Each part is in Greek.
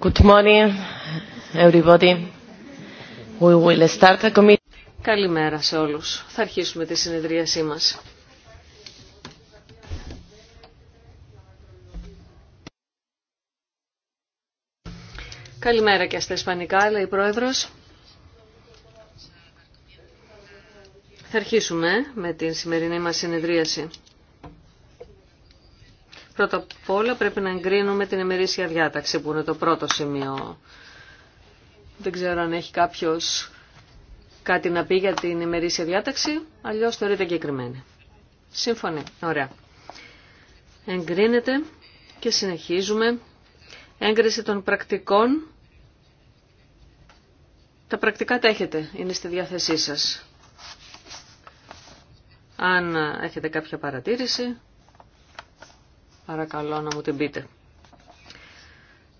Good morning, everybody. Καλημέρα σε όλους. Θα αρχίσουμε τη συνεδρίασή μας. Καλημέρα και στα Ισπανικά, λέει η Πρόεδρος. Θα αρχίσουμε με την σημερινή μας συνεδρίαση. Πρώτα απ' όλα πρέπει να εγκρίνουμε την ημερήσια διάταξη που είναι το πρώτο σημείο. Δεν ξέρω αν έχει κάποιος κάτι να πει για την ημερήσια διάταξη, αλλιώς θεωρείται εγκεκριμένη. Σύμφωνοι. Ωραία. Εγκρίνεται και συνεχίζουμε. Έγκριση των πρακτικών. Τα πρακτικά τα έχετε, είναι στη διάθεσή σας. Αν έχετε κάποια παρατήρηση, Παρακαλώ να μου την πείτε.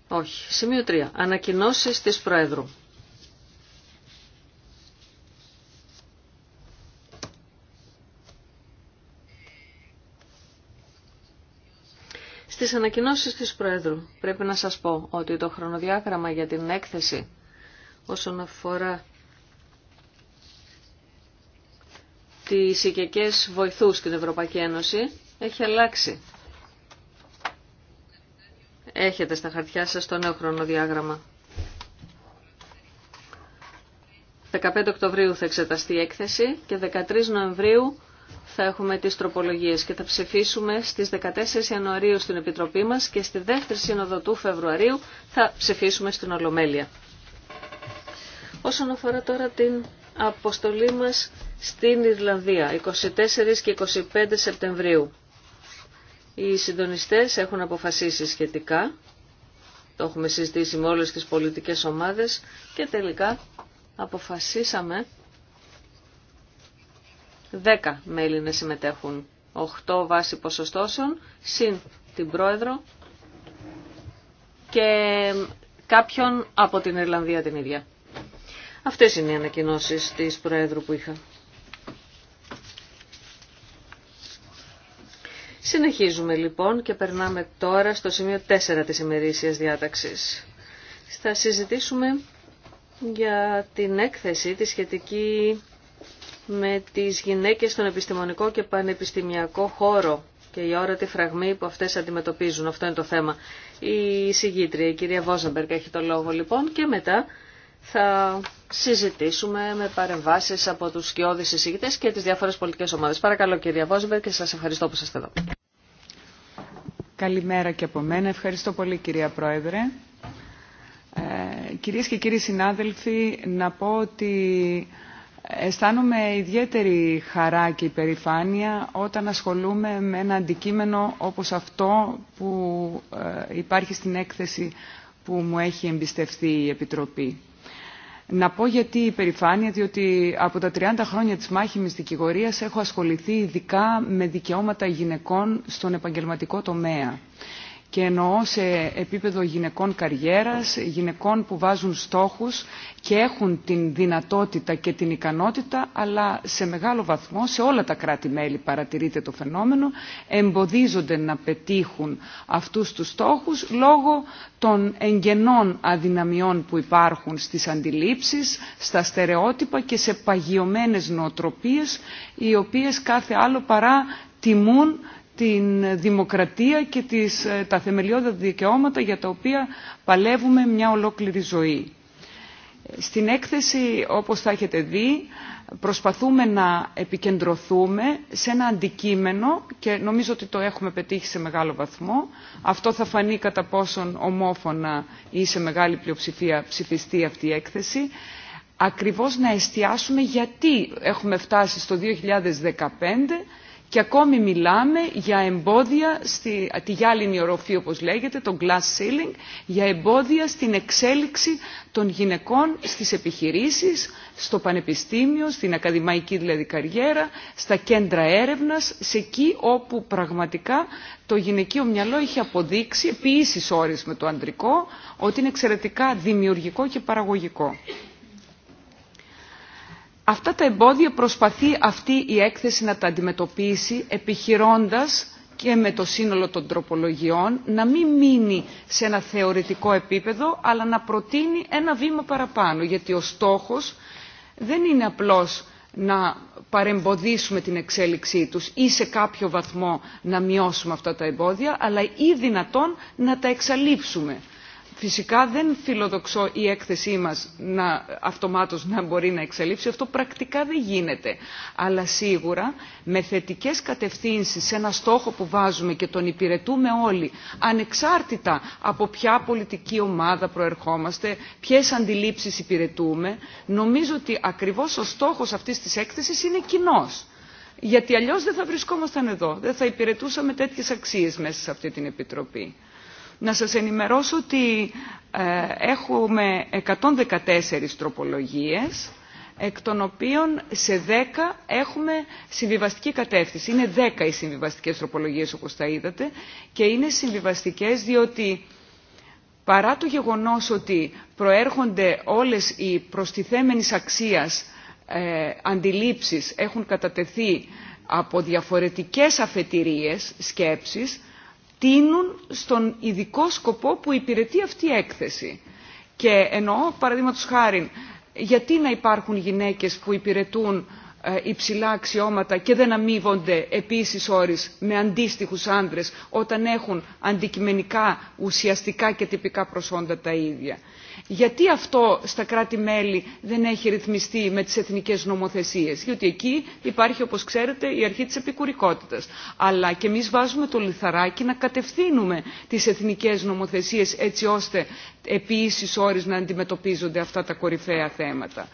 Όχι. Σημείο 3. Ανακοινώσεις της Προέδρου. Στις ανακοινώσεις της Προέδρου πρέπει να σας πω ότι το χρονοδιάγραμμα για την έκθεση όσον αφορά τις οικιακές βοηθούς στην Ευρωπαϊκή Ένωση έχει αλλάξει έχετε στα χαρτιά σας το νέο χρονοδιάγραμμα. 15 Οκτωβρίου θα εξεταστεί η έκθεση και 13 Νοεμβρίου θα έχουμε τις τροπολογίες και θα ψηφίσουμε στις 14 Ιανουαρίου στην Επιτροπή μας και στη δεύτερη σύνοδο του Φεβρουαρίου θα ψηφίσουμε στην Ολομέλεια. Όσον αφορά τώρα την αποστολή μας στην Ιρλανδία, 24 και 25 Σεπτεμβρίου. Οι συντονιστές έχουν αποφασίσει σχετικά, το έχουμε συζητήσει με όλες τις πολιτικές ομάδες και τελικά αποφασίσαμε 10 μέλη να συμμετέχουν, 8 βάση ποσοστώσεων, συν την πρόεδρο και κάποιον από την Ιρλανδία την ίδια. Αυτές είναι οι ανακοινώσεις της Προέδρου που είχα. Συνεχίζουμε λοιπόν και περνάμε τώρα στο σημείο 4 της ημερήσιας διάταξης. Θα συζητήσουμε για την έκθεση τη σχετική με τις γυναίκες στον επιστημονικό και πανεπιστημιακό χώρο και η όρατη φραγμή που αυτές αντιμετωπίζουν. Αυτό είναι το θέμα. Η συγγήτρια, η κυρία Βόζαμπερκ, έχει το λόγο λοιπόν και μετά θα συζητήσουμε με παρεμβάσεις από τους σκιώδεις εισηγητές και τις διάφορες πολιτικές ομάδες. Παρακαλώ κυρία Βόσμπερ και σας ευχαριστώ που είστε εδώ. Καλημέρα και από μένα. Ευχαριστώ πολύ κυρία Πρόεδρε. Ε, κυρίες και κύριοι συνάδελφοι, να πω ότι αισθάνομαι ιδιαίτερη χαρά και υπερηφάνεια όταν ασχολούμαι με ένα αντικείμενο όπως αυτό που ε, υπάρχει στην έκθεση που μου έχει εμπιστευτεί η Επιτροπή. Να πω γιατί η διότι από τα 30 χρόνια της μάχημης δικηγορίας έχω ασχοληθεί ειδικά με δικαιώματα γυναικών στον επαγγελματικό τομέα και εννοώ σε επίπεδο γυναικών καριέρας, γυναικών που βάζουν στόχους και έχουν την δυνατότητα και την ικανότητα, αλλά σε μεγάλο βαθμό, σε όλα τα κράτη-μέλη παρατηρείται το φαινόμενο, εμποδίζονται να πετύχουν αυτούς τους στόχους λόγω των εγγενών αδυναμιών που υπάρχουν στις αντιλήψεις, στα στερεότυπα και σε παγιωμένες νοοτροπίες, οι οποίες κάθε άλλο παρά τιμούν την δημοκρατία και τις, ε, τα θεμελιώδη δικαιώματα για τα οποία παλεύουμε μια ολόκληρη ζωή. Στην έκθεση, όπως θα έχετε δει, προσπαθούμε να επικεντρωθούμε σε ένα αντικείμενο και νομίζω ότι το έχουμε πετύχει σε μεγάλο βαθμό. Αυτό θα φανεί κατά πόσον ομόφωνα ή σε μεγάλη πλειοψηφία ψηφιστεί αυτή η έκθεση. Ακριβώς να εστιάσουμε γιατί έχουμε φτάσει στο 2015 και ακόμη μιλάμε για εμπόδια, στη, τη γυάλινη οροφή όπως λέγεται, το glass ceiling, για εμπόδια στην εξέλιξη των γυναικών στις επιχειρήσεις, στο πανεπιστήμιο, στην ακαδημαϊκή δηλαδή καριέρα, στα κέντρα έρευνας, σε εκεί όπου πραγματικά το γυναικείο μυαλό έχει αποδείξει, επί ίσης με το ανδρικό, ότι είναι εξαιρετικά δημιουργικό και παραγωγικό. Αυτά τα εμπόδια προσπαθεί αυτή η έκθεση να τα αντιμετωπίσει επιχειρώντας και με το σύνολο των τροπολογιών να μην μείνει σε ένα θεωρητικό επίπεδο αλλά να προτείνει ένα βήμα παραπάνω γιατί ο στόχος δεν είναι απλώς να παρεμποδίσουμε την εξέλιξή τους ή σε κάποιο βαθμό να μειώσουμε αυτά τα εμπόδια αλλά ή δυνατόν να τα εξαλείψουμε Φυσικά δεν φιλοδοξώ η έκθεσή μας να, αυτομάτως να μπορεί να εξελίψει. Αυτό πρακτικά δεν γίνεται. Αλλά σίγουρα με θετικές κατευθύνσεις σε ένα στόχο που βάζουμε και τον υπηρετούμε όλοι, ανεξάρτητα από ποια πολιτική ομάδα προερχόμαστε, ποιες αντιλήψεις υπηρετούμε, νομίζω ότι ακριβώς ο στόχος αυτής της έκθεσης είναι κοινό. Γιατί αλλιώς δεν θα βρισκόμασταν εδώ, δεν θα υπηρετούσαμε τέτοιες αξίες μέσα σε αυτή την Επιτροπή να σας ενημερώσω ότι ε, έχουμε 114 τροπολογίες, εκ των οποίων σε 10 έχουμε συμβιβαστική κατεύθυνση. Είναι 10 οι συμβιβαστικές τροπολογίες όπως τα είδατε και είναι συμβιβαστικές διότι παρά το γεγονός ότι προέρχονται όλες οι προστιθέμενες αξίας ε, αντιλήψεις έχουν κατατεθεί από διαφορετικές αφετηρίες, σκέψεις, τίνουν στον ειδικό σκοπό που υπηρετεί αυτή η έκθεση. Και εννοώ, παραδείγματο χάρη, γιατί να υπάρχουν γυναίκες που υπηρετούν ε, υψηλά αξιώματα και δεν αμείβονται επίσης όρεις με αντίστοιχους άντρες όταν έχουν αντικειμενικά, ουσιαστικά και τυπικά προσόντα τα ίδια. Γιατί αυτό στα κράτη-μέλη δεν έχει ρυθμιστεί με τις εθνικές νομοθεσίες. Γιατί εκεί υπάρχει όπως ξέρετε η αρχή της επικουρικότητας. Αλλά και εμείς βάζουμε το λιθαράκι να κατευθύνουμε τις εθνικές νομοθεσίες έτσι ώστε επίσης ώρες να αντιμετωπίζονται αυτά τα κορυφαία θέματα.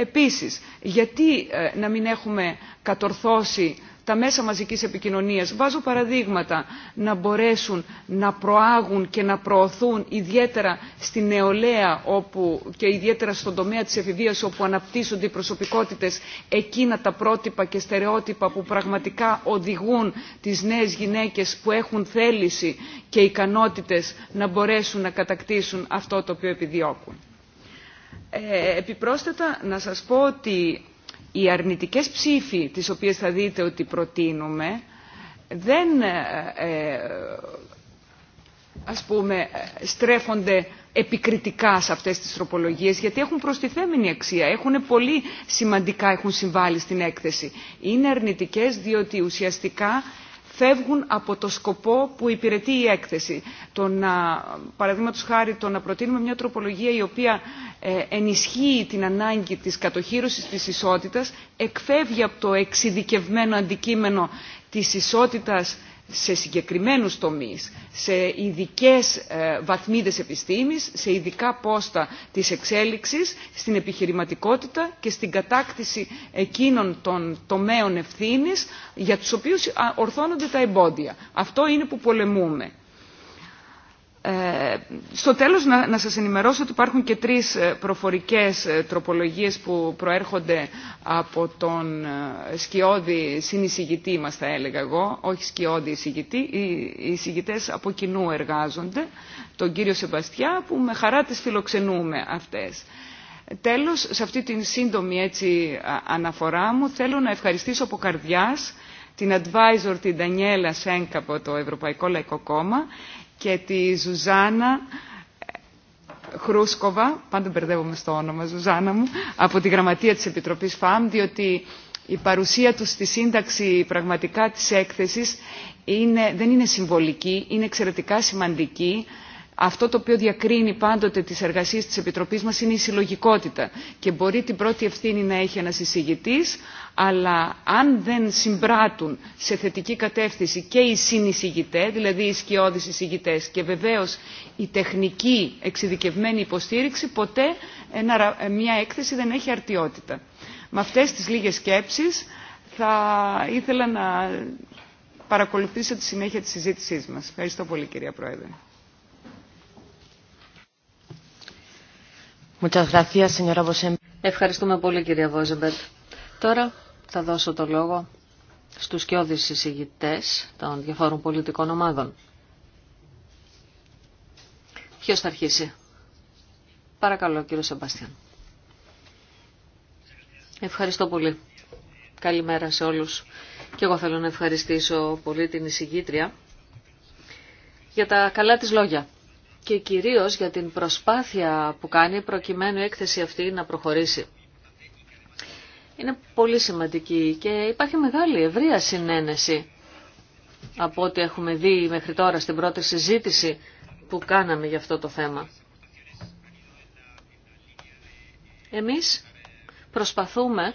Επίσης, γιατί ε, να μην έχουμε κατορθώσει τα μέσα μαζικής επικοινωνίας, βάζω παραδείγματα, να μπορέσουν να προάγουν και να προωθούν ιδιαίτερα στη νεολαία όπου, και ιδιαίτερα στον τομέα της εφηβείας όπου αναπτύσσονται οι προσωπικότητες εκείνα τα πρότυπα και στερεότυπα που πραγματικά οδηγούν τις νέες γυναίκες που έχουν θέληση και ικανότητες να μπορέσουν να κατακτήσουν αυτό το οποίο επιδιώκουν. Ε, επιπρόσθετα να σας πω ότι οι αρνητικές ψήφοι τις οποίες θα δείτε ότι προτείνουμε δεν ε, ε, ας πούμε στρέφονται επικριτικά σε αυτές τις τροπολογίες γιατί έχουν προστιθέμενη αξία, έχουν πολύ σημαντικά έχουν συμβάλει στην έκθεση. Είναι αρνητικές διότι ουσιαστικά φεύγουν από το σκοπό που υπηρετεί η έκθεση. Το να, παραδείγματος χάρη, το να προτείνουμε μια τροπολογία η οποία ε, ενισχύει την ανάγκη της κατοχύρωσης της ισότητας, εκφεύγει από το εξειδικευμένο αντικείμενο της ισότητας σε συγκεκριμένους τομείς, σε ειδικέ ε, βαθμίδες επιστήμης, σε ειδικά πόστα της εξέλιξης, στην επιχειρηματικότητα και στην κατάκτηση εκείνων των τομέων ευθύνης για τους οποίους ορθώνονται τα εμπόδια. Αυτό είναι που πολεμούμε. Ε, στο τέλος να, να σας ενημερώσω ότι υπάρχουν και τρεις ε, προφορικές ε, τροπολογίες που προέρχονται από τον σκιώδη συνεισηγητή μας θα έλεγα εγώ, όχι σκιώδη εισηγητή, οι εισηγητές από κοινού εργάζονται, τον κύριο Σεμπαστιά που με χαρά τις φιλοξενούμε αυτές. Τέλος, σε αυτή την σύντομη έτσι αναφορά μου θέλω να ευχαριστήσω από καρδιάς την advisor την Ντανιέλα Σένκα από το Ευρωπαϊκό Λαϊκό Κόμμα και τη Ζουζάνα ε, Χρούσκοβα, πάντα μπερδεύομαι στο όνομα Ζουζάνα μου, από τη Γραμματεία της Επιτροπής ΦΑΜ, διότι η παρουσία του στη σύνταξη πραγματικά της έκθεσης είναι, δεν είναι συμβολική, είναι εξαιρετικά σημαντική αυτό το οποίο διακρίνει πάντοτε τις εργασίες της Επιτροπής μας είναι η συλλογικότητα και μπορεί την πρώτη ευθύνη να έχει ένας εισηγητής, αλλά αν δεν συμπράττουν σε θετική κατεύθυνση και οι συνεισηγητέ, δηλαδή οι σκιώδεις εισηγητές και βεβαίως η τεχνική εξειδικευμένη υποστήριξη, ποτέ μια έκθεση δεν έχει αρτιότητα. Με αυτές τις λίγες σκέψεις θα ήθελα να παρακολουθήσω τη συνέχεια της συζήτησής μας. Ευχαριστώ πολύ κυρία Πρόεδρε. Ευχαριστούμε πολύ κυρία Βόζεμπερτ. Τώρα θα δώσω το λόγο στους κοιόδης συζητητές των διαφόρων πολιτικών ομάδων. Ποιος θα αρχίσει. Παρακαλώ κύριο Σεμπάστιαν. Ευχαριστώ πολύ. Καλημέρα σε όλους. Και εγώ θέλω να ευχαριστήσω πολύ την εισηγήτρια για τα καλά της λόγια και κυρίως για την προσπάθεια που κάνει προκειμένου η έκθεση αυτή να προχωρήσει. Είναι πολύ σημαντική και υπάρχει μεγάλη ευρεία συνένεση από ό,τι έχουμε δει μέχρι τώρα στην πρώτη συζήτηση που κάναμε για αυτό το θέμα. Εμείς προσπαθούμε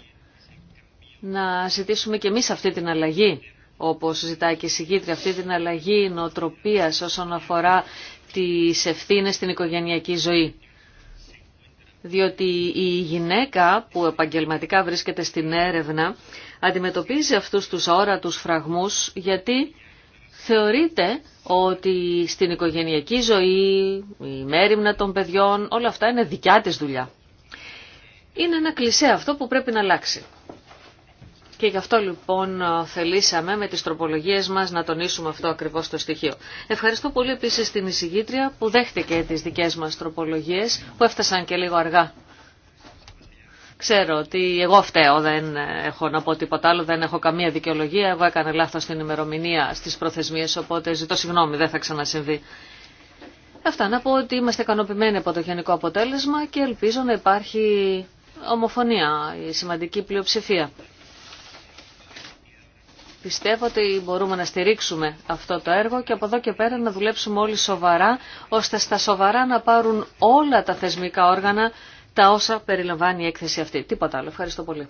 να ζητήσουμε και εμείς αυτή την αλλαγή, όπως ζητάει και η συγκήτρια, αυτή την αλλαγή νοοτροπίας όσον αφορά τις ευθύνες στην οικογενειακή ζωή. Διότι η γυναίκα που επαγγελματικά βρίσκεται στην έρευνα αντιμετωπίζει αυτούς τους αόρατους φραγμούς γιατί θεωρείται ότι στην οικογενειακή ζωή, η μέρημνα των παιδιών, όλα αυτά είναι δικιά της δουλειά. Είναι ένα κλισέ αυτό που πρέπει να αλλάξει. Και γι' αυτό λοιπόν θελήσαμε με τις τροπολογίες μας να τονίσουμε αυτό ακριβώς το στοιχείο. Ευχαριστώ πολύ επίσης την εισηγήτρια που δέχτηκε τις δικές μας τροπολογίες που έφτασαν και λίγο αργά. Ξέρω ότι εγώ φταίω, δεν έχω να πω τίποτα άλλο, δεν έχω καμία δικαιολογία. Εγώ έκανα λάθος στην ημερομηνία στις προθεσμίες, οπότε ζητώ συγγνώμη, δεν θα ξανασυμβεί. Αυτά να πω ότι είμαστε ικανοποιημένοι από το γενικό αποτέλεσμα και ελπίζω να υπάρχει ομοφωνία, η σημαντική πλειοψηφία. Πιστεύω ότι μπορούμε να στηρίξουμε αυτό το έργο και από εδώ και πέρα να δουλέψουμε όλοι σοβαρά, ώστε στα σοβαρά να πάρουν όλα τα θεσμικά όργανα τα όσα περιλαμβάνει η έκθεση αυτή. Τίποτα άλλο. Ευχαριστώ πολύ.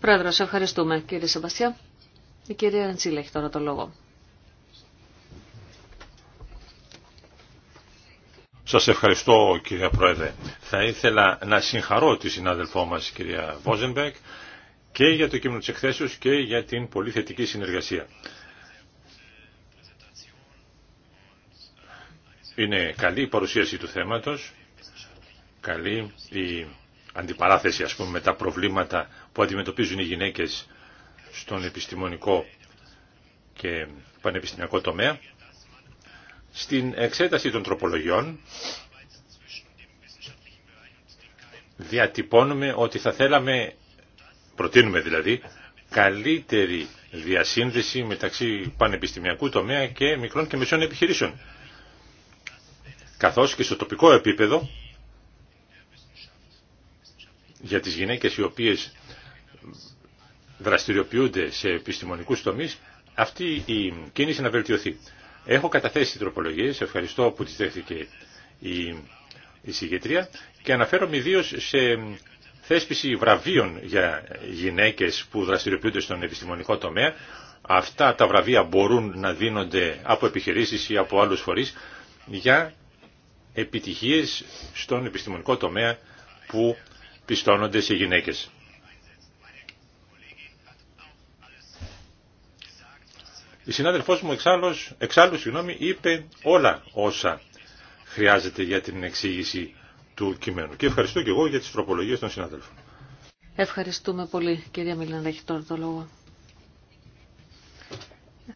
Πρόεδρος, ευχαριστούμε κύριε Σεμπαστιά. Η κυρία Αντσίλα έχει τώρα το λόγο. Σας ευχαριστώ κυρία Πρόεδρε. Θα ήθελα να συγχαρώ τη συνάδελφό μας κυρία Βόζενμπεκ και για το κείμενο της εκθέσεως και για την πολύ θετική συνεργασία. Είναι καλή η παρουσίαση του θέματος, καλή η αντιπαράθεση ας πούμε με τα προβλήματα που αντιμετωπίζουν οι γυναίκες στον επιστημονικό και πανεπιστημιακό τομέα. Στην εξέταση των τροπολογιών διατυπώνουμε ότι θα θέλαμε προτείνουμε δηλαδή, καλύτερη διασύνδεση μεταξύ πανεπιστημιακού τομέα και μικρών και μεσών επιχειρήσεων. Καθώς και στο τοπικό επίπεδο για τις γυναίκες οι οποίες δραστηριοποιούνται σε επιστημονικούς τομείς, αυτή η κίνηση να βελτιωθεί. Έχω καταθέσει τροπολογίες, ευχαριστώ που τις δέχθηκε η, η και αναφέρομαι ιδίω σε θέσπιση βραβείων για γυναίκες που δραστηριοποιούνται στον επιστημονικό τομέα. Αυτά τα βραβεία μπορούν να δίνονται από επιχειρήσεις ή από άλλους φορείς για επιτυχίες στον επιστημονικό τομέα που πιστώνονται σε γυναίκες. Η συνάδελφός μου εξάλλου, εξάλλου είπε όλα όσα χρειάζεται για την εξήγηση και ευχαριστώ και εγώ για τις τροπολογίες των συναδέλφων. Ευχαριστούμε πολύ. Κυρία Μιλάντα, έχει τώρα το λόγο.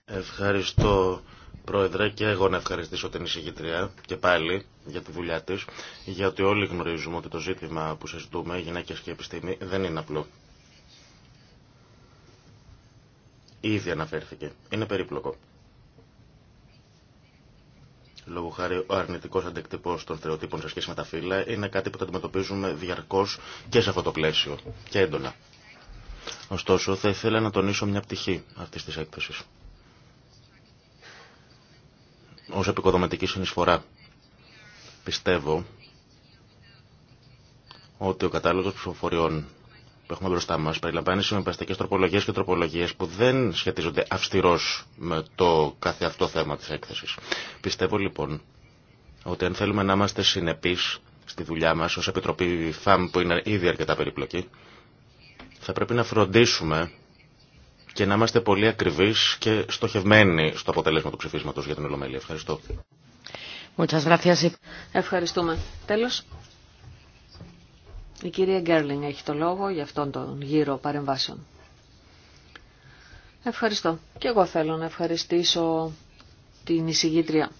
Ευχαριστώ. Πρόεδρε, και εγώ να ευχαριστήσω την εισηγητρία και πάλι για τη δουλειά της, γιατί όλοι γνωρίζουμε ότι το ζήτημα που συζητούμε, γυναίκε και επιστήμη, δεν είναι απλό. Ήδη αναφέρθηκε. Είναι περίπλοκο λόγω χάρη ο αρνητικό αντεκτυπό των στερεοτύπων σε σχέση με τα φύλλα, είναι κάτι που το αντιμετωπίζουμε διαρκώ και σε αυτό το πλαίσιο και έντονα. Ωστόσο, θα ήθελα να τονίσω μια πτυχή αυτή τη έκθεση. Ω επικοδομητική συνεισφορά. Πιστεύω ότι ο κατάλογο ψηφοφοριών που έχουμε μπροστά μα περιλαμβάνει συμβαστικέ τροπολογίε και τροπολογίε που δεν σχετίζονται αυστηρώ με το κάθε αυτό θέμα τη έκθεση. Πιστεύω λοιπόν ότι αν θέλουμε να είμαστε συνεπεί στη δουλειά μα ω Επιτροπή ΦΑΜ που είναι ήδη αρκετά περιπλοκή, θα πρέπει να φροντίσουμε και να είμαστε πολύ ακριβεί και στοχευμένοι στο αποτέλεσμα του ψηφίσματο για την Ολομέλεια. Ευχαριστώ. Muchas gracias. Ευχαριστούμε. Τέλος. Η κυρία Γκέρλινγκ έχει το λόγο για αυτόν τον γύρο παρεμβάσεων. Ευχαριστώ. Και εγώ θέλω να ευχαριστήσω την εισηγήτρια.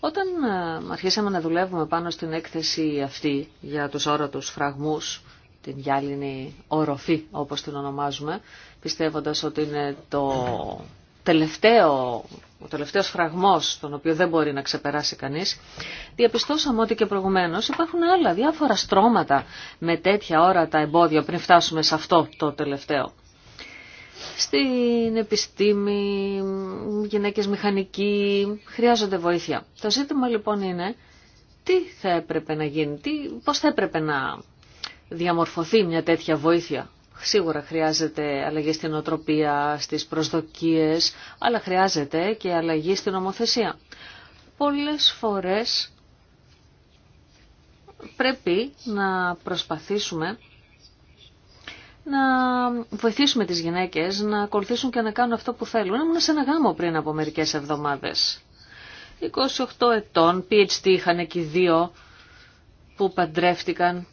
Όταν ε, αρχίσαμε να δουλεύουμε πάνω στην έκθεση αυτή για τους όρατους φραγμούς, την γυάλινη οροφή όπως την ονομάζουμε, πιστεύοντας ότι είναι το τελευταίο, ο τελευταίος φραγμός, τον οποίο δεν μπορεί να ξεπεράσει κανείς, διαπιστώσαμε ότι και προηγουμένως υπάρχουν άλλα διάφορα στρώματα με τέτοια ώρα τα εμπόδια πριν φτάσουμε σε αυτό το τελευταίο. Στην επιστήμη, γυναίκες μηχανικοί, χρειάζονται βοήθεια. Το ζήτημα λοιπόν είναι τι θα έπρεπε να γίνει, τι, πώς θα έπρεπε να διαμορφωθεί μια τέτοια βοήθεια Σίγουρα χρειάζεται αλλαγή στην οτροπία, στις προσδοκίες, αλλά χρειάζεται και αλλαγή στην ομοθεσία. Πολλές φορές πρέπει να προσπαθήσουμε να βοηθήσουμε τις γυναίκες να ακολουθήσουν και να κάνουν αυτό που θέλουν. Ήμουν σε ένα γάμο πριν από μερικές εβδομάδες. 28 ετών, PhD είχαν εκεί δύο που παντρεύτηκαν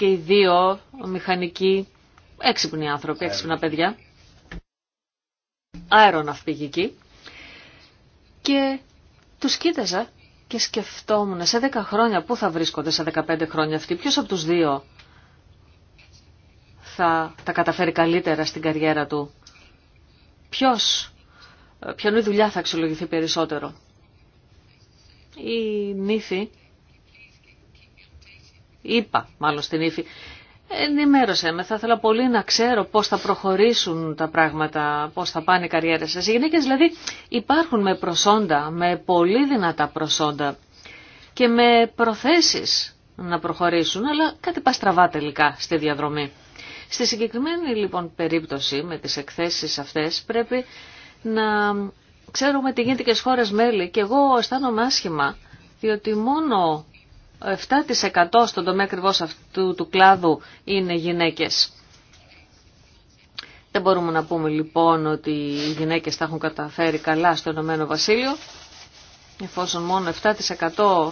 και οι δύο μηχανικοί, έξυπνοι άνθρωποι, έξυπνα παιδιά, αεροναυπηγικοί. Και τους κοίταζα και σκεφτόμουν σε 10 χρόνια πού θα βρίσκονται σε 15 χρόνια αυτοί, ποιος από τους δύο θα τα καταφέρει καλύτερα στην καριέρα του, ποιος, ε, ποιον η δουλειά θα αξιολογηθεί περισσότερο. Η νύφη είπα μάλλον στην ύφη, ενημέρωσε με, θα ήθελα πολύ να ξέρω πώς θα προχωρήσουν τα πράγματα, πώς θα πάνε οι καριέρες σας. Οι γυναίκες δηλαδή υπάρχουν με προσόντα, με πολύ δυνατά προσόντα και με προθέσεις να προχωρήσουν, αλλά κάτι παστραβά τελικά στη διαδρομή. Στη συγκεκριμένη λοιπόν περίπτωση με τις εκθέσεις αυτές πρέπει να ξέρουμε τι γίνεται και στις χώρες μέλη και εγώ αισθάνομαι άσχημα διότι μόνο 7% στον τομέα ακριβώ αυτού του κλάδου είναι γυναίκες. Δεν μπορούμε να πούμε λοιπόν ότι οι γυναίκες θα έχουν καταφέρει καλά στο Ηνωμένο Βασίλειο, εφόσον μόνο 7%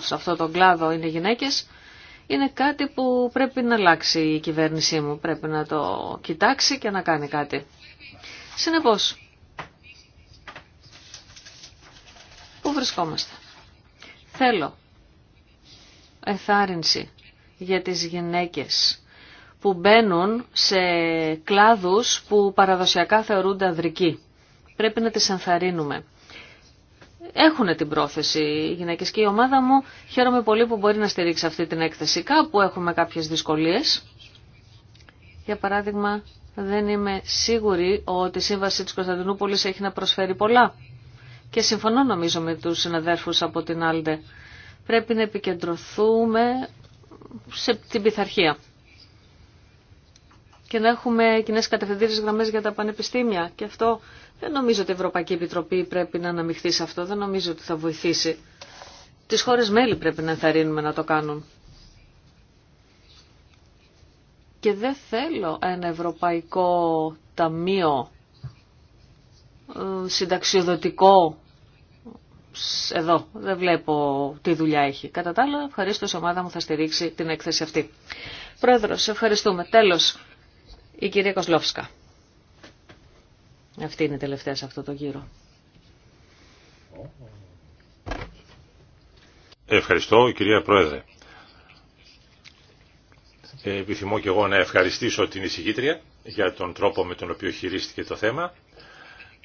σε αυτό τον κλάδο είναι γυναίκες, είναι κάτι που πρέπει να αλλάξει η κυβέρνησή μου, πρέπει να το κοιτάξει και να κάνει κάτι. Συνεπώς, πού βρισκόμαστε. Θέλω εθάρρυνση για τις γυναίκες που μπαίνουν σε κλάδους που παραδοσιακά θεωρούνται αδρικοί. Πρέπει να τις ενθαρρύνουμε. Έχουν την πρόθεση οι γυναίκες και η ομάδα μου χαίρομαι πολύ που μπορεί να στηρίξει αυτή την έκθεση. Κάπου έχουμε κάποιες δυσκολίες. Για παράδειγμα, δεν είμαι σίγουρη ότι η Σύμβαση της Κωνσταντινούπολης έχει να προσφέρει πολλά. Και συμφωνώ νομίζω με τους συναδέρφους από την Άλντε πρέπει να επικεντρωθούμε σε την πειθαρχία και να έχουμε κοινέ κατευθυντήριε γραμμέ για τα πανεπιστήμια. Και αυτό δεν νομίζω ότι η Ευρωπαϊκή Επιτροπή πρέπει να αναμειχθεί σε αυτό. Δεν νομίζω ότι θα βοηθήσει. Τι χώρε μέλη πρέπει να ενθαρρύνουμε να το κάνουν. Και δεν θέλω ένα ευρωπαϊκό ταμείο ε, συνταξιοδοτικό εδώ. Δεν βλέπω τι δουλειά έχει. Κατά τα άλλα, ευχαρίστω η ομάδα μου θα στηρίξει την έκθεση αυτή. Πρόεδρος, ευχαριστούμε. Τέλος, η κυρία Κοσλόφσκα. Αυτή είναι η τελευταία σε αυτό το γύρο. Ευχαριστώ, κυρία Πρόεδρε. Ε, επιθυμώ και εγώ να ευχαριστήσω την εισηγήτρια για τον τρόπο με τον οποίο χειρίστηκε το θέμα.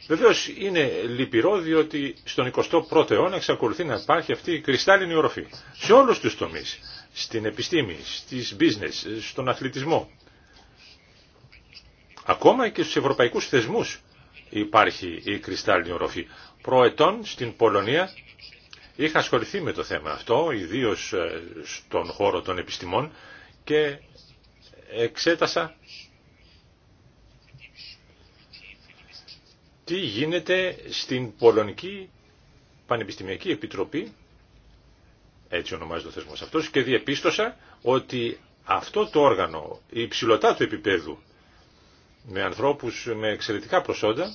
Βεβαίω είναι λυπηρό διότι στον 21ο αιώνα εξακολουθεί να υπάρχει αυτή η κρυστάλλινη οροφή. Σε όλους τους τομείς, στην επιστήμη, στις business, στον αθλητισμό, ακόμα και στους ευρωπαϊκούς θεσμούς υπάρχει η κρυστάλλινη οροφή. Προετών στην Πολωνία είχα ασχοληθεί με το θέμα αυτό, ιδίω ε, στον χώρο των επιστημών και εξέτασα τι γίνεται στην Πολωνική Πανεπιστημιακή Επιτροπή, έτσι ονομάζεται ο θεσμός αυτός, και διεπίστωσα ότι αυτό το όργανο υψηλωτά του επίπεδου με ανθρώπους με εξαιρετικά προσόντα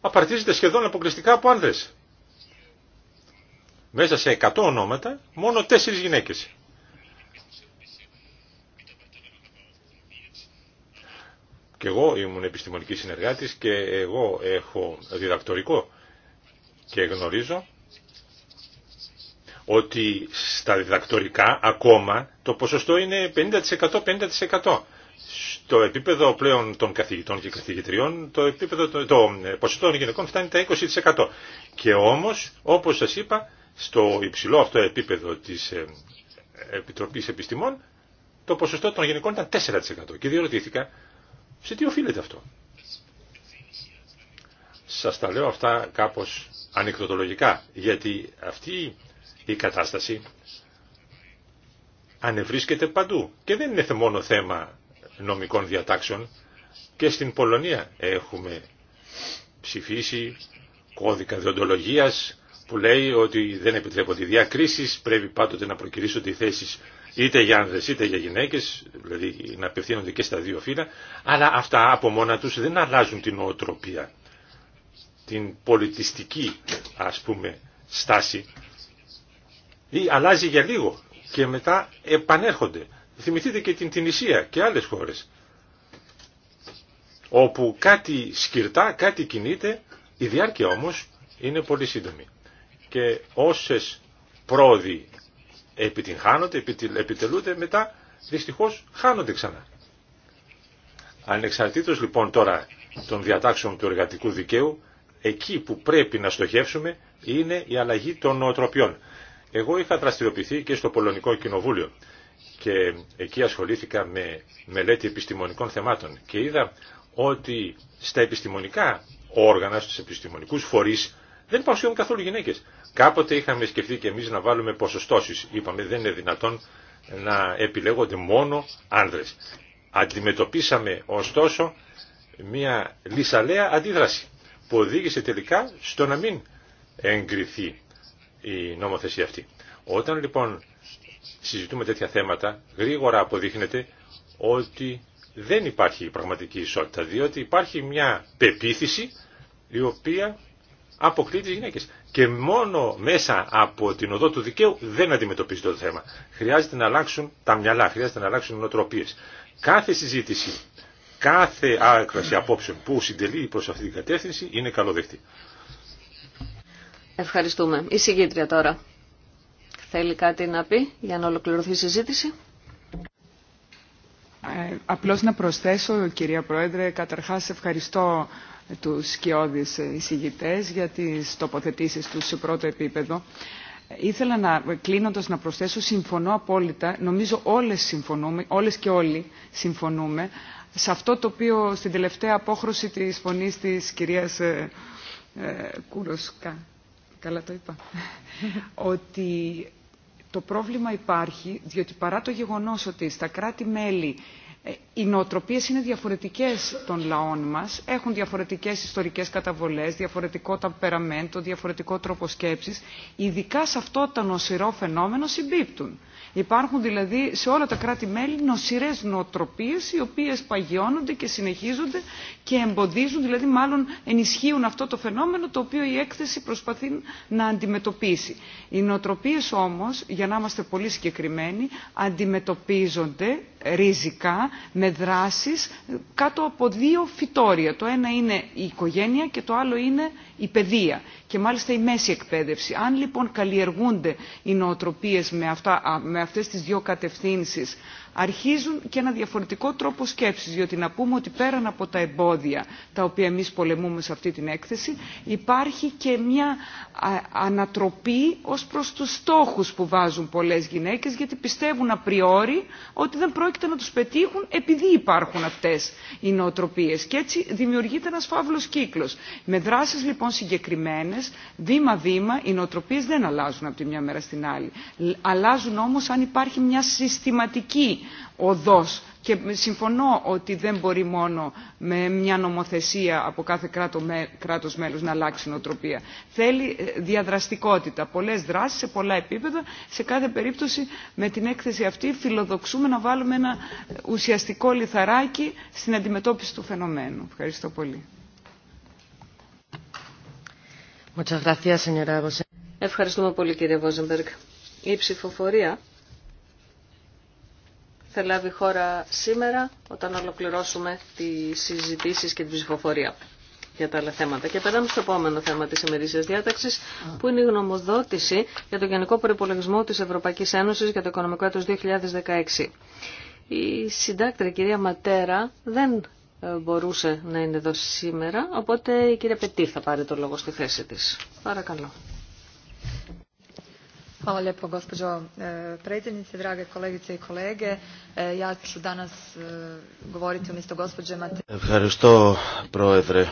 απαρτίζεται σχεδόν αποκλειστικά από άνδρες. Μέσα σε 100 ονόματα μόνο 4 γυναίκες. Και εγώ ήμουν επιστημονική συνεργάτης και εγώ έχω διδακτορικό και γνωρίζω ότι στα διδακτορικά ακόμα το ποσοστό είναι 50%-50%. Στο επίπεδο πλέον των καθηγητών και καθηγητριών το, επίπεδο, το, ε, ποσοστό των γυναικών φτάνει τα 20%. Και όμως, όπως σας είπα, στο υψηλό αυτό επίπεδο της ε, Επιτροπής Επιστημών το ποσοστό των γυναικών ήταν 4%. Και διερωτήθηκα σε τι οφείλεται αυτό. Σας τα λέω αυτά κάπως ανεκδοτολογικά, γιατί αυτή η κατάσταση ανεβρίσκεται παντού και δεν είναι μόνο θέμα νομικών διατάξεων. Και στην Πολωνία έχουμε ψηφίσει κώδικα διοντολογίας που λέει ότι δεν επιτρέπονται διακρίσεις, πρέπει πάντοτε να προκυρήσουν οι θέσεις είτε για άνδρες είτε για γυναίκες, δηλαδή να απευθύνονται και στα δύο φύλλα, αλλά αυτά από μόνα τους δεν αλλάζουν την νοοτροπία, την πολιτιστική ας πούμε στάση, ή αλλάζει για λίγο και μετά επανέρχονται. Θυμηθείτε και την Τινησία και άλλες χώρες, όπου κάτι σκυρτά, κάτι κινείται, η διάρκεια όμως είναι πολύ σύντομη. Και όσες πρόοδοι επιτυγχάνονται, επιτελούνται, μετά δυστυχώς χάνονται ξανά. Ανεξαρτήτως λοιπόν τώρα των διατάξεων του εργατικού δικαίου, εκεί που πρέπει να στοχεύσουμε είναι η αλλαγή των νοοτροπιών. Εγώ είχα δραστηριοποιηθεί και στο Πολωνικό Κοινοβούλιο και εκεί ασχολήθηκα με μελέτη επιστημονικών θεμάτων και είδα ότι στα επιστημονικά όργανα, στους επιστημονικούς φορείς δεν υπάρχουν καθόλου γυναίκε. Κάποτε είχαμε σκεφτεί και εμεί να βάλουμε ποσοστώσει. Είπαμε δεν είναι δυνατόν να επιλέγονται μόνο άνδρε. Αντιμετωπίσαμε ωστόσο μια λυσαλέα αντίδραση που οδήγησε τελικά στο να μην εγκριθεί η νομοθεσία αυτή. Όταν λοιπόν συζητούμε τέτοια θέματα, γρήγορα αποδείχνεται ότι δεν υπάρχει πραγματική ισότητα, διότι υπάρχει μια πεποίθηση η οποία αποκλεί τις γυναίκες. Και μόνο μέσα από την οδό του δικαίου δεν αντιμετωπίζει το θέμα. Χρειάζεται να αλλάξουν τα μυαλά, χρειάζεται να αλλάξουν οι νοοτροπίες. Κάθε συζήτηση, κάθε άκραση απόψεων που συντελεί προς αυτή την κατεύθυνση είναι καλοδεχτή. Ευχαριστούμε. Η συγκίτρια τώρα. Θέλει κάτι να πει για να ολοκληρωθεί η συζήτηση. Ε, απλώς να προσθέσω, κυρία Πρόεδρε, καταρχάς ευχαριστώ τους σκιώδεις εισηγητές για τις τοποθετήσεις του σε πρώτο επίπεδο. Ήθελα να, κλείνοντας να προσθέσω, συμφωνώ απόλυτα, νομίζω όλες συμφωνούμε, όλες και όλοι συμφωνούμε, σε αυτό το οποίο στην τελευταία απόχρωση της φωνής της κυρίας ε, ε καλά το είπα, ότι το πρόβλημα υπάρχει διότι παρά το γεγονός ότι στα κράτη-μέλη οι νοοτροπίες είναι διαφορετικές των λαών μας, έχουν διαφορετικές ιστορικές καταβολές, διαφορετικό ταπεραμέντο, διαφορετικό τρόπο σκέψης. Ειδικά σε αυτό το νοσηρό φαινόμενο συμπίπτουν. Υπάρχουν δηλαδή σε όλα τα κράτη-μέλη νοσηρές νοοτροπίε, οι οποίε παγιώνονται και συνεχίζονται και εμποδίζουν, δηλαδή μάλλον ενισχύουν αυτό το φαινόμενο το οποίο η έκθεση προσπαθεί να αντιμετωπίσει. Οι νοοτροπίε όμως, για να είμαστε πολύ συγκεκριμένοι, αντιμετωπίζονται ριζικά με δράσεις κάτω από δύο φυτόρια. Το ένα είναι η οικογένεια και το άλλο είναι η παιδεία και μάλιστα η μέση εκπαίδευση. Αν λοιπόν καλλιεργούνται οι νοοτροπίες με, αυτά, με αυτές τις δύο κατευθύνσεις αρχίζουν και ένα διαφορετικό τρόπο σκέψης, διότι να πούμε ότι πέραν από τα εμπόδια τα οποία εμείς πολεμούμε σε αυτή την έκθεση, υπάρχει και μια ανατροπή ως προς τους στόχους που βάζουν πολλές γυναίκες, γιατί πιστεύουν απριόρι ότι δεν πρόκειται να τους πετύχουν επειδή υπάρχουν αυτές οι νοοτροπίες. Και έτσι δημιουργείται ένας φαύλος κύκλος. Με δράσεις λοιπόν συγκεκριμένες, βήμα-βήμα, οι νοοτροπίες δεν αλλάζουν από τη μια μέρα στην άλλη. Αλλάζουν όμως αν υπάρχει μια συστηματική οδός και συμφωνώ ότι δεν μπορεί μόνο με μια νομοθεσία από κάθε κράτος μέλος να αλλάξει νοοτροπία. Θέλει ε, διαδραστικότητα, πολλές δράσεις σε πολλά επίπεδα. Σε κάθε περίπτωση με την έκθεση αυτή φιλοδοξούμε να βάλουμε ένα ε, ουσιαστικό λιθαράκι στην αντιμετώπιση του φαινομένου. Ευχαριστώ πολύ. Ευχαριστούμε πολύ κύριε Βόζεμπεργκ. Η ψηφοφορία θα λάβει χώρα σήμερα όταν ολοκληρώσουμε τις συζητήσεις και την ψηφοφορία για τα άλλα θέματα. Και περάμε στο επόμενο θέμα της ημερήσιας διάταξης που είναι η γνωμοδότηση για το Γενικό Προπολογισμό της Ευρωπαϊκής Ένωσης για το Οικονομικό έτος 2016. Η συντάκτρια κυρία Ματέρα δεν ε, μπορούσε να είναι εδώ σήμερα, οπότε η κυρία Πετή θα πάρει το λόγο στη θέση της. Παρακαλώ. Ευχαριστώ πρόεδρε.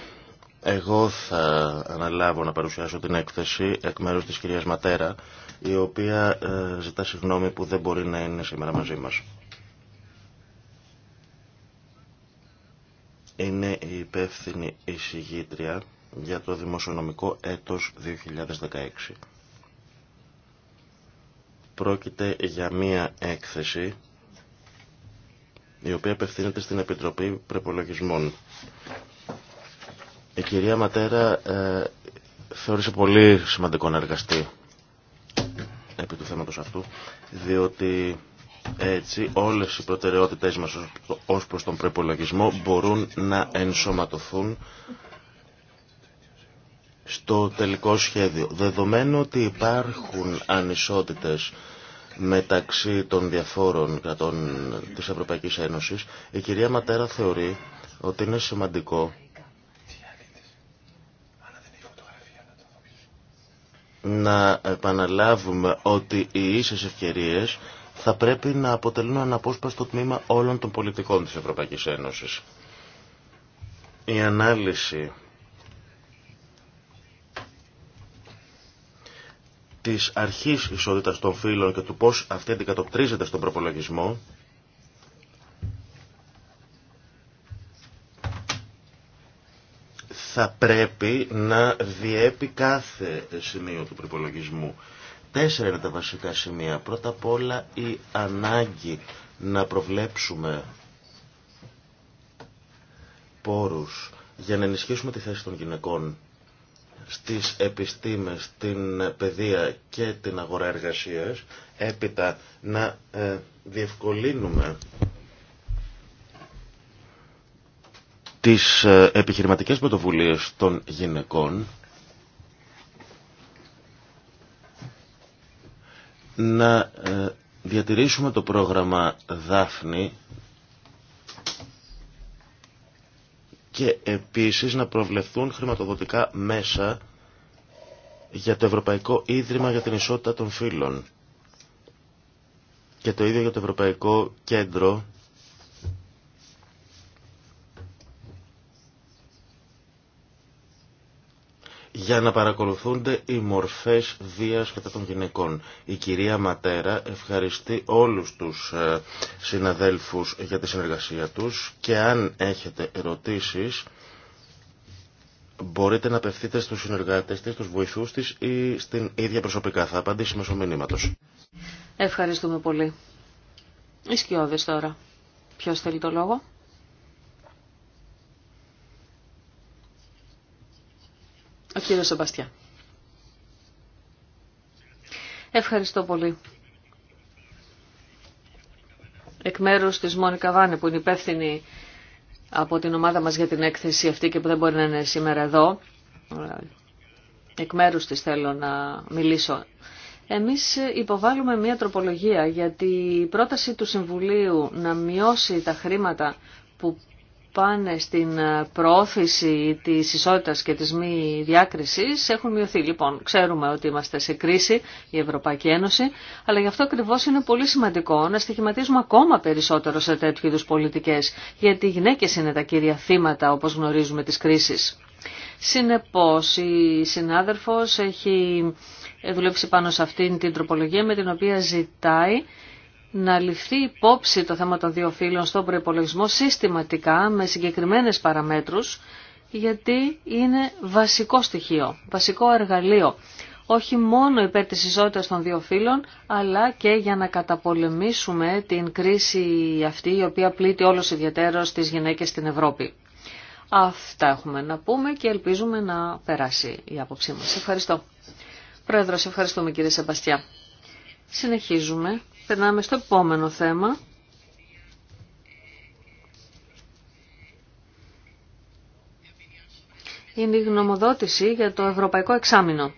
Εγώ θα αναλάβω να παρουσιάσω την έκθεση εκ μέρου τη κυρία Ματέρα, η οποία ε, ζητά συγγνώμη που δεν μπορεί να είναι σήμερα μαζί μας. Είναι η υπεύθυνη εισηγήτρια για το δημοσιονομικό έτος 2016. Πρόκειται για μία έκθεση η οποία απευθύνεται στην Επιτροπή Προπολογισμών. Η κυρία Ματέρα ε, θεώρησε πολύ σημαντικό να εργαστεί επί του θέματος αυτού, διότι έτσι όλες οι προτεραιότητες μας ως προς τον προπολογισμό μπορούν να ενσωματωθούν στο τελικό σχέδιο. Δεδομένου ότι υπάρχουν ανισότητες μεταξύ των διαφόρων κατων της Ευρωπαϊκής Ένωσης, η κυρία Ματέρα θεωρεί ότι είναι σημαντικό να επαναλάβουμε ότι οι ίσες ευκαιρίες θα πρέπει να αποτελούν αναπόσπαστο τμήμα όλων των πολιτικών της Ευρωπαϊκής Ένωσης. Η ανάλυση της αρχής ισότητας των φύλων και του πώς αυτή αντικατοπτρίζεται στον προπολογισμό θα πρέπει να διέπει κάθε σημείο του προπολογισμού. Τέσσερα είναι τα βασικά σημεία. Πρώτα απ' όλα η ανάγκη να προβλέψουμε πόρους για να ενισχύσουμε τη θέση των γυναικών στις επιστήμες, την παιδεία και την αγορά εργασίας, έπειτα να ε, διευκολύνουμε τις ε, επιχειρηματικές πρωτοβουλίες των γυναικών, να ε, διατηρήσουμε το πρόγραμμα Δάφνη και επίσης να προβλεφθούν χρηματοδοτικά μέσα για το Ευρωπαϊκό Ίδρυμα για την Ισότητα των Φύλων και το ίδιο για το Ευρωπαϊκό Κέντρο για να παρακολουθούνται οι μορφές βίας κατά των γυναικών. Η κυρία Ματέρα ευχαριστεί όλους τους ε, συναδέλφους για τη συνεργασία τους και αν έχετε ερωτήσεις μπορείτε να απευθείτε στους συνεργάτες της, στους βοηθούς της ή στην ίδια προσωπικά. Θα απαντήσει μέσω μηνύματος. Ευχαριστούμε πολύ. σκιώδε τώρα. Ποιος θέλει το λόγο? κύριος Ευχαριστώ πολύ. Εκ μέρους της Μόνικα Βάνε που είναι υπεύθυνη από την ομάδα μας για την έκθεση αυτή και που δεν μπορεί να είναι σήμερα εδώ. Εκ μέρους της θέλω να μιλήσω. Εμείς υποβάλλουμε μια τροπολογία γιατί η πρόταση του Συμβουλίου να μειώσει τα χρήματα που πάνε στην ε, προώθηση της ισότητας και της μη διάκρισης έχουν μειωθεί. Λοιπόν, ξέρουμε ότι είμαστε σε κρίση η Ευρωπαϊκή Ένωση, αλλά γι' αυτό ακριβώ είναι πολύ σημαντικό να στοιχηματίζουμε ακόμα περισσότερο σε τέτοιου είδους πολιτικές, γιατί οι γυναίκες είναι τα κύρια θύματα, όπως γνωρίζουμε, της κρίσης. Συνεπώς, η συνάδελφος έχει δουλέψει πάνω σε αυτήν την τροπολογία με την οποία ζητάει να ληφθεί υπόψη το θέμα των δύο φύλων στον προπολογισμό συστηματικά με συγκεκριμένες παραμέτρους γιατί είναι βασικό στοιχείο, βασικό εργαλείο όχι μόνο υπέρ της ισότητας των δύο φύλων, αλλά και για να καταπολεμήσουμε την κρίση αυτή η οποία πλήττει όλος ιδιαίτερο τις γυναίκες στην Ευρώπη. Αυτά έχουμε να πούμε και ελπίζουμε να περάσει η άποψή μας. Ευχαριστώ. Πρόεδρος, ευχαριστούμε κύριε Σεμπαστιά. Συνεχίζουμε Περνάμε στο επόμενο θέμα. Είναι η γνωμοδότηση για το Ευρωπαϊκό Εξάμεινο.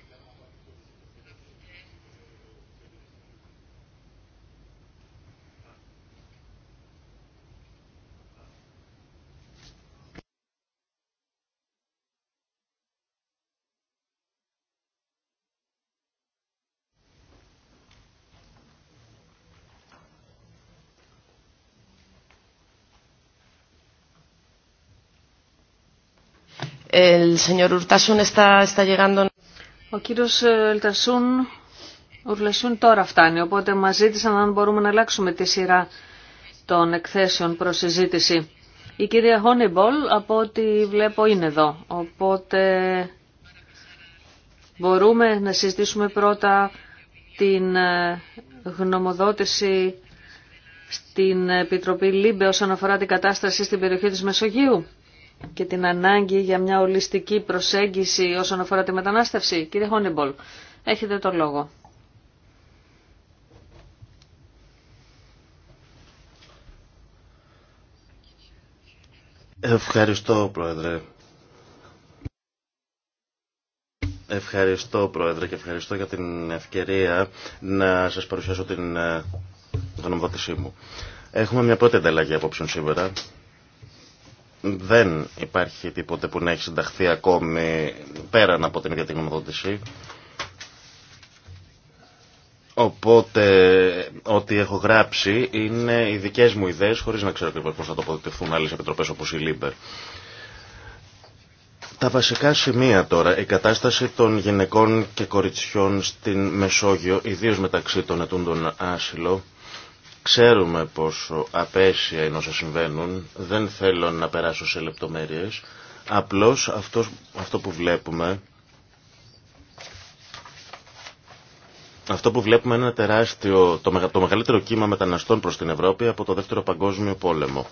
Ο κύριος Ελτασούν, τώρα φτάνει, οπότε μας ζήτησαν αν μπορούμε να αλλάξουμε τη σειρά των εκθέσεων προς συζήτηση. Η κυρία Χόνιμπολ, από ό,τι βλέπω, είναι εδώ. Οπότε μπορούμε να συζητήσουμε πρώτα την ε, γνωμοδότηση στην Επιτροπή Λίμπε όσον αφορά την κατάσταση στην περιοχή της Μεσογείου και την ανάγκη για μια ολιστική προσέγγιση όσον αφορά τη μετανάστευση. Κύριε Χόνιμπολ, έχετε το λόγο. Ευχαριστώ, Πρόεδρε. Ευχαριστώ, Πρόεδρε, και ευχαριστώ για την ευκαιρία να σας παρουσιάσω την γνωμοδότησή ε, μου. Έχουμε μια πρώτη ανταλλαγή απόψεων σήμερα δεν υπάρχει τίποτε που να έχει συνταχθεί ακόμη πέραν από την ίδια την γνωμοδότηση. Οπότε, ό,τι έχω γράψει είναι οι δικέ μου ιδέε, χωρί να ξέρω ακριβώ πώ θα το τοποθετηθούν άλλε επιτροπέ όπω η Λίμπερ. Τα βασικά σημεία τώρα. Η κατάσταση των γυναικών και κοριτσιών στην Μεσόγειο, ιδίω μεταξύ των ετούντων άσυλο, Ξέρουμε πόσο απέσια είναι όσα συμβαίνουν, δεν θέλω να περάσω σε λεπτομέρειες, απλώς αυτό, αυτό που βλέπουμε Αυτό που βλέπουμε είναι ένα τεράστιο, το, το μεγαλύτερο κύμα μεταναστών προς την Ευρώπη από το Δεύτερο Παγκόσμιο Πόλεμο.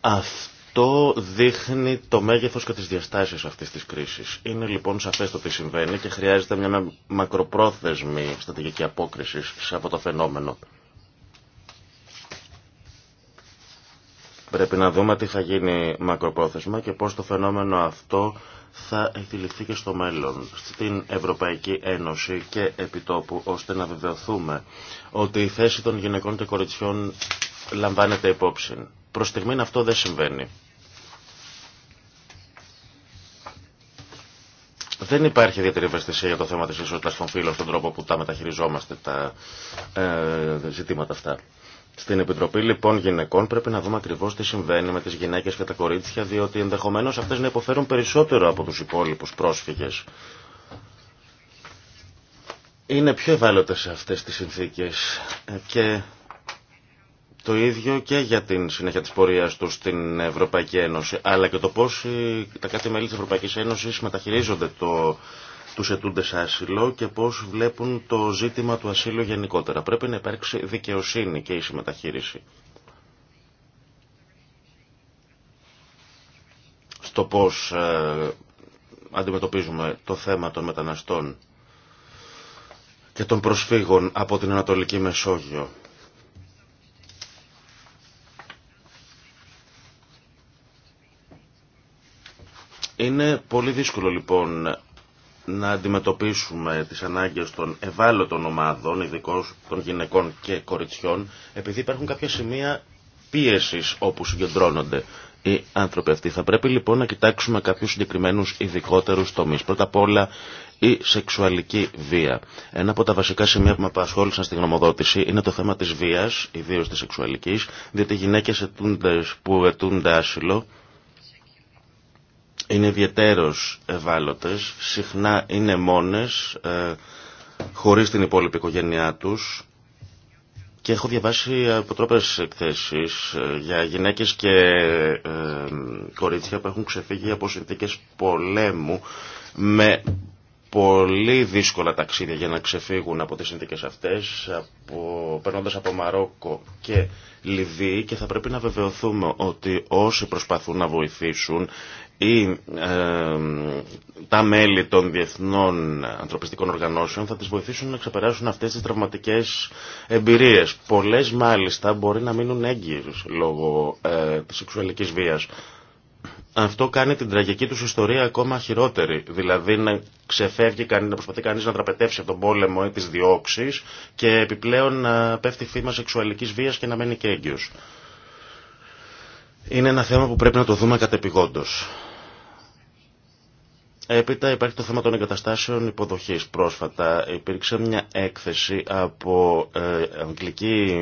Αυτό δείχνει το μέγεθος και τις διαστάσεις αυτής της κρίσης. Είναι λοιπόν σαφές το τι συμβαίνει και χρειάζεται μια μακροπρόθεσμη στρατηγική απόκριση σε αυτό το φαινόμενο. Πρέπει να δούμε τι θα γίνει μακροπρόθεσμα και πώς το φαινόμενο αυτό θα εκδηληφθεί και στο μέλλον στην Ευρωπαϊκή Ένωση και επιτόπου ώστε να βεβαιωθούμε ότι η θέση των γυναικών και κοριτσιών λαμβάνεται υπόψη. Προς στιγμήν αυτό δεν συμβαίνει. Δεν υπάρχει ιδιαίτερη ευαισθησία για το θέμα της ισότητας των φύλων στον τρόπο που τα μεταχειριζόμαστε τα ε, ζητήματα αυτά. Στην Επιτροπή λοιπόν γυναικών πρέπει να δούμε ακριβώ τι συμβαίνει με τι γυναίκε και τα κορίτσια, διότι ενδεχομένω αυτέ να υποφέρουν περισσότερο από του υπόλοιπου πρόσφυγε. Είναι πιο ευάλωτε σε αυτέ τι συνθήκε. Και το ίδιο και για την συνέχεια τη πορεία του στην Ευρωπαϊκή Ένωση, αλλά και το πώς τα κάτι μέλη τη Ευρωπαϊκή Ένωση μεταχειρίζονται το τους σε άσυλο και πώς βλέπουν το ζήτημα του ασύλου γενικότερα. Πρέπει να υπάρξει δικαιοσύνη και η συμμεταχείριση. Στο πώς ε, αντιμετωπίζουμε το θέμα των μεταναστών και των προσφύγων από την Ανατολική Μεσόγειο. Είναι πολύ δύσκολο λοιπόν να αντιμετωπίσουμε τις ανάγκες των ευάλωτων ομάδων, ειδικών των γυναικών και κοριτσιών, επειδή υπάρχουν κάποια σημεία πίεσης όπου συγκεντρώνονται οι άνθρωποι αυτοί. Θα πρέπει λοιπόν να κοιτάξουμε κάποιους συγκεκριμένους ειδικότερους τομείς. Πρώτα απ' όλα η σεξουαλική βία. Ένα από τα βασικά σημεία που με απασχόλησαν στη γνωμοδότηση είναι το θέμα της βίας, ιδίως της σεξουαλικής, διότι οι γυναίκες που ετούνται άσυλο είναι ιδιαίτερως ευάλωτες, συχνά είναι μόνες, ε, χωρίς την υπόλοιπη οικογένειά τους και έχω διαβάσει αποτρόπες εκθέσεις ε, για γυναίκες και ε, κορίτσια που έχουν ξεφύγει από συνθήκες πολέμου με πολύ δύσκολα ταξίδια για να ξεφύγουν από τις συνθήκες αυτές, από, περνώντας από Μαρόκο και Λιβύη και θα πρέπει να βεβαιωθούμε ότι όσοι προσπαθούν να βοηθήσουν ή ε, τα μέλη των διεθνών ανθρωπιστικών οργανώσεων θα τις βοηθήσουν να ξεπεράσουν αυτές τις τραυματικές εμπειρίες. Πολλές μάλιστα μπορεί να μείνουν έγκυες λόγω ε, της σεξουαλικής βίας. Αυτό κάνει την τραγική του ιστορία ακόμα χειρότερη. Δηλαδή να ξεφεύγει, να προσπαθεί κανείς να τραπετεύσει από τον πόλεμο ή τις διώξεις και επιπλέον να πέφτει θύμα σεξουαλικής βίας και να μένει και έγκυος. Είναι ένα θέμα που πρέπει να το δούμε κατεπηγόντως. Έπειτα υπάρχει το θέμα των εγκαταστάσεων υποδοχής. Πρόσφατα υπήρξε μια έκθεση από ε, αγγλική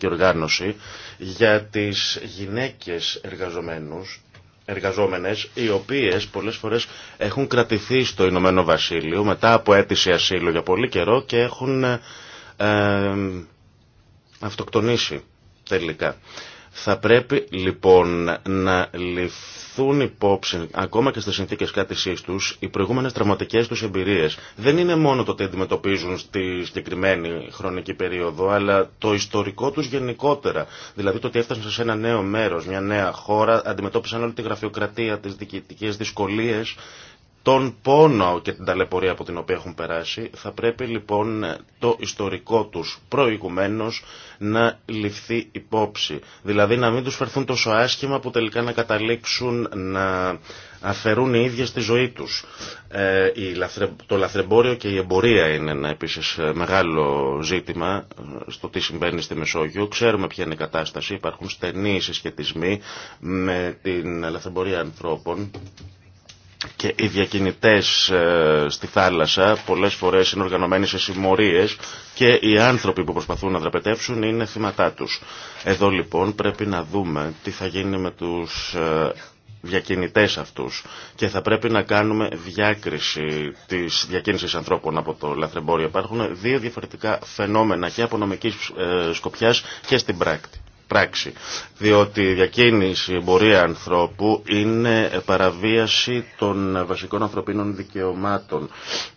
ε, οργάνωση για τις γυναίκες εργαζομένους εργαζόμενες οι οποίες πολλές φορές έχουν κρατηθεί στο Ηνωμένο Βασίλειο μετά από αίτηση ασύλου για πολύ καιρό και έχουν ε, ε, αυτοκτονήσει τελικά. Θα πρέπει λοιπόν να ληφθούν υπόψη ακόμα και στις συνθήκες κάτησής του, οι προηγούμενες τραυματικέ του εμπειρίες. Δεν είναι μόνο το ότι αντιμετωπίζουν στη συγκεκριμένη χρονική περίοδο, αλλά το ιστορικό τους γενικότερα. Δηλαδή το ότι έφτασαν σε ένα νέο μέρος, μια νέα χώρα, αντιμετώπισαν όλη τη γραφειοκρατία, τι διοικητικέ δυσκολίε τον πόνο και την ταλαιπωρία από την οποία έχουν περάσει, θα πρέπει λοιπόν το ιστορικό τους προηγουμένως να ληφθεί υπόψη. Δηλαδή να μην τους φερθούν τόσο άσχημα που τελικά να καταλήξουν να αφαιρούν οι ίδιες τη ζωή τους. Ε, το λαθρεμπόριο και η εμπορία είναι ένα επίσης μεγάλο ζήτημα ε, στο τι συμβαίνει στη Μεσόγειο. Ξέρουμε ποια είναι η κατάσταση, υπάρχουν στενοί συσχετισμοί με την λαθρεμπορία ανθρώπων και οι διακινητές ε, στη θάλασσα πολλές φορές είναι οργανωμένοι σε συμμορίες και οι άνθρωποι που προσπαθούν να δραπετεύσουν είναι θύματά τους. Εδώ λοιπόν πρέπει να δούμε τι θα γίνει με τους ε, διακινητές αυτούς και θα πρέπει να κάνουμε διάκριση της διακίνησης ανθρώπων από το λαθρεμπόριο. Υπάρχουν δύο διαφορετικά φαινόμενα και από νομικής ε, σκοπιάς και στην πράκτη πράξη. Διότι η διακίνηση, η εμπορία ανθρώπου είναι παραβίαση των βασικών ανθρωπίνων δικαιωμάτων.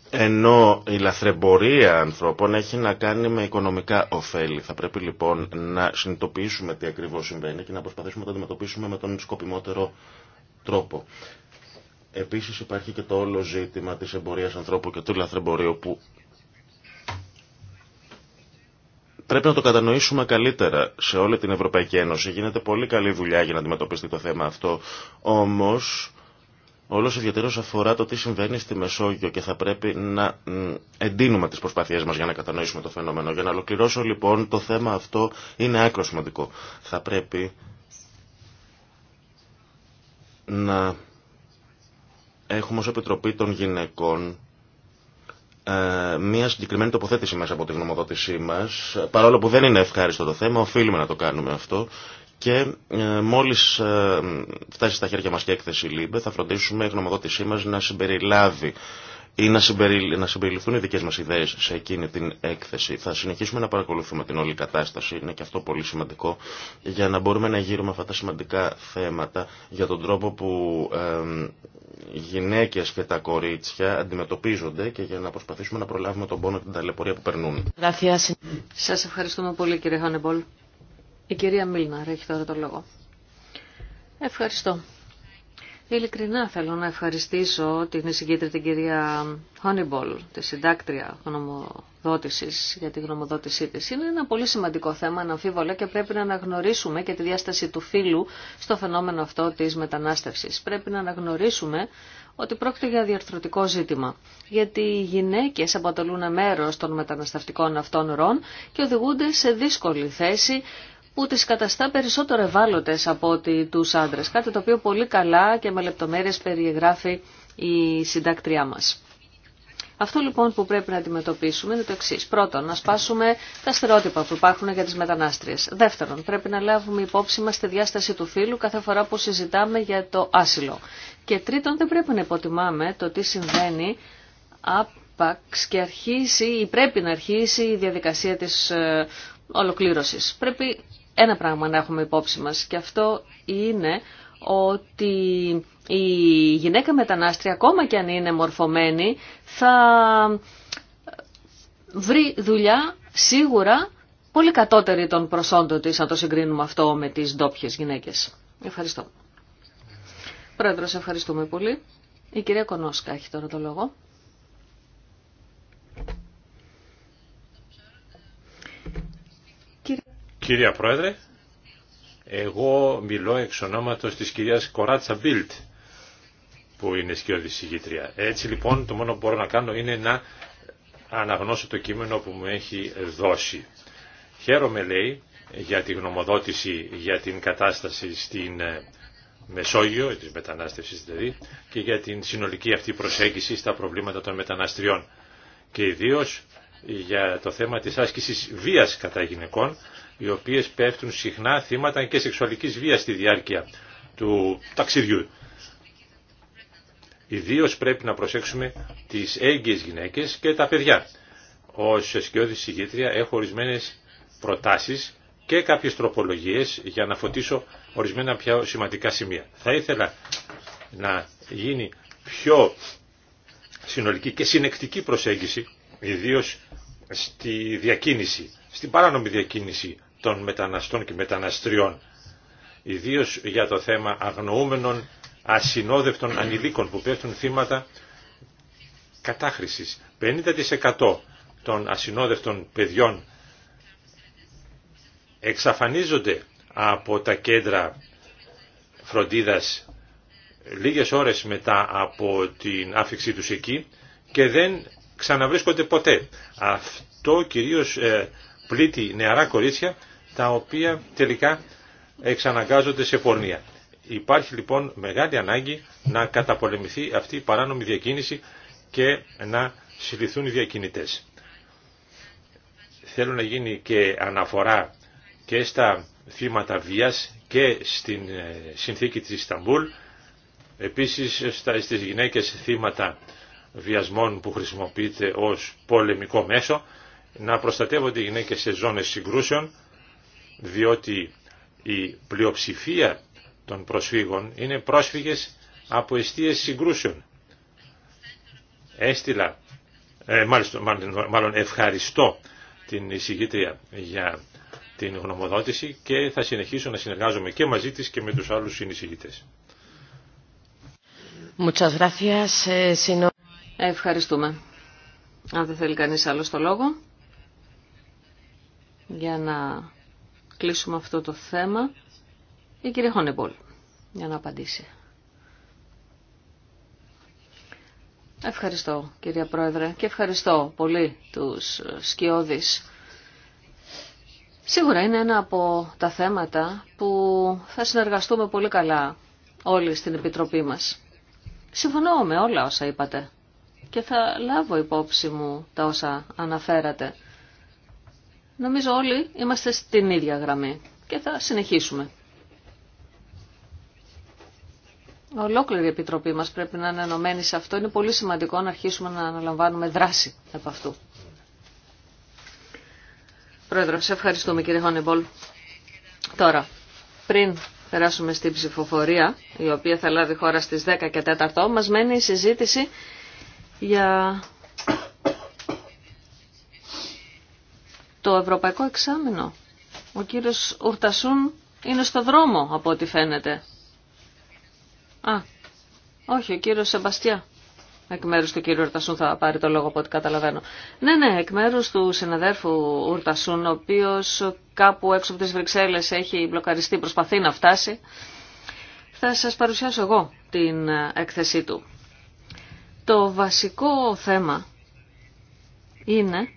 Ενώ η λαθρεμπορία ανθρώπων έχει να κάνει με οικονομικά ωφέλη. Θα πρέπει λοιπόν να συνειδητοποιήσουμε τι ακριβώς συμβαίνει και να προσπαθήσουμε να το αντιμετωπίσουμε με τον σκοπιμότερο τρόπο. Επίσης υπάρχει και το όλο ζήτημα της εμπορίας ανθρώπου και του λαθρεμπορίου που πρέπει να το κατανοήσουμε καλύτερα σε όλη την Ευρωπαϊκή Ένωση. Γίνεται πολύ καλή δουλειά για να αντιμετωπιστεί το θέμα αυτό. Όμως, όλο ιδιαίτερο αφορά το τι συμβαίνει στη Μεσόγειο και θα πρέπει να εντείνουμε τις προσπάθειές μας για να κατανοήσουμε το φαινόμενο. Για να ολοκληρώσω λοιπόν, το θέμα αυτό είναι άκρο σημαντικό. Θα πρέπει να έχουμε ως Επιτροπή των Γυναικών ε, μια συγκεκριμένη τοποθέτηση μέσα από τη γνωμοδότησή μας. Παρόλο που δεν είναι ευχάριστο το θέμα, οφείλουμε να το κάνουμε αυτό. Και ε, μόλις ε, φτάσει στα χέρια μας και έκθεση ΛΥΜΠΕ θα φροντίσουμε η γνωμοδότησή μας να συμπεριλάβει ή να, συμπεριληφθούν οι δικές μας ιδέες σε εκείνη την έκθεση. Θα συνεχίσουμε να παρακολουθούμε την όλη κατάσταση, είναι και αυτό πολύ σημαντικό, για να μπορούμε να γύρουμε αυτά τα σημαντικά θέματα για τον τρόπο που ε, γυναίκες και τα κορίτσια αντιμετωπίζονται και για να προσπαθήσουμε να προλάβουμε τον πόνο και την ταλαιπωρία που περνούν. Σας ευχαριστούμε πολύ κύριε Χάνεμπολ. Η κυρία Μίλναρ έχει τώρα το λόγο. Ευχαριστώ. Ειλικρινά θέλω να ευχαριστήσω την εισηγήτρια την κυρία Χόνιμπολ, τη συντάκτρια γνωμοδότησης για τη γνωμοδότησή της. Είναι ένα πολύ σημαντικό θέμα, αναμφίβολα, και πρέπει να αναγνωρίσουμε και τη διάσταση του φύλου στο φαινόμενο αυτό της μετανάστευσης. Πρέπει να αναγνωρίσουμε ότι πρόκειται για διαρθρωτικό ζήτημα. Γιατί οι γυναίκε αποτελούν μέρο των μεταναστευτικών αυτών ροών και οδηγούνται σε δύσκολη θέση που τις καταστά περισσότερο ευάλωτε από ότι τους άντρες. Κάτι το οποίο πολύ καλά και με λεπτομέρειες περιγράφει η συντάκτριά μας. Αυτό λοιπόν που πρέπει να αντιμετωπίσουμε είναι το εξή. Πρώτον, να σπάσουμε τα στερεότυπα που υπάρχουν για τι μετανάστριε. Δεύτερον, πρέπει να λάβουμε υπόψη μα τη διάσταση του φύλου κάθε φορά που συζητάμε για το άσυλο. Και τρίτον, δεν πρέπει να υποτιμάμε το τι συμβαίνει άπαξ και αρχίσει ή πρέπει να αρχίσει η διαδικασία τη ε, ολοκλήρωση. Πρέπει ένα πράγμα να έχουμε υπόψη μας και αυτό είναι ότι η γυναίκα μετανάστρια ακόμα και αν είναι μορφωμένη θα βρει δουλειά σίγουρα πολύ κατώτερη των προσόντων της, αν το συγκρίνουμε αυτό με τις ντόπιε γυναίκες. Ευχαριστώ. Πρόεδρος, ευχαριστούμε πολύ. Η κυρία Κονόσκα έχει τώρα το λόγο. Κυρία Πρόεδρε, εγώ μιλώ εξ ονόματος της κυρίας Κοράτσα Μπίλτ, που είναι σκιώδη συγγήτρια. Έτσι λοιπόν το μόνο που μπορώ να κάνω είναι να αναγνώσω το κείμενο που μου έχει δώσει. Χαίρομαι λέει για τη γνωμοδότηση για την κατάσταση στην ε, Μεσόγειο, της μετανάστευσης δηλαδή, και για την συνολική αυτή προσέγγιση στα προβλήματα των μεταναστριών. Και ιδίως για το θέμα της άσκησης βίας κατά γυναικών, οι οποίες πέφτουν συχνά θύματα και σεξουαλικής βίας στη διάρκεια του ταξιδιού. Ιδίως πρέπει να προσέξουμε τις έγκυες γυναίκες και τα παιδιά. Ως σκιώδη συγγήτρια έχω ορισμένε προτάσεις και κάποιες τροπολογίες για να φωτίσω ορισμένα πιο σημαντικά σημεία. Θα ήθελα να γίνει πιο συνολική και συνεκτική προσέγγιση, ιδίως στη διακίνηση, στην παράνομη διακίνηση των μεταναστών και μεταναστριών, ιδίω για το θέμα αγνοούμενων ασυνόδευτων ανηλίκων που πέφτουν θύματα κατάχρησης. 50% των ασυνόδευτων παιδιών εξαφανίζονται από τα κέντρα φροντίδας λίγες ώρες μετά από την άφηξή τους εκεί και δεν ξαναβρίσκονται ποτέ. Αυτό κυρίως ε, πλήττει νεαρά κορίτσια τα οποία τελικά εξαναγκάζονται σε πορνεία. Υπάρχει λοιπόν μεγάλη ανάγκη να καταπολεμηθεί αυτή η παράνομη διακίνηση και να συλληθούν οι διακινητές. Θέλω να γίνει και αναφορά και στα θύματα βίας και στην ε, συνθήκη της Ισταμπούλ, επίσης στις γυναίκες θύματα βιασμών που χρησιμοποιείται ως πολεμικό μέσο να προστατεύονται οι γυναίκες σε ζώνες συγκρούσεων, διότι η πλειοψηφία των προσφύγων είναι πρόσφυγες από αιστείες συγκρούσεων. Έστειλα, ε, μάλιστα, μάλλον ευχαριστώ την εισηγήτρια για την γνωμοδότηση και θα συνεχίσω να συνεργάζομαι και μαζί της και με τους άλλους συνεισηγητές. Eh, Ευχαριστούμε. Αν δεν θέλει κανείς άλλο το λόγο για να κλείσουμε αυτό το θέμα. Η κυρία Χόνεμπολ, για να απαντήσει. Ευχαριστώ κυρία Πρόεδρε και ευχαριστώ πολύ τους σκιώδεις. Σίγουρα είναι ένα από τα θέματα που θα συνεργαστούμε πολύ καλά όλοι στην Επιτροπή μας. Συμφωνώ με όλα όσα είπατε και θα λάβω υπόψη μου τα όσα αναφέρατε. Νομίζω όλοι είμαστε στην ίδια γραμμή και θα συνεχίσουμε. Ολόκληρη η Επιτροπή μας πρέπει να είναι ενωμένη σε αυτό. Είναι πολύ σημαντικό να αρχίσουμε να αναλαμβάνουμε δράση από αυτού. Πρόεδρο, σε ευχαριστούμε κύριε Χόνιμπολ. Τώρα, πριν περάσουμε στην ψηφοφορία, η οποία θα λάβει χώρα στις 10 και 4, μας μένει η συζήτηση για το Ευρωπαϊκό Εξάμεινο. Ο κύριος Ουρτασούν είναι στο δρόμο από ό,τι φαίνεται. Α, όχι, ο κύριος Σεμπαστιά. Εκ μέρους του κύριου Ουρτασούν θα πάρει το λόγο από ό,τι καταλαβαίνω. Ναι, ναι, εκ μέρους του συναδέρφου Ουρτασούν, ο οποίος κάπου έξω από τις Βρυξέλλες έχει μπλοκαριστεί, προσπαθεί να φτάσει. Θα σας παρουσιάσω εγώ την έκθεσή του. Το βασικό θέμα είναι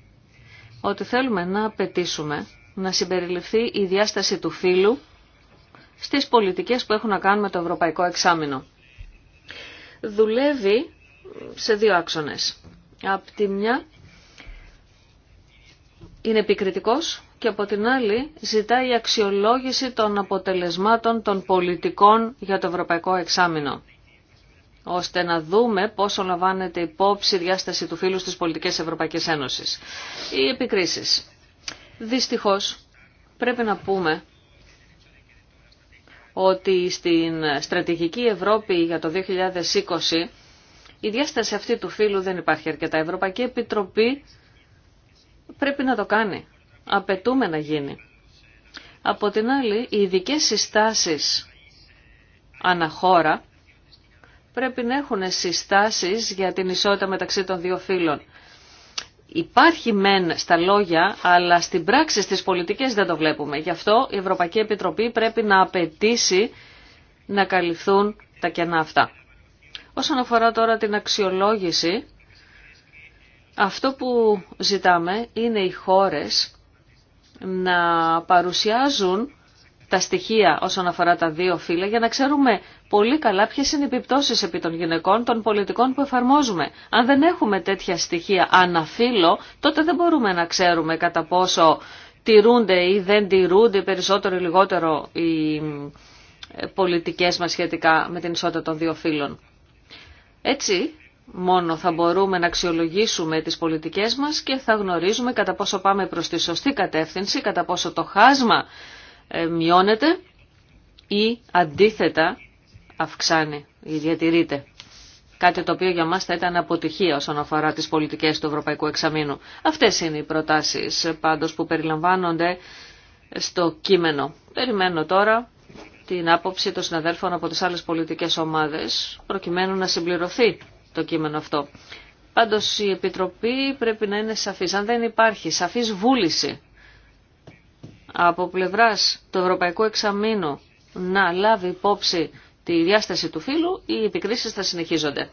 ότι θέλουμε να απαιτήσουμε να συμπεριληφθεί η διάσταση του φύλου στις πολιτικές που έχουν να κάνουν με το Ευρωπαϊκό Εξάμεινο. Δουλεύει σε δύο άξονες. Απ' τη μια είναι επικριτικός και από την άλλη ζητάει αξιολόγηση των αποτελεσμάτων των πολιτικών για το Ευρωπαϊκό Εξάμεινο ώστε να δούμε πόσο λαμβάνεται υπόψη η διάσταση του φίλου στις πολιτικές Ευρωπαϊκής Ένωσης. Οι επικρίσεις. Δυστυχώς πρέπει να πούμε ότι στην στρατηγική Ευρώπη για το 2020 η διάσταση αυτή του φύλου δεν υπάρχει αρκετά. Η Ευρωπαϊκή Επιτροπή πρέπει να το κάνει. Απαιτούμε να γίνει. Από την άλλη, οι ειδικέ συστάσεις αναχώρα πρέπει να έχουν συστάσεις για την ισότητα μεταξύ των δύο φύλων. Υπάρχει μεν στα λόγια, αλλά στην πράξη στις πολιτικές δεν το βλέπουμε. Γι' αυτό η Ευρωπαϊκή Επιτροπή πρέπει να απαιτήσει να καλυφθούν τα κενά αυτά. Όσον αφορά τώρα την αξιολόγηση, αυτό που ζητάμε είναι οι χώρες να παρουσιάζουν τα στοιχεία όσον αφορά τα δύο φύλλα για να ξέρουμε πολύ καλά ποιε είναι οι επιπτώσει επί των γυναικών των πολιτικών που εφαρμόζουμε. Αν δεν έχουμε τέτοια στοιχεία αναφύλλω, τότε δεν μπορούμε να ξέρουμε κατά πόσο τηρούνται ή δεν τηρούνται περισσότερο ή λιγότερο οι ε, πολιτικές μας σχετικά με την ισότητα των δύο φύλων. Έτσι μόνο θα μπορούμε να αξιολογήσουμε τις πολιτικές μας και θα γνωρίζουμε κατά πόσο πάμε προς τη σωστή κατεύθυνση, κατά πόσο το χάσμα ε, μειώνεται ή αντίθετα αυξάνει ή διατηρείται. Κάτι το οποίο για μας θα ήταν αποτυχία όσον αφορά τις πολιτικές του Ευρωπαϊκού Εξαμήνου. Αυτές είναι οι προτάσεις πάντως που περιλαμβάνονται στο κείμενο. Περιμένω τώρα την άποψη των συναδέλφων από τις άλλες πολιτικές ομάδες προκειμένου να συμπληρωθεί το κείμενο αυτό. Πάντως η Επιτροπή πρέπει να είναι σαφής. Αν δεν υπάρχει σαφής βούληση από πλευράς του Ευρωπαϊκού Εξαμήνου να λάβει υπόψη τη διάσταση του φύλου οι επικρίσεις θα συνεχίζονται.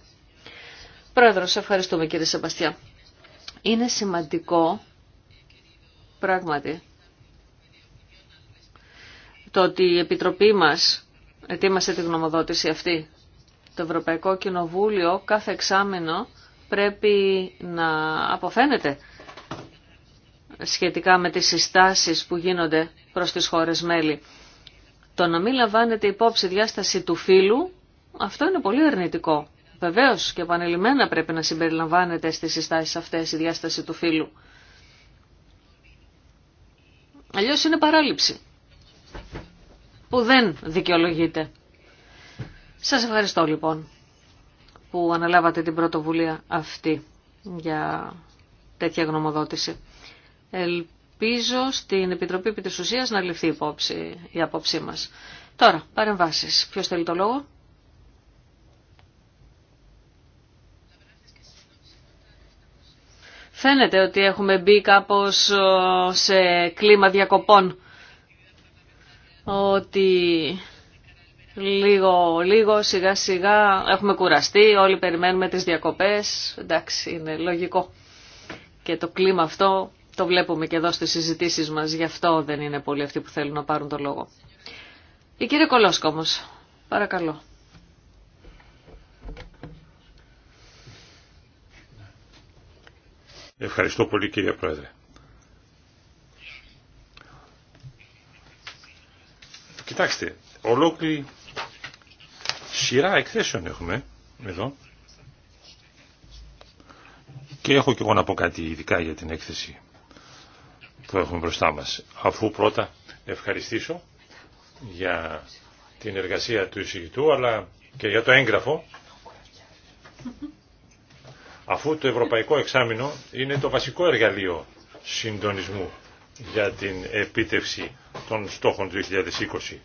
Πρόεδρος, ευχαριστούμε κύριε Σεμπαστιά. Είναι σημαντικό πράγματι το ότι η Επιτροπή μας ετοίμασε τη γνωμοδότηση αυτή. Το Ευρωπαϊκό Κοινοβούλιο κάθε εξάμεινο πρέπει να αποφαίνεται σχετικά με τις συστάσεις που γίνονται προς τις χώρες μέλη. Το να μην λαμβάνεται υπόψη διάσταση του φύλου, αυτό είναι πολύ αρνητικό. Βεβαίω και επανελειμμένα πρέπει να συμπεριλαμβάνεται στι συστάσεις αυτές η διάσταση του φύλου. Αλλιώς είναι παράληψη που δεν δικαιολογείται. Σας ευχαριστώ λοιπόν που αναλάβατε την πρωτοβουλία αυτή για τέτοια γνωμοδότηση ελπίζω στην Επιτροπή επί να ληφθεί υπόψη, η απόψή μας. Τώρα, παρεμβάσεις. Ποιος θέλει το λόγο? Φαίνεται ότι έχουμε μπει κάπως σε κλίμα διακοπών. Ότι λίγο, λίγο, σιγά σιγά έχουμε κουραστεί, όλοι περιμένουμε τις διακοπές. Εντάξει, είναι λογικό. Και το κλίμα αυτό το βλέπουμε και εδώ στις συζητήσεις μας, γι' αυτό δεν είναι πολλοί αυτοί που θέλουν να πάρουν το λόγο. Η κύριε Κολόσκο, όμως, παρακαλώ. Ευχαριστώ πολύ κύριε Πρόεδρε. Κοιτάξτε, ολόκληρη σειρά εκθέσεων έχουμε εδώ και έχω και εγώ να πω κάτι ειδικά για την έκθεση που έχουμε μπροστά μας. Αφού πρώτα ευχαριστήσω για την εργασία του εισηγητού αλλά και για το έγγραφο αφού το Ευρωπαϊκό Εξάμεινο είναι το βασικό εργαλείο συντονισμού για την επίτευξη των στόχων του 2020.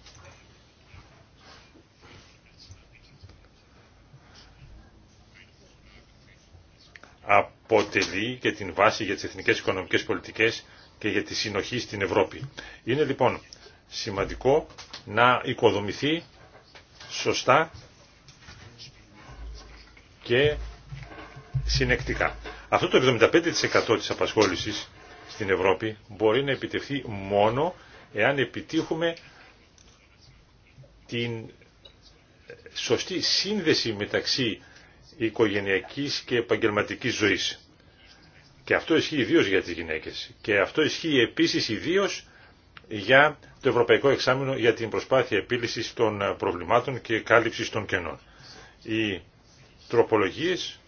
αποτελεί και την βάση για τις εθνικές οικονομικές πολιτικές και για τη συνοχή στην Ευρώπη. Είναι λοιπόν σημαντικό να οικοδομηθεί σωστά και συνεκτικά. Αυτό το 75% της απασχόλησης στην Ευρώπη μπορεί να επιτευχθεί μόνο εάν επιτύχουμε την σωστή σύνδεση μεταξύ οικογενειακής και επαγγελματικής ζωής. Και αυτό ισχύει ιδίω για τι γυναίκε. Και αυτό ισχύει επίση ιδίω για το Ευρωπαϊκό Εξάμεινο για την προσπάθεια επίλυση των προβλημάτων και καλύψη των κενών. Οι τροπολογίες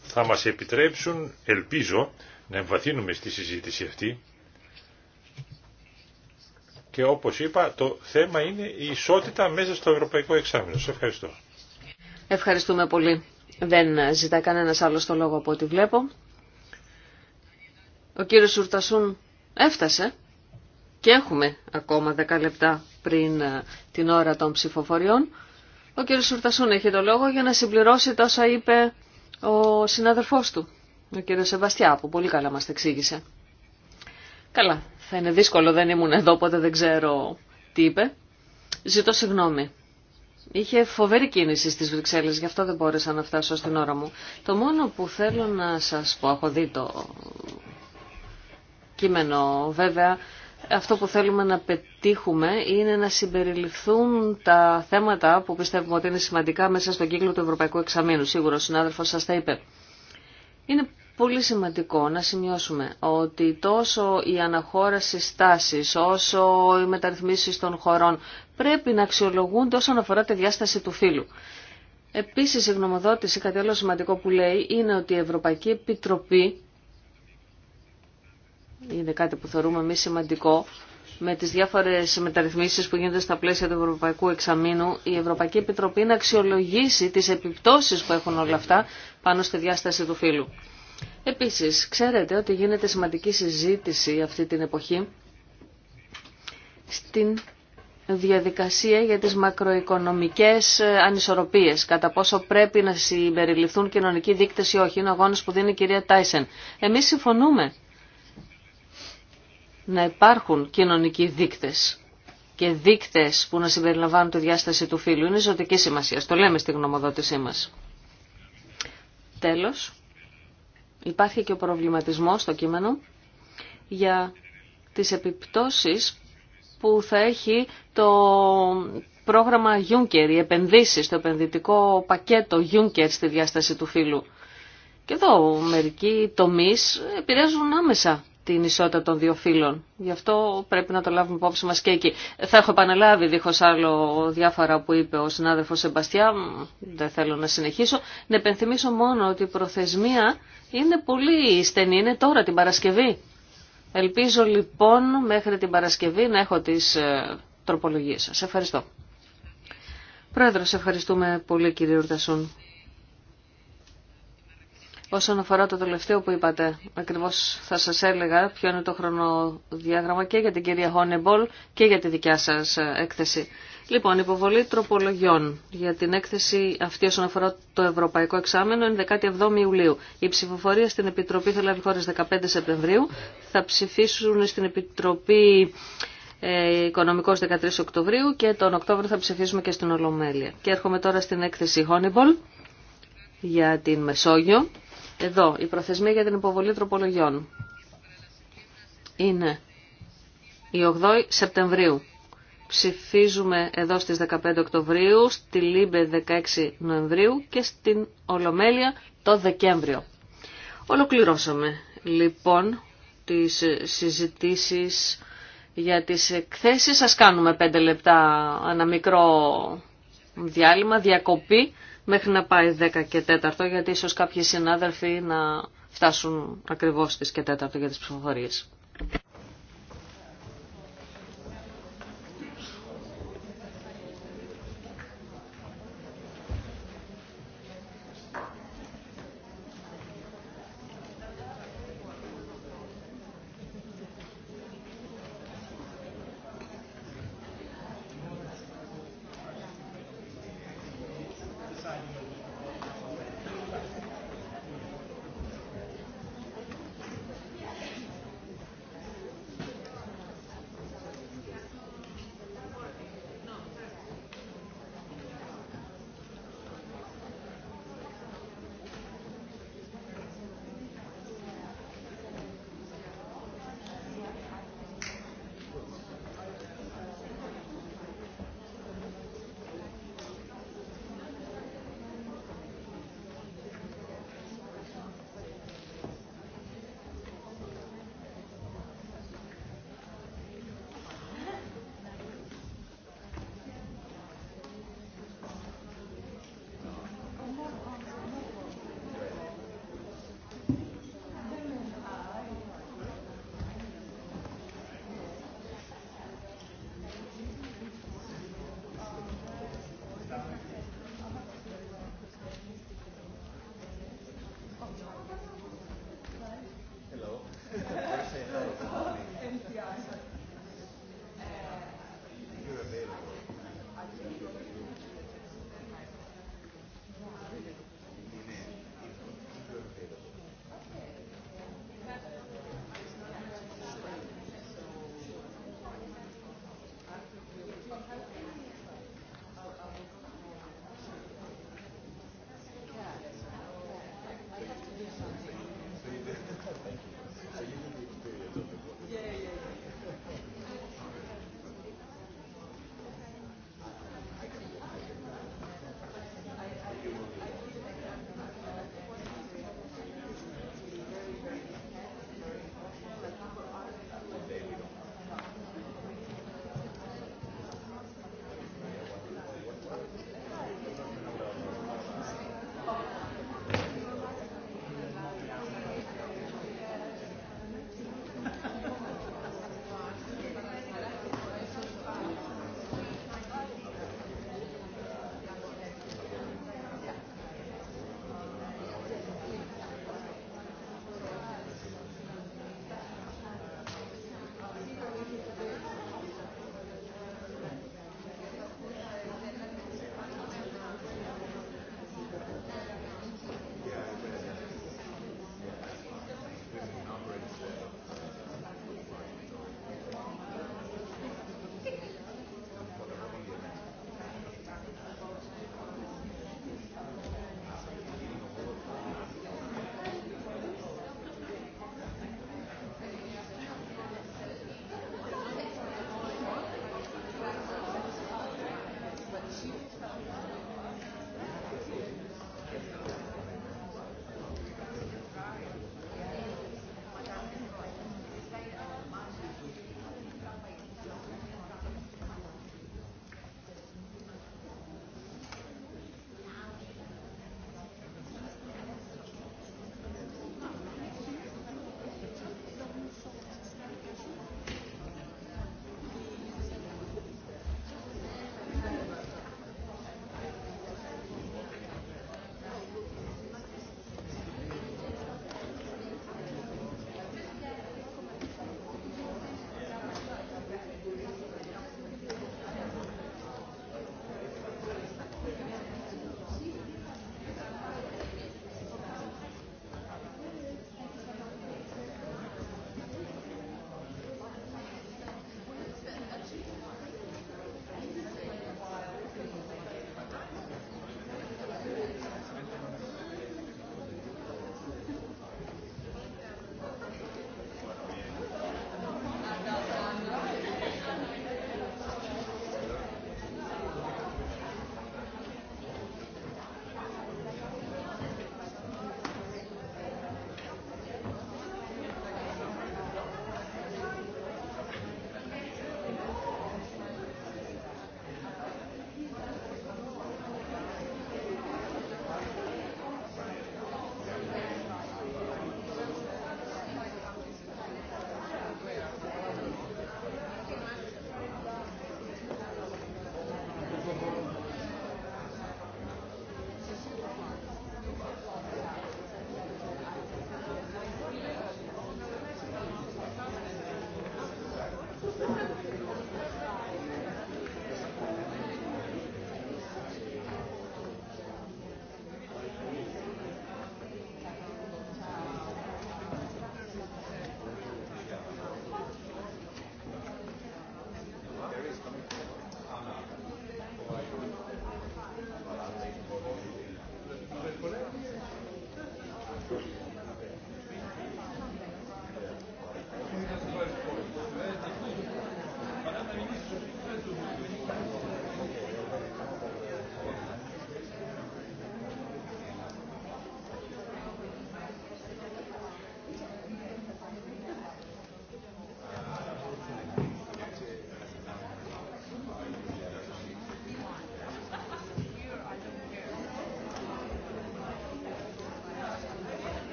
θα μα επιτρέψουν, ελπίζω, να εμβαθύνουμε στη συζήτηση αυτή και όπω είπα το θέμα είναι η ισότητα μέσα στο Ευρωπαϊκό Εξάμεινο. Σε ευχαριστώ. Ευχαριστούμε πολύ. Δεν ζητά κανένα άλλο το λόγο από ό,τι βλέπω. Ο κύριος Σουρτασούν έφτασε και έχουμε ακόμα 10 λεπτά πριν ε, την ώρα των ψηφοφοριών. Ο κύριος Σουρτασούν έχει το λόγο για να συμπληρώσει τόσα είπε ο συναδελφός του, ο κύριος Σεβαστιά, που πολύ καλά μας εξήγησε. Καλά, θα είναι δύσκολο, δεν ήμουν εδώ, ποτέ, δεν ξέρω τι είπε. Ζητώ συγγνώμη. Είχε φοβερή κίνηση στις Βρυξέλλες, γι' αυτό δεν μπόρεσα να φτάσω στην ώρα μου. Το μόνο που θέλω να σας πω, έχω δει το κείμενο βέβαια αυτό που θέλουμε να πετύχουμε είναι να συμπεριληφθούν τα θέματα που πιστεύουμε ότι είναι σημαντικά μέσα στον κύκλο του Ευρωπαϊκού Εξαμήνου. Σίγουρα ο συνάδελφος σας τα είπε. Είναι πολύ σημαντικό να σημειώσουμε ότι τόσο η αναχώραση στάσης όσο οι μεταρρυθμίσεις των χωρών πρέπει να αξιολογούνται όσον αφορά τη διάσταση του φύλου. Επίσης η γνωμοδότηση, κάτι άλλο σημαντικό που λέει, είναι ότι η Ευρωπαϊκή Επιτροπή είναι κάτι που θεωρούμε εμεί σημαντικό. Με τις διάφορες μεταρρυθμίσεις που γίνονται στα πλαίσια του Ευρωπαϊκού Εξαμήνου, η Ευρωπαϊκή Επιτροπή να αξιολογήσει τις επιπτώσεις που έχουν όλα αυτά πάνω στη διάσταση του φύλου. Επίσης, ξέρετε ότι γίνεται σημαντική συζήτηση αυτή την εποχή στην διαδικασία για τις μακροοικονομικές ε, ανισορροπίες, κατά πόσο πρέπει να συμπεριληφθούν κοινωνικοί δείκτες ή όχι, είναι ο αγώνας που δίνει η κυρία Τάισεν. Εμείς συμφωνούμε να υπάρχουν κοινωνικοί δείκτες και δείκτες που να συμπεριλαμβάνουν τη διάσταση του φύλου. Είναι ζωτική σημασία. Το λέμε στη γνωμοδότησή μας. Τέλος, υπάρχει και ο προβληματισμός στο κείμενο για τις επιπτώσεις που θα έχει το πρόγραμμα Juncker, οι επενδύσεις, το επενδυτικό πακέτο Juncker στη διάσταση του φύλου. Και εδώ μερικοί τομείς επηρεάζουν άμεσα την ισότητα των δύο φύλων. Γι' αυτό πρέπει να το λάβουμε υπόψη μας και εκεί. Θα έχω επαναλάβει δίχως άλλο διάφορα που είπε ο συνάδελφος Σεμπαστιά, δεν θέλω να συνεχίσω. Να επενθυμίσω μόνο ότι η προθεσμία είναι πολύ στενή, είναι τώρα την Παρασκευή. Ελπίζω λοιπόν μέχρι την Παρασκευή να έχω τις ε, τροπολογίες σας. Ευχαριστώ. Πρόεδρος, ευχαριστούμε πολύ κύριε Ουρτασούν. Όσον αφορά το τελευταίο που είπατε, ακριβώς θα σας έλεγα ποιο είναι το χρονοδιάγραμμα και για την κυρία Χόνεμπολ και για τη δικιά σας ε, έκθεση. Λοιπόν, υποβολή τροπολογιών για την έκθεση αυτή όσον αφορά το Ευρωπαϊκό Εξάμενο είναι 17 Ιουλίου. Η ψηφοφορία στην Επιτροπή θα λάβει χώρες 15 Σεπτεμβρίου. Θα ψηφίσουν στην Επιτροπή ε, Οικονομικός 13 Οκτωβρίου και τον Οκτώβριο θα ψηφίσουμε και στην Ολομέλεια. Και έρχομαι τώρα στην έκθεση Honeyball για την Μεσόγειο. Εδώ, η προθεσμία για την υποβολή τροπολογιών είναι η 8η Σεπτεμβρίου. Ψηφίζουμε εδώ στις 15 Οκτωβρίου, στη Λίμπε 16 Νοεμβρίου και στην Ολομέλεια το Δεκέμβριο. Ολοκληρώσαμε λοιπόν τις συζητήσεις για τις εκθέσεις. Σας κάνουμε 5 λεπτά ένα μικρό διάλειμμα, διακοπή μέχρι να πάει 10 και 4 γιατί ίσως κάποιοι συνάδελφοι να φτάσουν ακριβώς στις και 4 για τις ψηφοφορίες.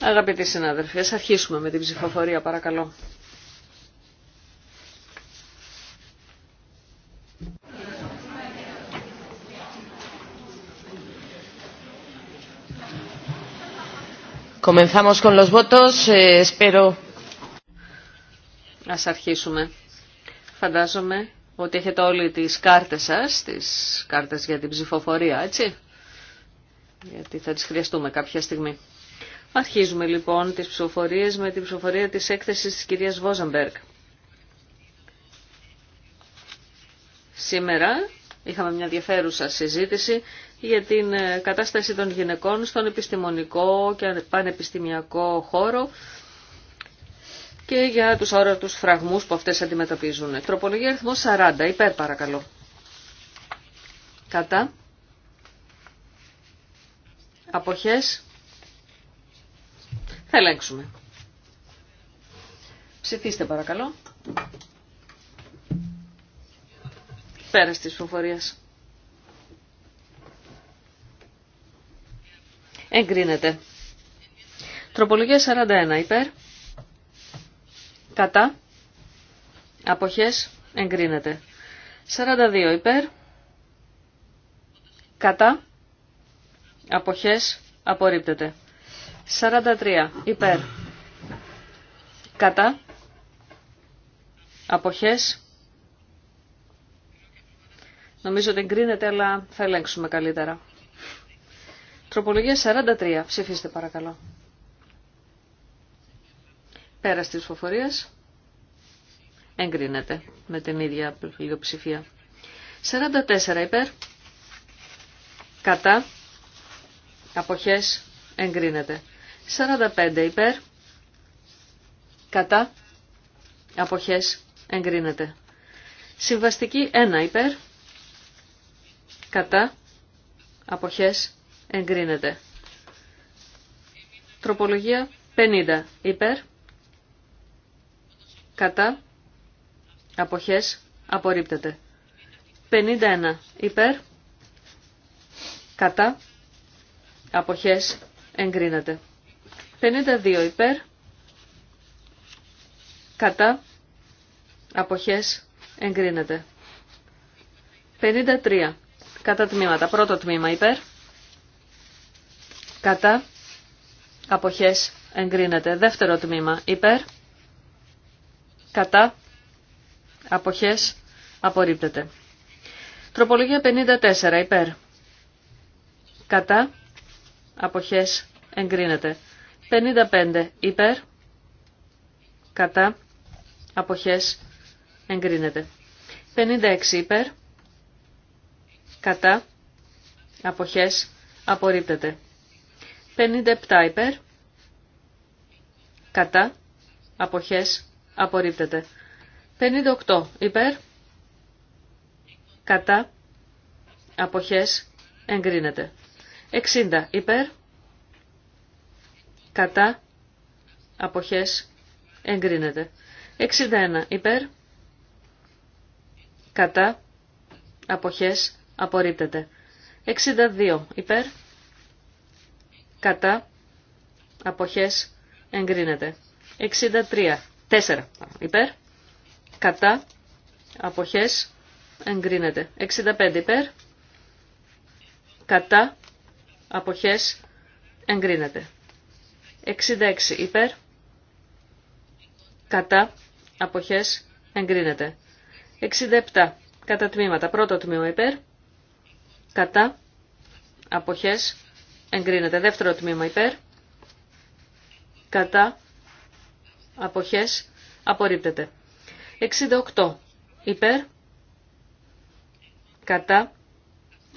Αγαπητοί συνάδελφοι, ας αρχίσουμε με την ψηφοφορία, παρακαλώ. Comenzamos con los votos, eh, espero. Ας αρχίσουμε. Φαντάζομαι ότι έχετε όλοι τις κάρτες σας, τις κάρτες για την ψηφοφορία, έτσι γιατί θα τις χρειαστούμε κάποια στιγμή. Αρχίζουμε λοιπόν τις ψηφοφορίες με την ψηφοφορία της έκθεσης της κυρίας Βόζαμπεργκ. Σήμερα είχαμε μια ενδιαφέρουσα συζήτηση για την ε, κατάσταση των γυναικών στον επιστημονικό και πανεπιστημιακό χώρο και για τους όρατους φραγμούς που αυτές αντιμετωπίζουν. Τροπολογία αριθμό 40. Υπέρ παρακαλώ. Κατά. Αποχές. Θα ελέγξουμε. Ψηφίστε παρακαλώ. Πέρας της ψηφοφορίας. Εγκρίνεται. Τροπολογία 41 υπέρ. Κατά. Αποχές. Εγκρίνεται. 42 υπέρ. Κατά. Αποχές απορρίπτεται. 43. Υπέρ. Κατά. Αποχές. Νομίζω ότι εγκρίνεται, αλλά θα ελέγξουμε καλύτερα. Τροπολογία 43. Ψηφίστε παρακαλώ. Πέρα τη ψηφοφορία. Εγκρίνεται με την ίδια πλειοψηφία. 44 υπέρ. Κατά αποχές εγκρίνεται. 45 υπέρ, κατά, αποχές εγκρίνεται. Συμβαστική 1 υπέρ, κατά, αποχές εγκρίνεται. Τροπολογία 50 υπέρ, κατά, αποχές απορρίπτεται. 51 υπέρ, κατά, αποχές εγκρίνεται. 52 υπέρ, κατά, αποχές εγκρίνεται. 53 κατά τμήματα. Πρώτο τμήμα υπέρ, κατά, αποχές εγκρίνεται. Δεύτερο τμήμα υπέρ, κατά, αποχές απορρίπτεται. Τροπολογία 54 υπέρ, κατά, αποχές εγκρίνεται. 55 υπέρ, κατά, αποχές εγκρίνεται. 56 υπέρ, κατά, αποχές απορρίπτεται. 57 υπέρ, κατά, αποχές απορρίπτεται. 58 υπέρ, κατά, αποχές εγκρίνεται. 60 υπέρ, κατά, αποχές, εγκρίνεται. 61 υπέρ, κατά, αποχές, απορρίπτεται. 62 υπέρ, κατά, αποχές, εγκρίνεται. 63, 4 υπέρ, κατά, αποχές, εγκρίνεται. 65 υπέρ, κατά, αποχές εγκρίνεται. 66 υπέρ, κατά, αποχές εγκρίνεται. 67 κατά τμήματα, πρώτο τμήμα υπέρ, κατά, αποχές εγκρίνεται. Δεύτερο τμήμα υπέρ, κατά, αποχές απορρίπτεται. 68 υπέρ, κατά,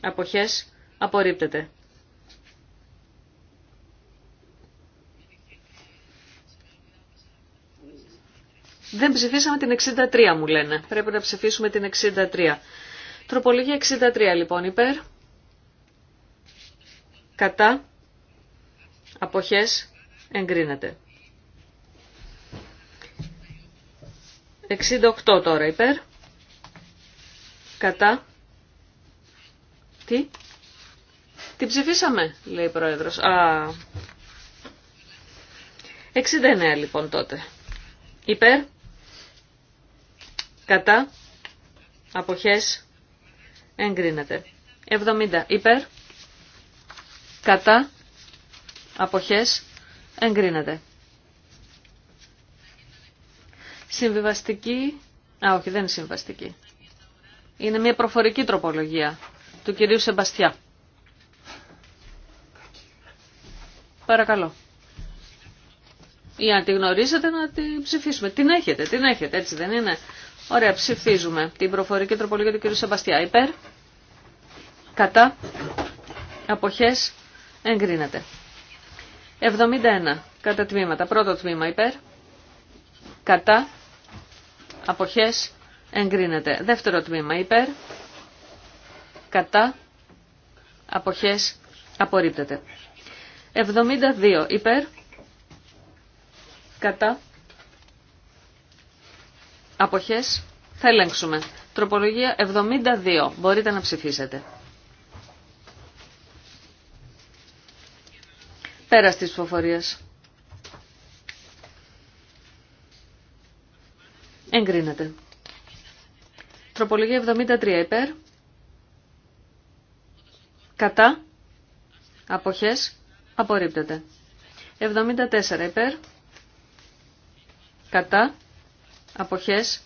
αποχές απορρίπτεται. Δεν ψηφίσαμε την 63 μου λένε. Πρέπει να ψηφίσουμε την 63. Τροπολογία 63 λοιπόν υπέρ. Κατά. Αποχές. Εγκρίνεται. 68 τώρα υπέρ. Κατά. Τι. Τι ψηφίσαμε λέει η πρόεδρος. Α. 69 λοιπόν τότε. Υπέρ κατά, αποχές, εγκρίνεται. 70 υπέρ, κατά, αποχές, εγκρίνεται. Συμβιβαστική, α όχι δεν είναι συμβαστική, είναι μια προφορική τροπολογία του κυρίου Σεμπαστιά. Παρακαλώ. Ή αν τη γνωρίζετε να τη ψηφίσουμε. Την έχετε, την έχετε, έτσι δεν είναι. Ωραία, ψηφίζουμε την προφορική τροπολογία του κ. Σεμπαστιά. Υπέρ, κατά, αποχές, εγκρίνεται. 71. Κατά τμήματα. Πρώτο τμήμα υπέρ, κατά, αποχές, εγκρίνεται. Δεύτερο τμήμα υπέρ, κατά, αποχές, απορρίπτεται. 72. Υπέρ, κατά, Αποχές θα ελέγξουμε. Τροπολογία 72. Μπορείτε να ψηφίσετε. Πέρα της ψηφοφορίας. Εγκρίνεται. Τροπολογία 73 υπέρ. Κατά. Αποχές. Απορρίπτεται. 74 υπέρ. Κατά αποχές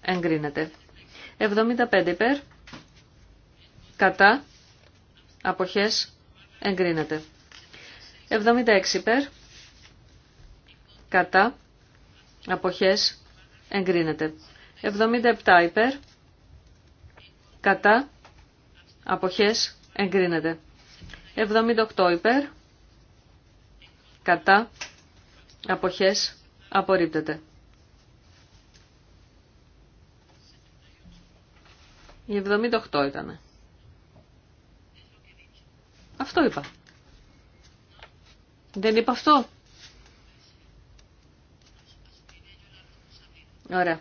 εγκρίνεται. 75 υπέρ, κατά, αποχές εγκρίνεται. 76 υπέρ, κατά, αποχές εγκρίνεται. 77 υπέρ, κατά, αποχές εγκρίνεται. 78 υπέρ, κατά, αποχές απορρίπτεται. Η 78 ήταν. Αυτό είπα. Δεν είπα αυτό. Ωραία.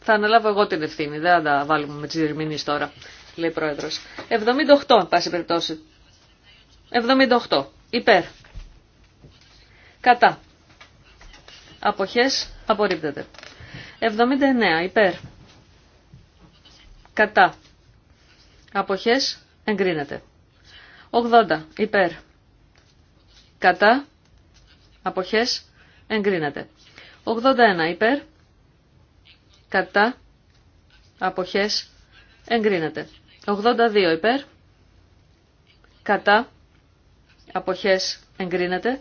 Θα αναλάβω εγώ την ευθύνη. Δεν θα τα βάλουμε με τις διερμηνείς τώρα, λέει πρόεδρος. 78, πάση περιπτώσει. 78. Υπέρ. Κατά. Αποχές απορρίπτεται. 79. Υπέρ. Κατά. Αποχές εγκρίνεται. 80 υπέρ. Κατά. Αποχές εγκρίνεται. 81 υπέρ. Κατά. Αποχές εγκρίνεται. 82 υπέρ. Κατά. Αποχές εγκρίνεται.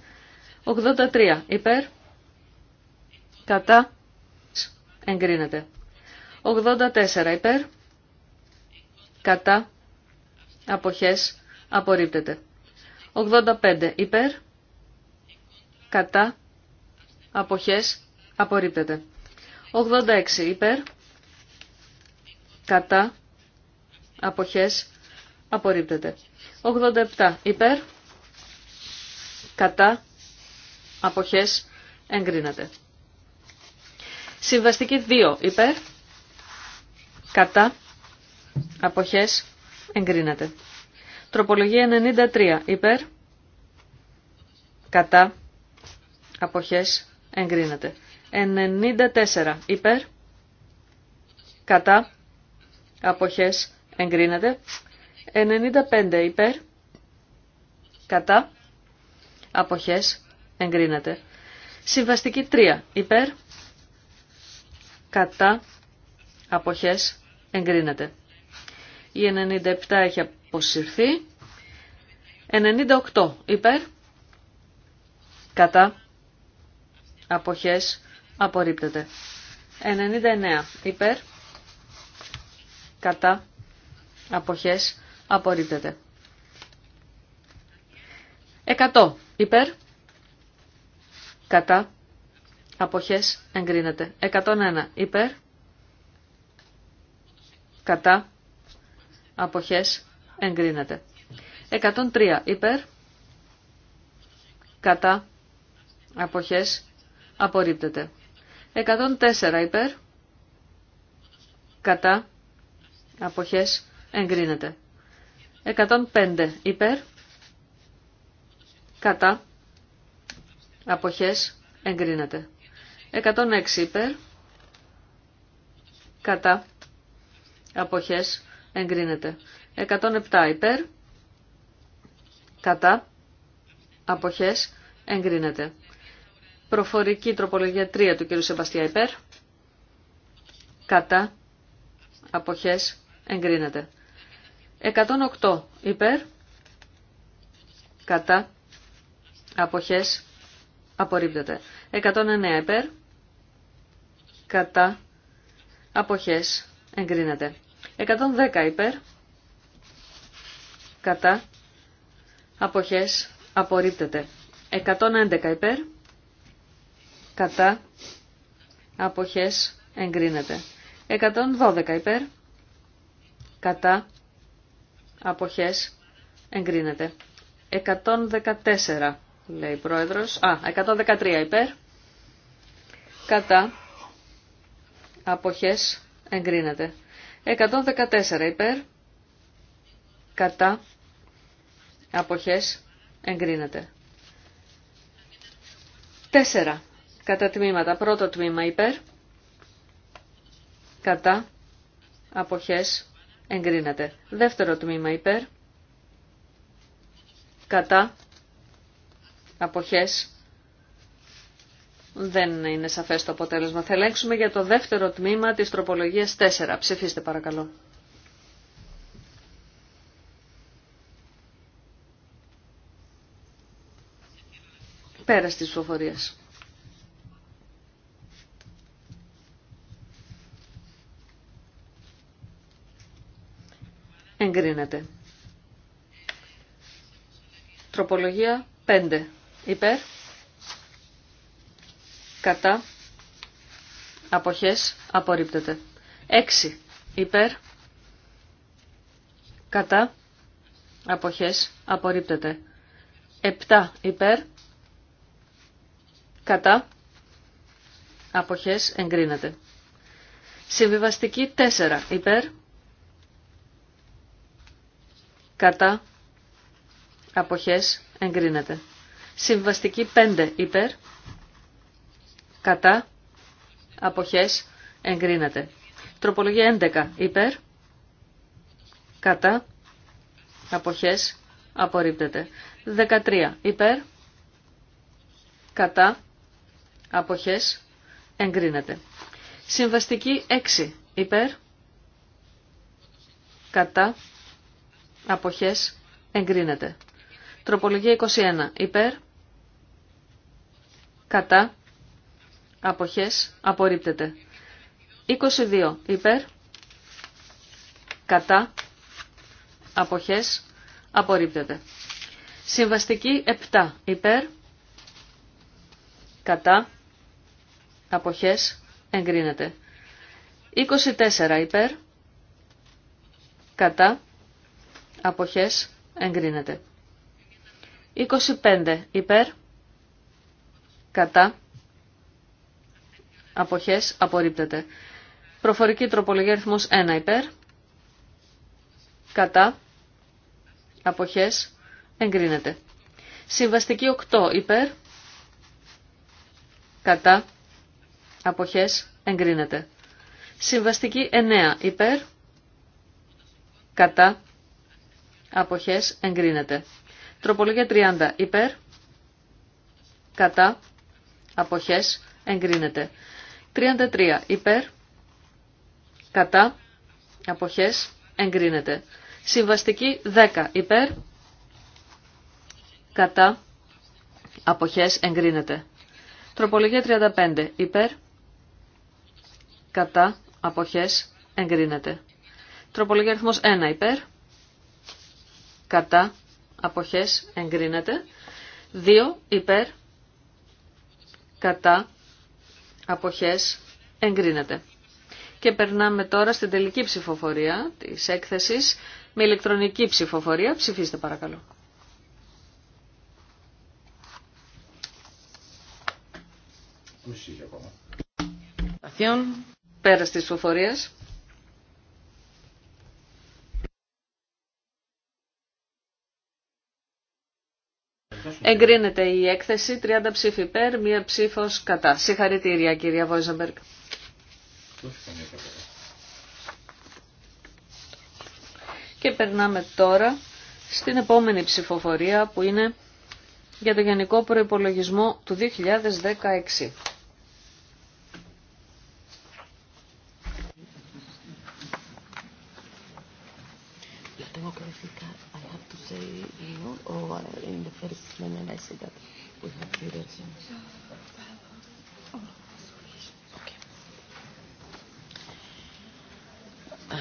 83 υπέρ. Κατά. Εγκρίνεται. 84 υπέρ κατά, αποχές, απορρίπτεται. 85 υπέρ, κατά, αποχές, απορρίπτεται. 86 υπέρ, κατά, αποχές, απορρίπτεται. 87 υπέρ, κατά, αποχές, εγκρίνεται. Συμβαστική 2 υπέρ, κατά, Αποχές. Εγκρίνεται. Τροπολογία 93. Υπέρ. Κατά. Αποχές. Εγκρίνεται. 94. Υπέρ. Κατά. Αποχές. Εγκρίνεται. 95. Υπέρ. Κατά. Αποχές. Εγκρίνεται. Συμβαστική 3. Υπέρ. Κατά. Αποχές. Εγκρίνεται. Η 97 έχει αποσυρθεί. 98 υπέρ. Κατά. Αποχές. Απορρίπτεται. 99 υπέρ. Κατά. Αποχές. Απορρίπτεται. 100 υπέρ. Κατά. Αποχές εγκρίνεται. 101 υπέρ. Κατά αποχές εγκρίνεται. 103 υπέρ, κατά, αποχές απορρίπτεται. 104 υπέρ, κατά, αποχές εγκρίνεται. 105 υπέρ, κατά, αποχές εγκρίνεται. 106 υπέρ, κατά, αποχές εγκρίνεται. 107 υπέρ, κατά, αποχές, εγκρίνεται. Προφορική τροπολογία 3 του κ. Σεβαστιά υπέρ, κατά, αποχές, εγκρίνεται. 108 υπέρ, κατά, αποχές, απορρίπτεται. 109 υπέρ, κατά, αποχές, εγκρίνεται. 110 υπέρ. Κατά. Αποχές. Απορρίπτεται. 111 υπέρ. Κατά. Αποχές. Εγκρίνεται. 112 υπέρ. Κατά. Αποχές. Εγκρίνεται. 114 λέει πρόεδρος. Α, 113 υπέρ. Κατά. Αποχές εγκρίνεται. 114 υπέρ, κατά, αποχές, εγκρίνεται. 4. Κατά τμήματα. Πρώτο τμήμα υπέρ, κατά, αποχές, εγκρίνεται. Δεύτερο τμήμα υπέρ, κατά, αποχές, δεν είναι σαφές το αποτέλεσμα. Θα ελέγξουμε για το δεύτερο τμήμα της τροπολογίας 4. Ψηφίστε παρακαλώ. Πέρα της ψηφοφορίας. Εγκρίνεται. Τροπολογία 5. Υπέρ κατά, αποχές, απορρίπτεται. 6 υπέρ, κατά, αποχές, απορρίπτεται. 7 υπέρ, κατά, αποχές, εγκρίνεται. Συμβιβαστική 4 υπέρ, κατά, αποχές, εγκρίνεται. Συμβαστική 5 υπέρ, κατά, αποχές, εγκρίνεται. Τροπολογία 11 υπέρ, κατά, αποχές, απορρίπτεται. 13 υπέρ, κατά, αποχές, εγκρίνεται. Συμβαστική 6 υπέρ, κατά, αποχές, εγκρίνεται. Τροπολογία 21 υπέρ, κατά, Αποχές. Απορρίπτεται. 22. Υπέρ. Κατά. Αποχές. Απορρίπτεται. Συμβαστική 7. Υπέρ. Κατά. Αποχές. Εγκρίνεται. 24. Υπέρ. Κατά. Αποχές. Εγκρίνεται. 25. Υπέρ. Κατά αποχές απορρίπτεται. Προφορική τροπολογία αριθμός 1 υπέρ, κατά, αποχές εγκρίνεται. Συμβαστική 8 υπέρ, κατά, αποχές εγκρίνεται. Συμβαστική 9 υπέρ, κατά, αποχές εγκρίνεται. Τροπολογία 30 υπέρ, κατά, αποχές εγκρίνεται. 33 υπέρ, κατά, αποχές, εγκρίνεται. Συμβαστική 10 υπέρ, κατά, αποχές, εγκρίνεται. Τροπολογία 35 υπέρ, κατά, αποχές, εγκρίνεται. Τροπολογία αριθμός 1 υπέρ, κατά, αποχές, εγκρίνεται. 2 υπέρ, κατά, αποχές εγκρίνεται. Και περνάμε τώρα στην τελική ψηφοφορία της έκθεσης με ηλεκτρονική ψηφοφορία. Ψηφίστε παρακαλώ. Πέρα της ψηφοφορίας. Εγκρίνεται η έκθεση, 30 ψήφοι υπέρ, μία ψήφος κατά. Συγχαρητήρια κυρία Βόιζαμπεργκ. Και περνάμε τώρα στην επόμενη ψηφοφορία που είναι για το Γενικό Προϋπολογισμό του 2016 say you know, or uh, in the first moment I said that we have to do that. Okay. Uh,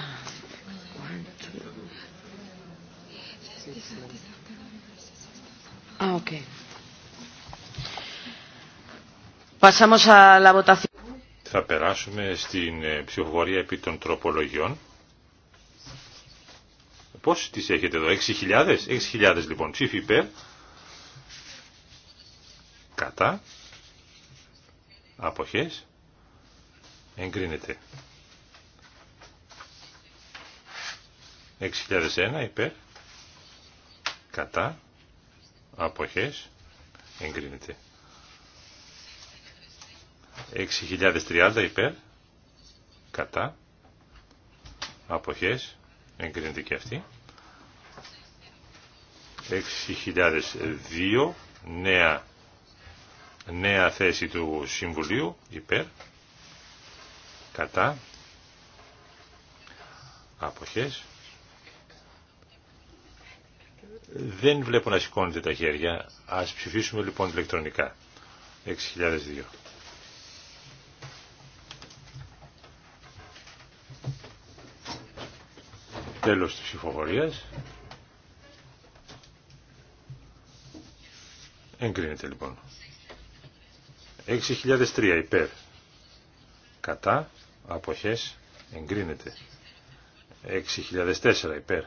one, two. Ah, okay. Πασάμε στα la Θα περάσουμε στην ψηφοφορία επί των τροπολογιών. Πώς τις έχετε εδώ, 6.000, 6.000 λοιπόν ψήφι υπέρ, κατά, αποχές, εγκρίνεται. 6.001 υπέρ, κατά, αποχές, εγκρίνεται. 6.030 υπέρ, κατά, αποχές, εγκρίνεται και αυτή. 6.002 νέα, νέα θέση του Συμβουλίου υπέρ κατά αποχές δεν βλέπω να σηκώνετε τα χέρια ας ψηφίσουμε λοιπόν ηλεκτρονικά 6.002 Τέλος της ψηφοφορίας. Εγκρίνεται λοιπόν. 6.003 υπέρ. Κατά. Αποχές. Εγκρίνεται. 6.004 υπέρ.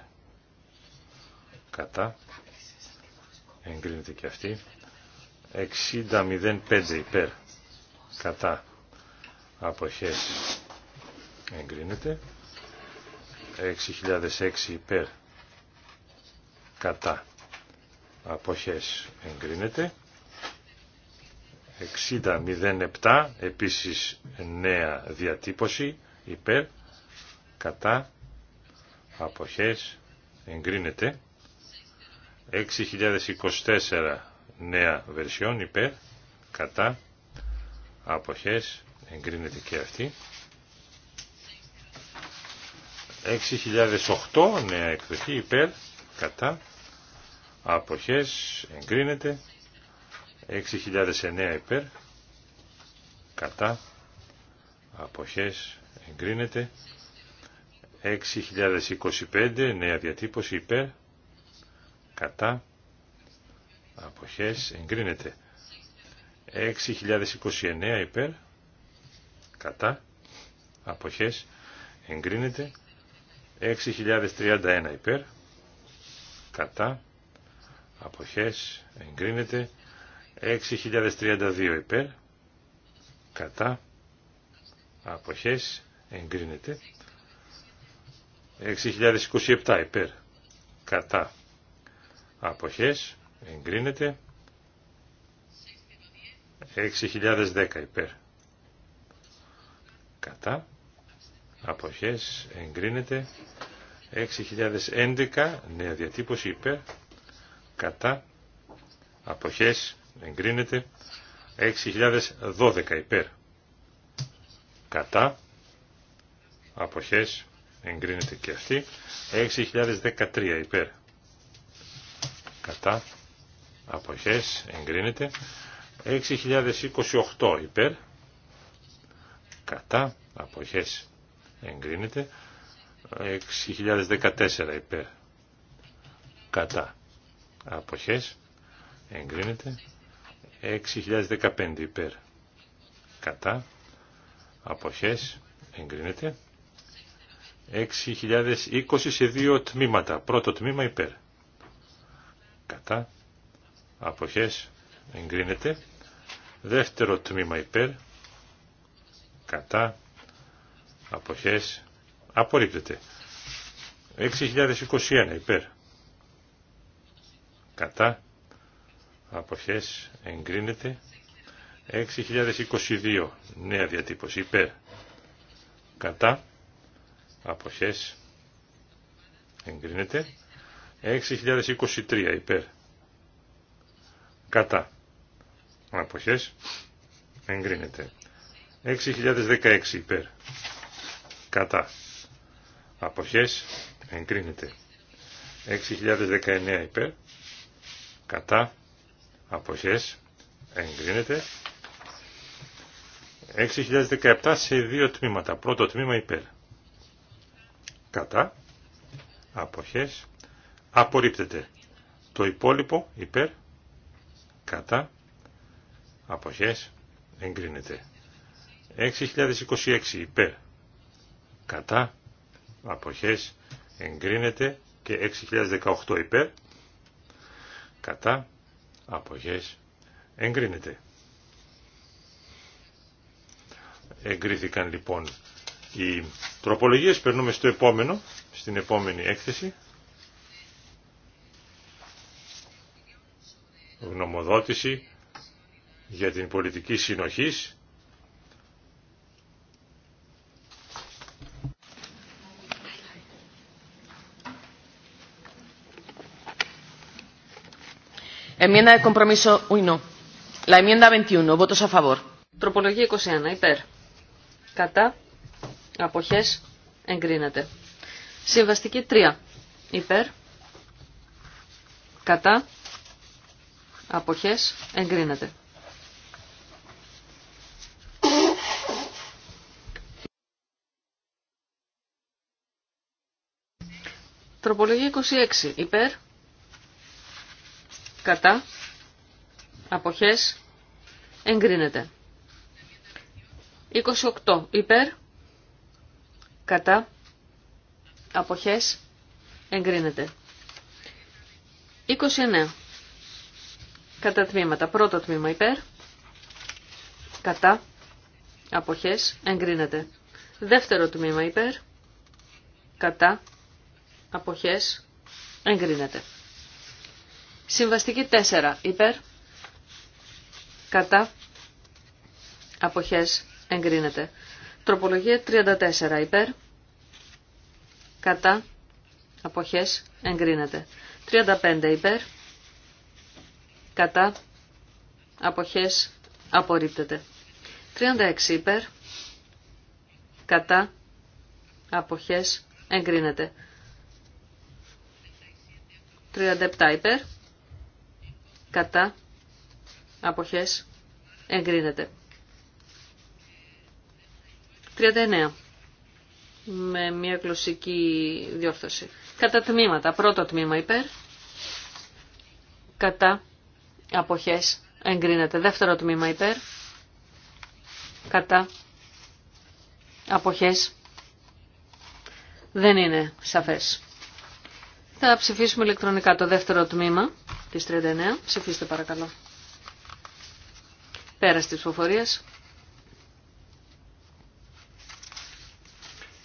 Κατά. Εγκρίνεται και αυτή. 60.05 υπέρ. Κατά. Αποχές. Εγκρίνεται. 6006 υπέρ κατά αποχές εγκρίνεται 6007 επίσης νέα διατύπωση υπέρ κατά αποχές εγκρίνεται 6024 νέα βερσιόν υπέρ κατά αποχές εγκρίνεται και αυτή 6008 νέα εκδοχή υπέρ κατά αποχές εγκρίνεται 6009 υπέρ κατά αποχές εγκρίνεται 6025 νέα διατύπωση υπέρ κατά αποχές εγκρίνεται 6029 υπέρ κατά αποχές εγκρίνεται 6.031 υπέρ, κατά, αποχές, εγκρίνεται, 6.032 υπέρ, κατά, αποχές, εγκρίνεται, 6.027 υπέρ, κατά, αποχές, εγκρίνεται, 6.010 υπέρ, κατά, αποχές εγκρίνεται 6.011 νέα διατύπωση υπέρ κατά αποχές εγκρίνεται 6.012 υπέρ κατά αποχές εγκρίνεται και αυτή 6.013 υπέρ κατά αποχές εγκρίνεται 6.028 υπέρ κατά αποχές εγκρίνεται 6.014 υπέρ κατά αποχές εγκρίνεται 6.015 υπέρ κατά αποχές εγκρίνεται 6.020 σε δύο τμήματα πρώτο τμήμα υπέρ κατά αποχές εγκρίνεται δεύτερο τμήμα υπέρ κατά αποχές απορρίπτεται 6.021 υπέρ κατά αποχές εγκρίνεται 6.022 νέα διατύπωση υπέρ κατά αποχές εγκρίνεται 6.023 υπέρ κατά αποχές εγκρίνεται 6.016 υπέρ κατά αποχές εγκρίνεται 6.019 υπέρ κατά αποχές εγκρίνεται 6.017 σε δύο τμήματα πρώτο τμήμα υπέρ κατά αποχές απορρίπτεται το υπόλοιπο υπέρ κατά αποχές εγκρίνεται 6.026 υπέρ κατά αποχές εγκρίνεται και 6.018 υπέρ κατά αποχές εγκρίνεται. Εγκρίθηκαν λοιπόν οι τροπολογίες. Περνούμε στο επόμενο, στην επόμενη έκθεση. Γνωμοδότηση για την πολιτική συνοχής Enmienda de compromiso. Uy, no. La 21. Votos a favor. Τροπολογία 21. Υπέρ. Κατά. Αποχές. Εγκρίνεται. Συμβαστική 3. Υπέρ. Κατά. Αποχές. Εγκρίνεται. Τροπολογία 26. Υπέρ κατά, αποχές, εγκρίνεται. 28 υπέρ, κατά, αποχές, εγκρίνεται. 29 κατά τμήματα. Πρώτο τμήμα υπέρ, κατά, αποχές, εγκρίνεται. Δεύτερο τμήμα υπέρ, κατά, αποχές, εγκρίνεται. Συμβαστική 4. Υπέρ. Κατά. Αποχές. Εγκρίνεται. Τροπολογία 34. Υπέρ. Κατά. Αποχές. Εγκρίνεται. 35. Υπέρ. Κατά. Αποχές. Απορρίπτεται. 36. Υπέρ. Κατά. Αποχές. Εγκρίνεται. 37 υπέρ κατά, αποχές, εγκρίνεται. 39. Με μια γλωσσική διόρθωση. Κατά τμήματα. Πρώτο τμήμα υπέρ. Κατά αποχές εγκρίνεται. Δεύτερο τμήμα υπέρ. Κατά αποχές δεν είναι σαφές θα ψηφίσουμε ηλεκτρονικά το δεύτερο τμήμα της 39. Ψηφίστε παρακαλώ. Πέρα της ψηφοφορίες.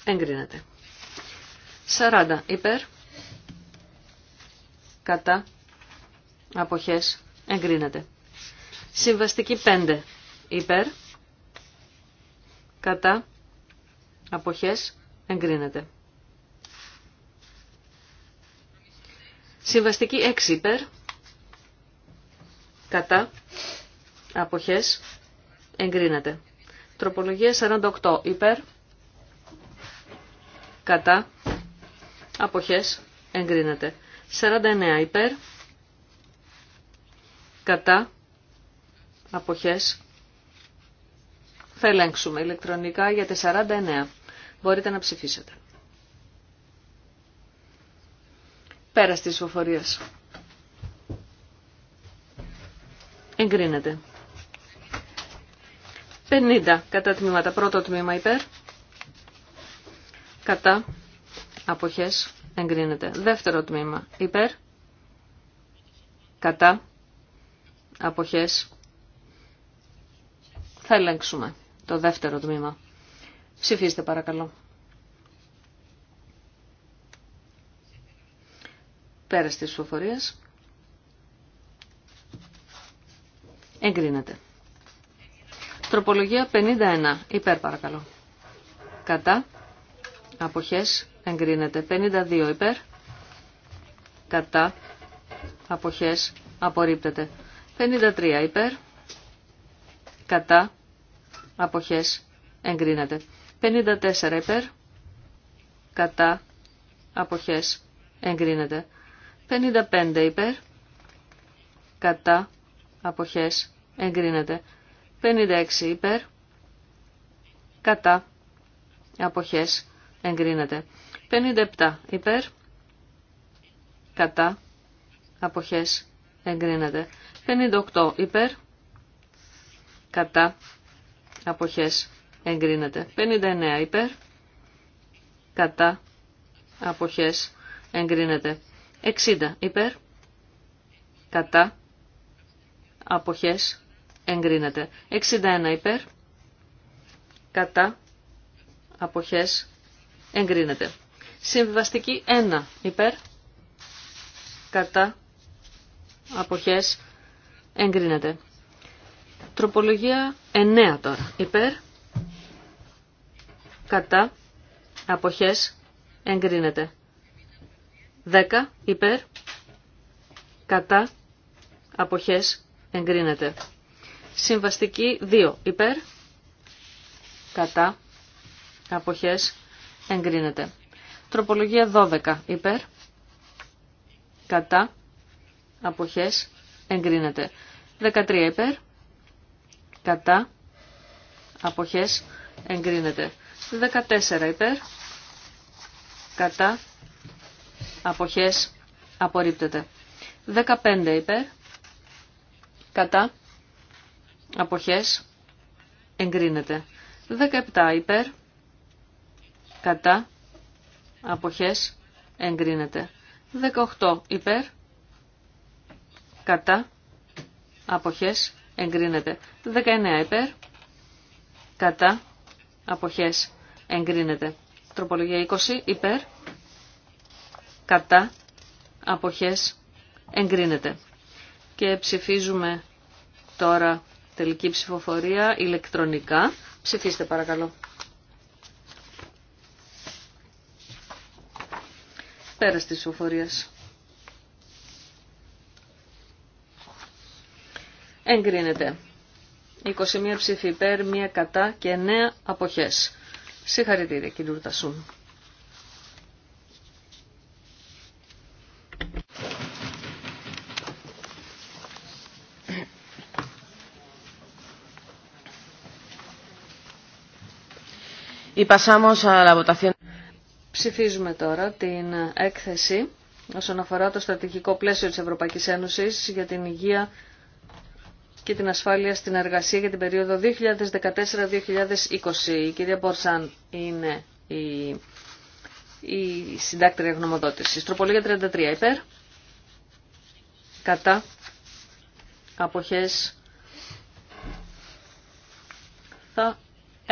Εγκρίνεται. 40 υπέρ. Κατά. Αποχές. Εγκρίνεται. Συμβαστική 5 υπέρ. Κατά. Αποχές. Εγκρίνεται. Συμβαστική 6 υπέρ, κατά, αποχές, εγκρίνεται. Τροπολογία 48 υπέρ, κατά, αποχές, εγκρίνεται. 49 υπέρ, κατά, αποχές, θα ελέγξουμε ηλεκτρονικά για τα 49. Μπορείτε να ψηφίσετε. Πέρα τη ψηφοφορία. Εγκρίνεται. 50 κατά τμήματα. Πρώτο τμήμα υπέρ. Κατά. Αποχές. Εγκρίνεται. Δεύτερο τμήμα υπέρ. Κατά. Αποχές. Θα ελέγξουμε το δεύτερο τμήμα. Ψηφίστε παρακαλώ. Πέρασε τις ψηφοφορίας. Εγκρίνεται. Τροπολογία 51. Υπέρ παρακαλώ. Κατά. Αποχές. Εγκρίνεται. 52. Υπέρ. Κατά. Αποχές. Απορρίπτεται. 53. Υπέρ. Κατά. Αποχές. Εγκρίνεται. 54. Υπέρ. Κατά. Αποχές. Εγκρίνεται. 55 υπέρ, κατά, αποχές, εγκρίνεται. 56 υπέρ, κατά, αποχές, εγκρίνεται. 57 υπέρ, κατά, αποχές, εγκρίνεται. 58 υπέρ, κατά, αποχές, εγκρίνεται. 59 υπέρ, κατά, αποχές, εγκρίνεται. 60 υπέρ, κατά, αποχές, εγκρίνεται. 61 υπέρ, κατά, αποχές, εγκρίνεται. Συμβιβαστική 1 υπέρ, κατά, αποχές, εγκρίνεται. Τροπολογία 9 τώρα. Υπέρ, κατά, αποχές, εγκρίνεται. 10 υπέρ κατά αποχές εγκρίνεται. Συμβαστική 2 υπέρ κατά αποχές εγκρίνεται. Τροπολογία 12 υπέρ κατά αποχές εγκρίνεται. 13 υπέρ κατά αποχές εγκρίνεται. 14 υπέρ κατά αποχές απορρίπτεται. 15 υπέρ, κατά, αποχές εγκρίνεται. 17 υπέρ, κατά, αποχές εγκρίνεται. 18 υπέρ, κατά, αποχές εγκρίνεται. 19 υπέρ, κατά, αποχές εγκρίνεται. Τροπολογία 20 υπέρ, κατά, αποχές, εγκρίνεται. Και ψηφίζουμε τώρα τελική ψηφοφορία ηλεκτρονικά. Ψηφίστε παρακαλώ. Πέρας της ψηφοφορίας. Εγκρίνεται. 21 ψήφοι υπέρ, 1 κατά και 9 αποχές. Συγχαρητήρια κύριε Ρουτασούν. Ψηφίζουμε τώρα την έκθεση όσον αφορά το στρατηγικό πλαίσιο της Ευρωπαϊκής Ένωσης για την υγεία και την ασφάλεια στην εργασία για την περίοδο 2014-2020. Η κυρία Μπορσάν είναι η, η συντάκτρια γνωμοδότησης. Τροπολογία 33 υπέρ. Κατά. Αποχές. Θα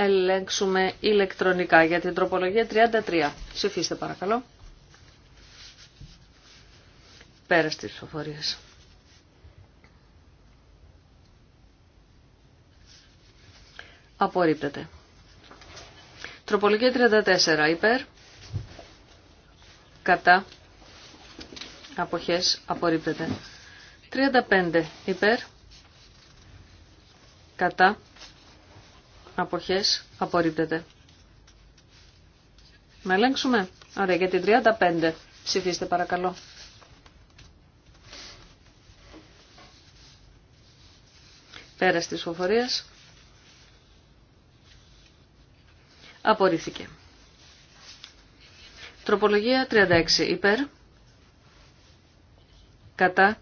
ελέγξουμε ηλεκτρονικά για την τροπολογία 33. Ψηφίστε παρακαλώ. Πέρα στις ψηφοφορίες. Απορρίπτεται. Τροπολογία 34. Υπέρ. Κατά. Αποχές. Απορρίπτεται. 35. Υπέρ. Κατά αποχές απορρίπτεται. Να ελέγξουμε. Ωραία, για την 35. Ψηφίστε παρακαλώ. Πέρας της φοφορίας. Απορρίφθηκε. Τροπολογία 36. Υπέρ. Κατά.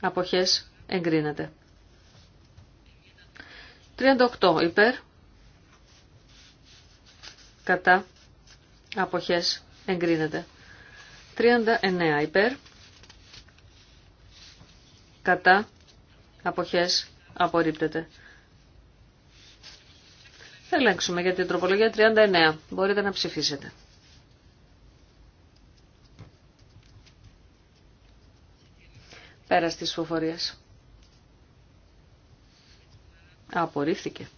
Αποχές εγκρίνεται. 38 υπέρ, κατά, αποχές, εγκρίνεται. 39 υπέρ, κατά, αποχές, απορρίπτεται. Θα ελέγξουμε για την τροπολογία 39. Μπορείτε να ψηφίσετε. Πέρα της ψηφοφορίας. Απορρίφθηκε.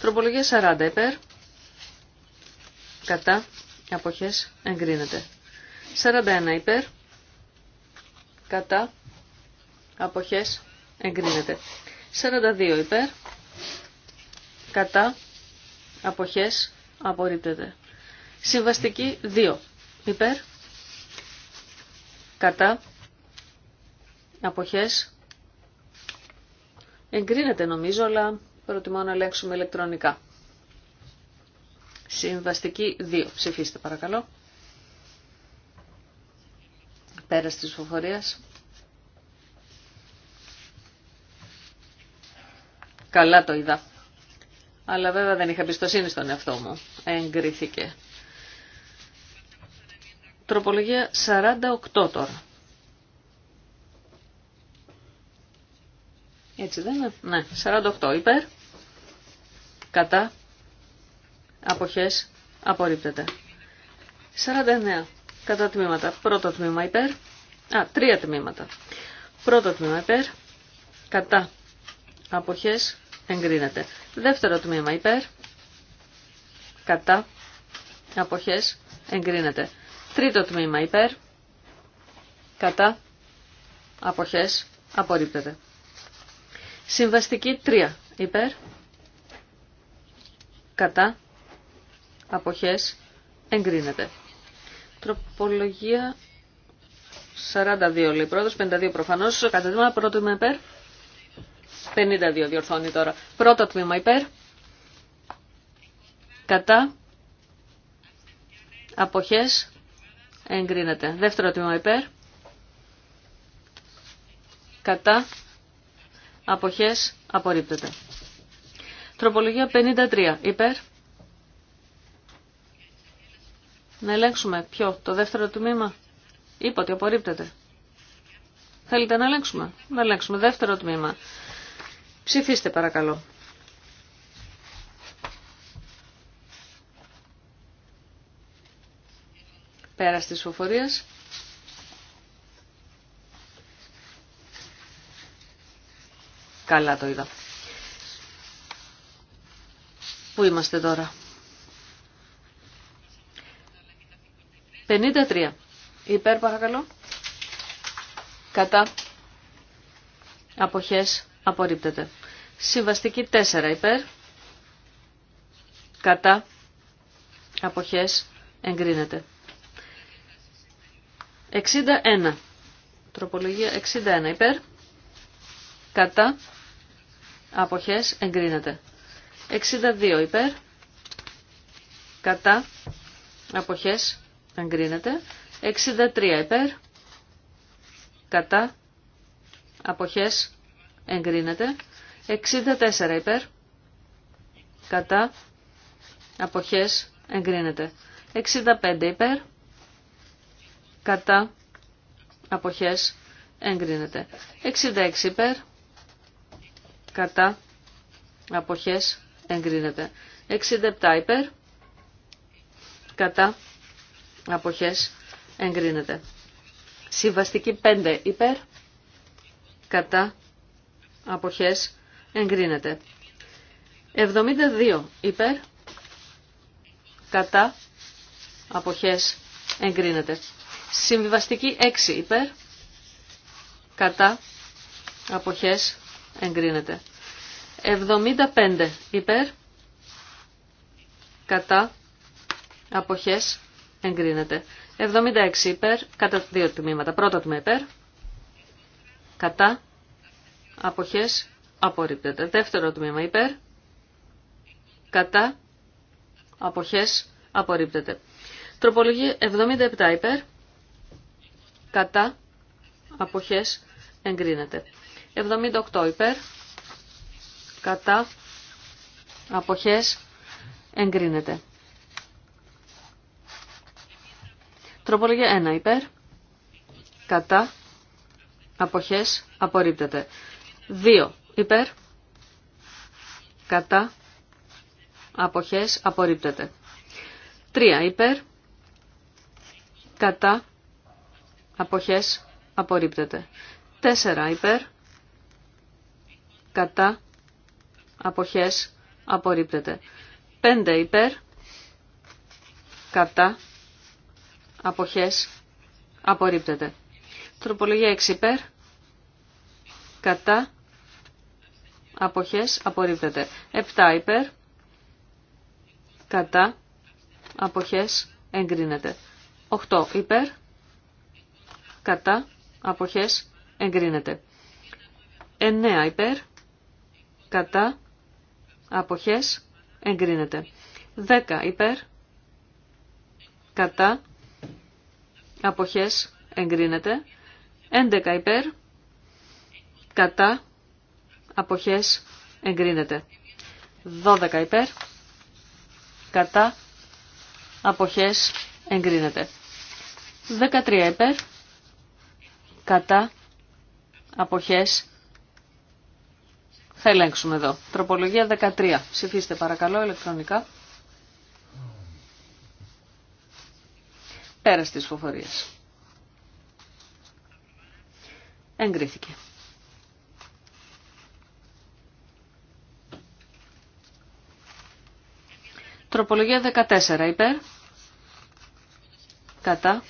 Τροπολογία 40 υπέρ. Κατά. Αποχές εγκρίνεται. 41 υπέρ. Κατά. Αποχές εγκρίνεται. 42 υπέρ. Κατά. Αποχές απορρίπτεται. Συμβαστική 2 υπέρ. Κατά. Αποχές Εγκρίνεται νομίζω, αλλά προτιμώ να ελέγξουμε ηλεκτρονικά. Συμβαστική 2. Ψηφίστε παρακαλώ. Πέρας της φοφορίας. Καλά το είδα. Αλλά βέβαια δεν είχα πιστοσύνη στον εαυτό μου. Εγκρίθηκε. Τροπολογία 48 τώρα. Έτσι δεν είναι. Ναι. 48 υπέρ. Κατά. Αποχές. Απορρίπτεται. 49. Κατά τμήματα. Πρώτο τμήμα υπέρ. Α, τρία τμήματα. Πρώτο τμήμα υπέρ. Κατά. Αποχές. Εγκρίνεται. Δεύτερο τμήμα υπέρ. Κατά. Αποχές. Εγκρίνεται. Τρίτο τμήμα υπέρ. Κατά. Αποχές. Απορρίπτεται. Συμβαστική 3. Υπέρ. Κατά. Αποχές. Εγκρίνεται. Τροπολογία 42 λέει πρώτος, 52 προφανώς. Κατά τμήμα πρώτο τμήμα υπέρ. 52 διορθώνει τώρα. Πρώτο τμήμα υπέρ. Κατά. Αποχές. Εγκρίνεται. Δεύτερο τμήμα υπέρ. Κατά. Αποχές απορρίπτεται. Τροπολογία 53. Υπέρ. Να ελέγξουμε ποιο, το δεύτερο τμήμα. Είπα ότι απορρίπτεται. Θέλετε να ελέγξουμε. Να ελέγξουμε δεύτερο τμήμα. Ψηφίστε παρακαλώ. Πέρα τη φοφορίας. Καλά το είδα. Πού είμαστε τώρα. 53. Υπέρ παρακαλώ. Κατά. Αποχές. Απορρίπτεται. Συμβαστική 4 υπέρ. Κατά. Αποχές. Εγκρίνεται. 61. Τροπολογία 61 υπέρ. Κατά. Αποχές εγκρίνεται. 62 υπέρ. Κατά. Αποχές εγκρίνεται. 63 υπέρ. Κατά. Αποχές εγκρίνεται. 64 υπέρ. Κατά. Αποχές εγκρίνεται. 65 υπέρ. Κατά. Αποχές εγκρίνεται. 66 υπέρ κατά αποχές εγκρίνεται. 67 υπέρ κατά αποχές εγκρίνεται. Συμβαστική 5 υπέρ κατά αποχές εγκρίνεται. 72 υπέρ κατά αποχές εγκρίνεται. Συμβιβαστική 6 υπέρ κατά αποχές εγκρίνεται. 75 υπέρ, κατά, αποχές, εγκρίνεται. 76 υπέρ, κατά δύο τμήματα. Πρώτο τμήμα υπέρ, κατά, αποχές, απορρίπτεται. Δεύτερο τμήμα υπέρ, κατά, αποχές, απορρίπτεται. Τροπολογία 77 υπέρ, κατά, αποχές, εγκρίνεται. 78 υπέρ, κατά, αποχές, εγκρίνεται. Τροπολογία 1 υπέρ, κατά, αποχές, απορρίπτεται. 2 υπέρ, κατά, αποχές, απορρίπτεται. 3 υπέρ, κατά, αποχές, απορρίπτεται. 4 υπέρ, κατά, αποχές, απορρίπτεται. 5 υπέρ, κατά, αποχές, απορρίπτεται. Τροπολογία 6 υπέρ, κατά, αποχές, απορρίπτεται. 7 υπέρ, κατά, αποχές, εγκρίνεται. 8 υπέρ, κατά, αποχές, εγκρίνεται. 9 υπέρ, κατά, αποχές, εγκρίνεται. 10 υπέρ, κατά, αποχές, εγκρίνεται. 11 υπέρ, κατά, αποχές, εγκρίνεται. 12 υπέρ, κατά, αποχές, εγκρίνεται. 13 υπέρ, κατά, αποχές, θα ελέγξουμε εδώ. Τροπολογία 13. Ψηφίστε παρακαλώ ηλεκτρονικά. Πέρα στις φοφορίες. Εγκρίθηκε. Τροπολογία 14 υπέρ. Κατά.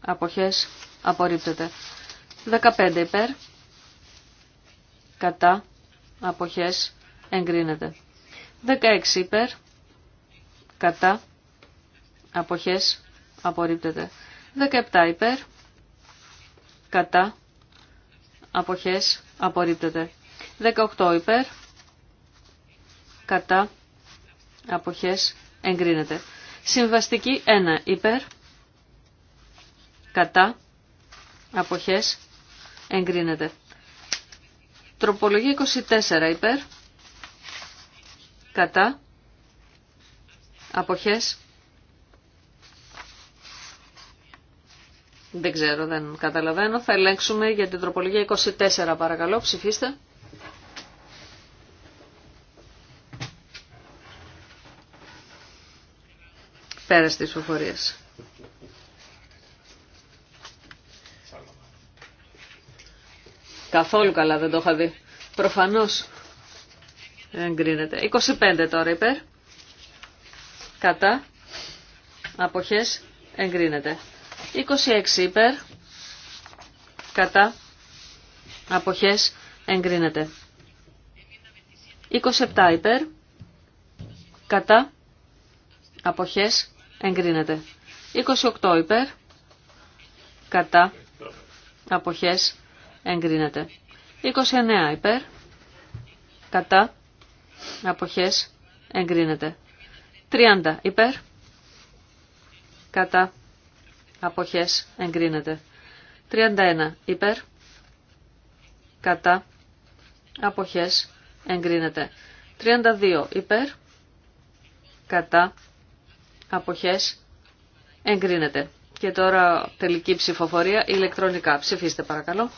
Αποχές. Απορρίπτεται. 15 υπέρ. Κατά αποχές εγκρίνεται. 16 υπέρ, κατά, αποχές απορρίπτεται. 17 υπέρ, κατά, αποχές απορρίπτεται. 18 υπέρ, κατά, αποχές εγκρίνεται. Συμβαστική 1 υπέρ, κατά, αποχές εγκρίνεται. Τροπολογία 24 υπέρ. Κατά. Αποχές. Δεν ξέρω, δεν καταλαβαίνω. Θα ελέγξουμε για την τροπολογία 24 παρακαλώ. Ψηφίστε. Πέρας της Καθόλου καλά δεν το είχα δει. Προφανώς εγκρίνεται. 25 τώρα υπέρ. Κατά. Αποχές εγκρίνεται. 26 υπέρ. Κατά. Αποχές εγκρίνεται. 27 υπέρ. Κατά. Αποχές εγκρίνεται. 28 υπέρ. Κατά. Αποχές εγκρίνεται. 29 υπέρ, κατά, αποχές, εγκρίνεται. 30 υπέρ, κατά, αποχές, εγκρίνεται. 31 υπέρ, κατά, αποχές, εγκρίνεται. 32 υπέρ, κατά, αποχές, εγκρίνεται. Και τώρα τελική ψηφοφορία ηλεκτρονικά. Ψηφίστε παρακαλώ.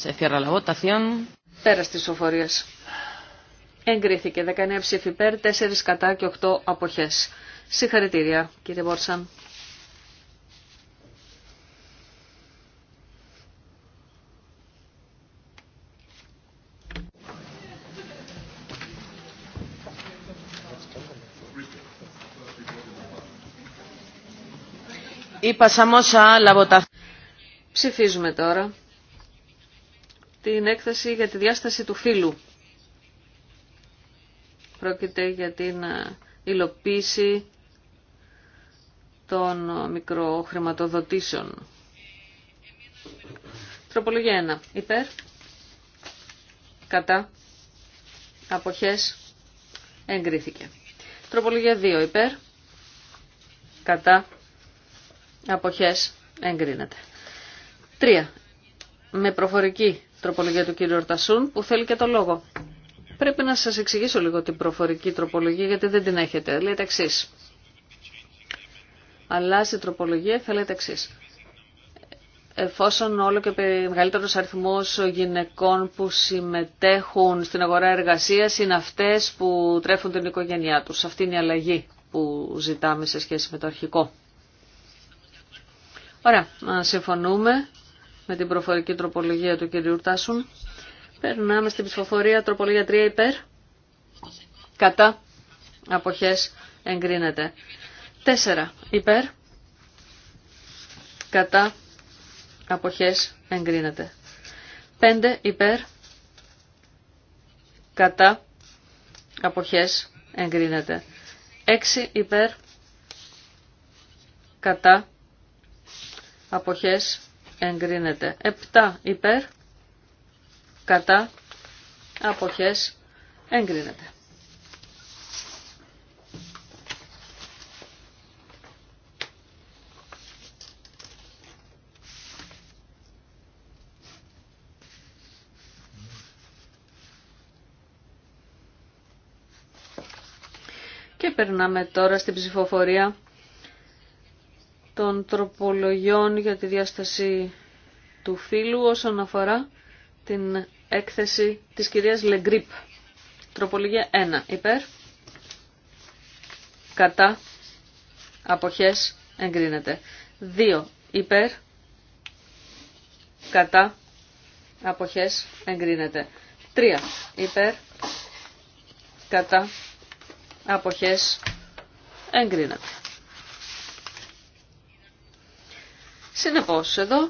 Σε Πέρα τη οφορίες. Εγκρίθηκε 19 ψήφοι υπέρ, 4 κατά και 8 αποχές. Συγχαρητήρια κύριε Μπόρσαν. Ψηφίζουμε τώρα την έκθεση για τη διάσταση του φύλου. Πρόκειται για την ε, υλοποίηση των μικροχρηματοδοτήσεων. Τροπολογία 1. Υπέρ. Κατά. Αποχές. Εγκρίθηκε. Τροπολογία 2. Υπέρ. Κατά. Αποχές. Εγκρίνεται. 3. Με προφορική τροπολογία του κύριου Ορτασούν που θέλει και το λόγο. Πρέπει να σας εξηγήσω λίγο την προφορική τροπολογία γιατί δεν την έχετε. Λέτε εξή. Αλλάζει τροπολογία θα λέτε εξή. Εφόσον όλο και μεγαλύτερο αριθμό γυναικών που συμμετέχουν στην αγορά εργασία είναι αυτέ που τρέφουν την οικογένειά του. Αυτή είναι η αλλαγή που ζητάμε σε σχέση με το αρχικό. Ωραία, συμφωνούμε με την προφορική τροπολογία του κυρίου Τάσουν. Περνάμε στην ψηφοφορία τροπολογία 3 υπέρ. Κατά. Αποχές εγκρίνεται. 4 υπέρ. Κατά. Αποχές εγκρίνεται. 5 υπέρ. Κατά. Αποχές εγκρίνεται. 6 υπέρ. Κατά. Αποχές εγκρίνεται. 7 υπέρ, κατά, αποχές, εγκρίνεται. Και περνάμε τώρα στην ψηφοφορία των τροπολογιών για τη διάσταση του φύλου όσον αφορά την έκθεση της κυρίας Λεγκρίπ. Τροπολογία 1. Υπέρ. Κατά. Αποχές. Εγκρίνεται. 2. Υπέρ. Κατά. Αποχές. Εγκρίνεται. 3. Υπέρ. Κατά. Αποχές. Εγκρίνεται. Συνεπώς, εδώ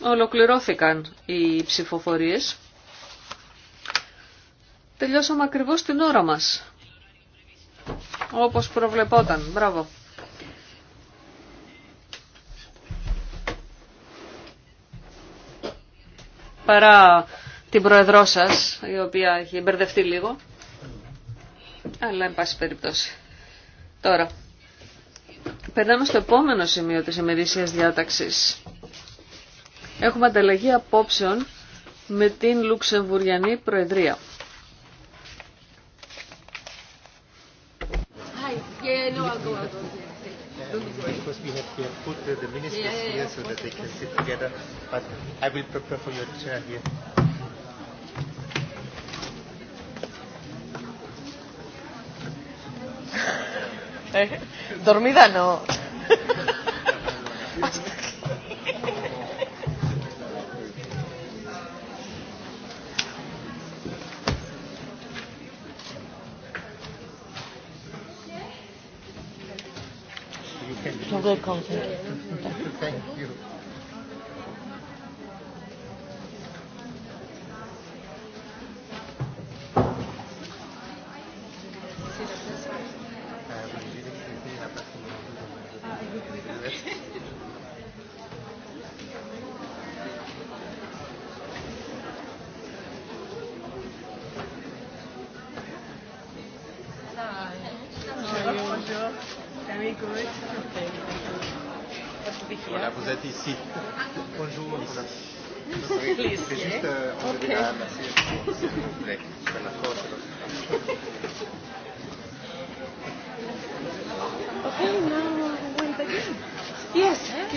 ολοκληρώθηκαν οι ψηφοφορίες. Τελειώσαμε ακριβώς την ώρα μας. Όπως προβλεπόταν. Μπράβο. Παρά την προεδρό σας, η οποία έχει μπερδευτεί λίγο. Αλλά, εν πάση περιπτώσει. Τώρα, περνάμε στο επόμενο σημείο της ημερήσιας διάταξης. Έχουμε ανταλλαγή απόψεων με την Λουξεμβουριανή Προεδρία. Yeah, Dormida no. Thank you.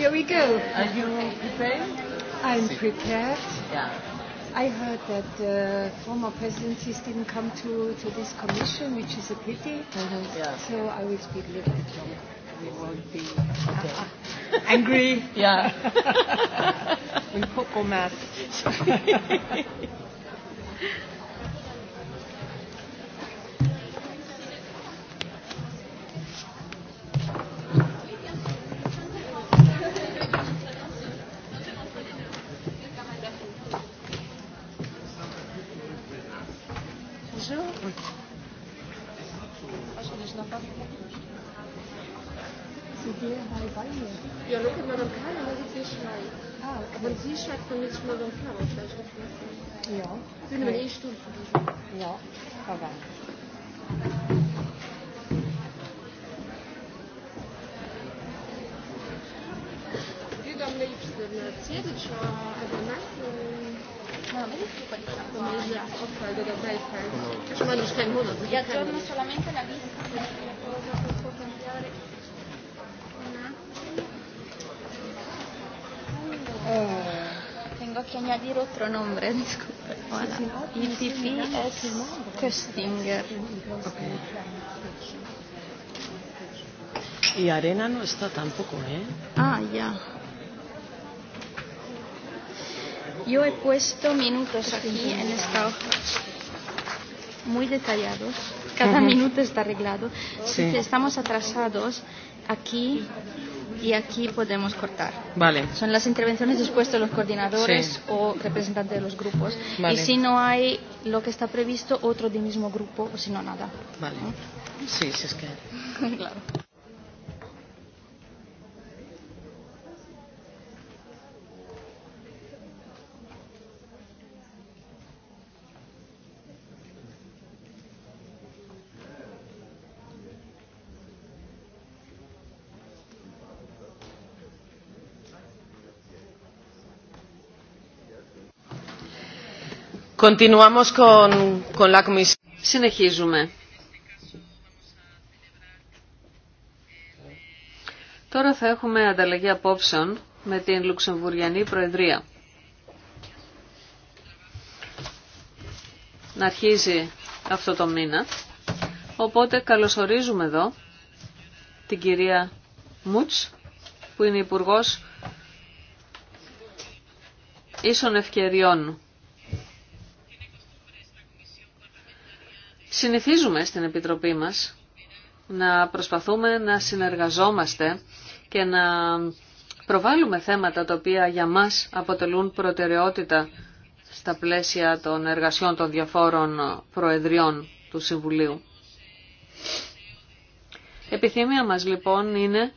Here we go. Are you prepared? I'm prepared. Yeah. I heard that the former presidencies didn't come to, to this commission, which is a pity. yeah. So I will speak a little bit longer. We won't be okay. angry. Yeah. we put masks. Stinger. Okay. Y Arena no está tampoco, ¿eh? Ah, ya. Yo he puesto minutos aquí en esta hoja, muy detallados. Cada minuto está arreglado. Si estamos atrasados, aquí y aquí podemos cortar. Son las intervenciones después de los coordinadores o representantes de los grupos. Y si no hay lo que está previsto, otro del mismo grupo, o si no, nada. Sí, si es que. claro. Συνεχίζουμε. Τώρα θα έχουμε ανταλλαγή απόψεων με την Λουξεμβουριανή Προεδρία. Να αρχίζει αυτό το μήνα. Οπότε καλωσορίζουμε εδώ την κυρία Μούτς, που είναι Υπουργός Ίσων Ευκαιριών Συνηθίζουμε στην Επιτροπή μας να προσπαθούμε να συνεργαζόμαστε και να προβάλλουμε θέματα τα οποία για μας αποτελούν προτεραιότητα στα πλαίσια των εργασιών των διαφόρων προεδριών του Συμβουλίου. Επιθυμία μας λοιπόν είναι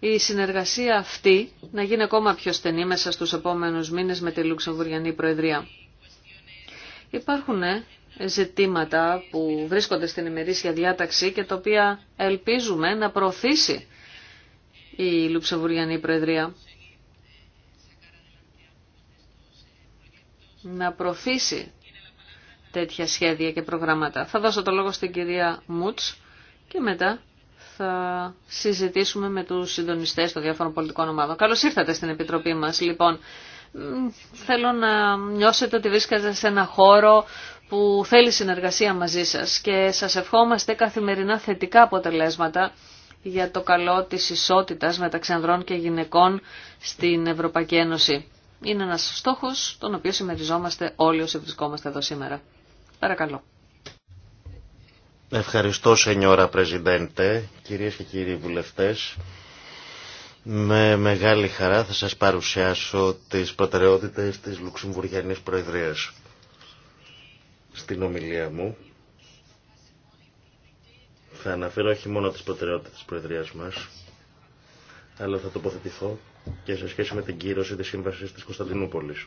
η συνεργασία αυτή να γίνει ακόμα πιο στενή μέσα στους επόμενους μήνες με τη Λουξεμβουριανή Προεδρία. Υπάρχουν ζητήματα που βρίσκονται στην ημερήσια διάταξη και τα οποία ελπίζουμε να προωθήσει η Λουψεβουριανή Προεδρία. Να προωθήσει τέτοια σχέδια και προγράμματα. Θα δώσω το λόγο στην κυρία Μούτς και μετά θα συζητήσουμε με τους συντονιστές των διάφορων πολιτικών ομάδων. Καλώς ήρθατε στην Επιτροπή μας. Λοιπόν, θέλω να νιώσετε ότι βρίσκεστε σε ένα χώρο που θέλει συνεργασία μαζί σας και σας ευχόμαστε καθημερινά θετικά αποτελέσματα για το καλό της ισότητας μεταξύ ανδρών και γυναικών στην Ευρωπαϊκή Ένωση. Είναι ένας στόχος τον οποίο συμμεριζόμαστε όλοι όσοι βρισκόμαστε εδώ σήμερα. Παρακαλώ. Ευχαριστώ, Σενιώρα Πρεζιντέντε, κυρίες και κύριοι βουλευτές. Με μεγάλη χαρά θα σας παρουσιάσω τις προτεραιότητες της Λουξεμβουργιανής Προεδρίας στην ομιλία μου θα αναφέρω όχι μόνο τις προτεραιότητες της Προεδρίας μας, αλλά θα τοποθετηθώ και σε σχέση με την κύρωση της Σύμβασης της Κωνσταντινούπολης,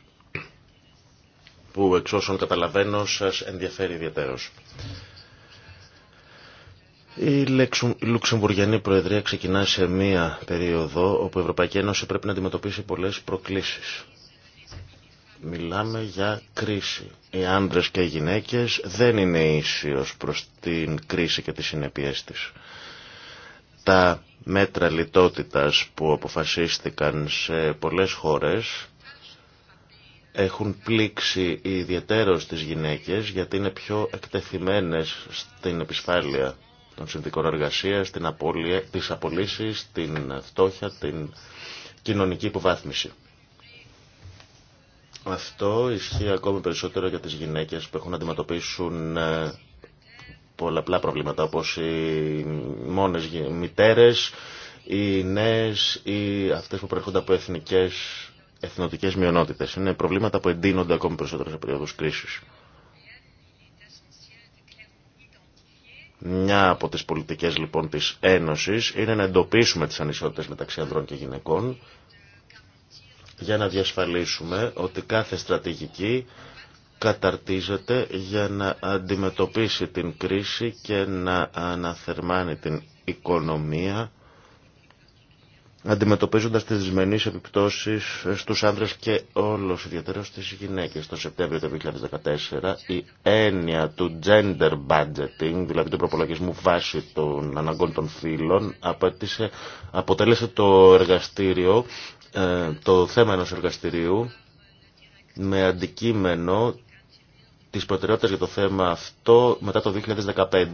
που εξ όσων καταλαβαίνω σας ενδιαφέρει ιδιαίτερος. Η Λουξεμβουργιανή Προεδρία ξεκινά σε μία περίοδο όπου η Ευρωπαϊκή Ένωση πρέπει να αντιμετωπίσει πολλές προκλήσεις. Μιλάμε για κρίση. Οι άντρες και οι γυναίκες δεν είναι ίσιος προς την κρίση και τις συνεπιές της. Τα μέτρα λιτότητας που αποφασίστηκαν σε πολλές χώρες έχουν πλήξει ιδιαίτερως τις γυναίκες γιατί είναι πιο εκτεθειμένες στην επισφάλεια των συνδικών εργασίας, την απώλεια, απολύσεις, την φτώχεια, την κοινωνική υποβάθμιση. Αυτό ισχύει ακόμη περισσότερο για τις γυναίκες που έχουν να αντιμετωπίσουν ε, πολλαπλά προβλήματα όπως οι μόνες μητέρες, οι νέες ή αυτές που προέρχονται από εθνικές, εθνοτικές μειονότητες. Είναι προβλήματα που εντείνονται ακόμη περισσότερο σε περίοδους κρίσης. Μια από τις πολιτικές λοιπόν της Ένωσης είναι να εντοπίσουμε τις ανισότητες μεταξύ ανδρών και γυναικών για να διασφαλίσουμε ότι κάθε στρατηγική καταρτίζεται για να αντιμετωπίσει την κρίση και να αναθερμάνει την οικονομία αντιμετωπίζοντας τις δυσμενείς επιπτώσεις στους άνδρες και όλος ιδιαίτερα στις γυναίκες. Το Σεπτέμβριο του 2014 η έννοια του gender budgeting, δηλαδή του προπολογισμού βάση των αναγκών των φύλων, αποτέλεσε το εργαστήριο ε, το θέμα ενός εργαστηρίου με αντικείμενο τις προτεραιότητες για το θέμα αυτό μετά το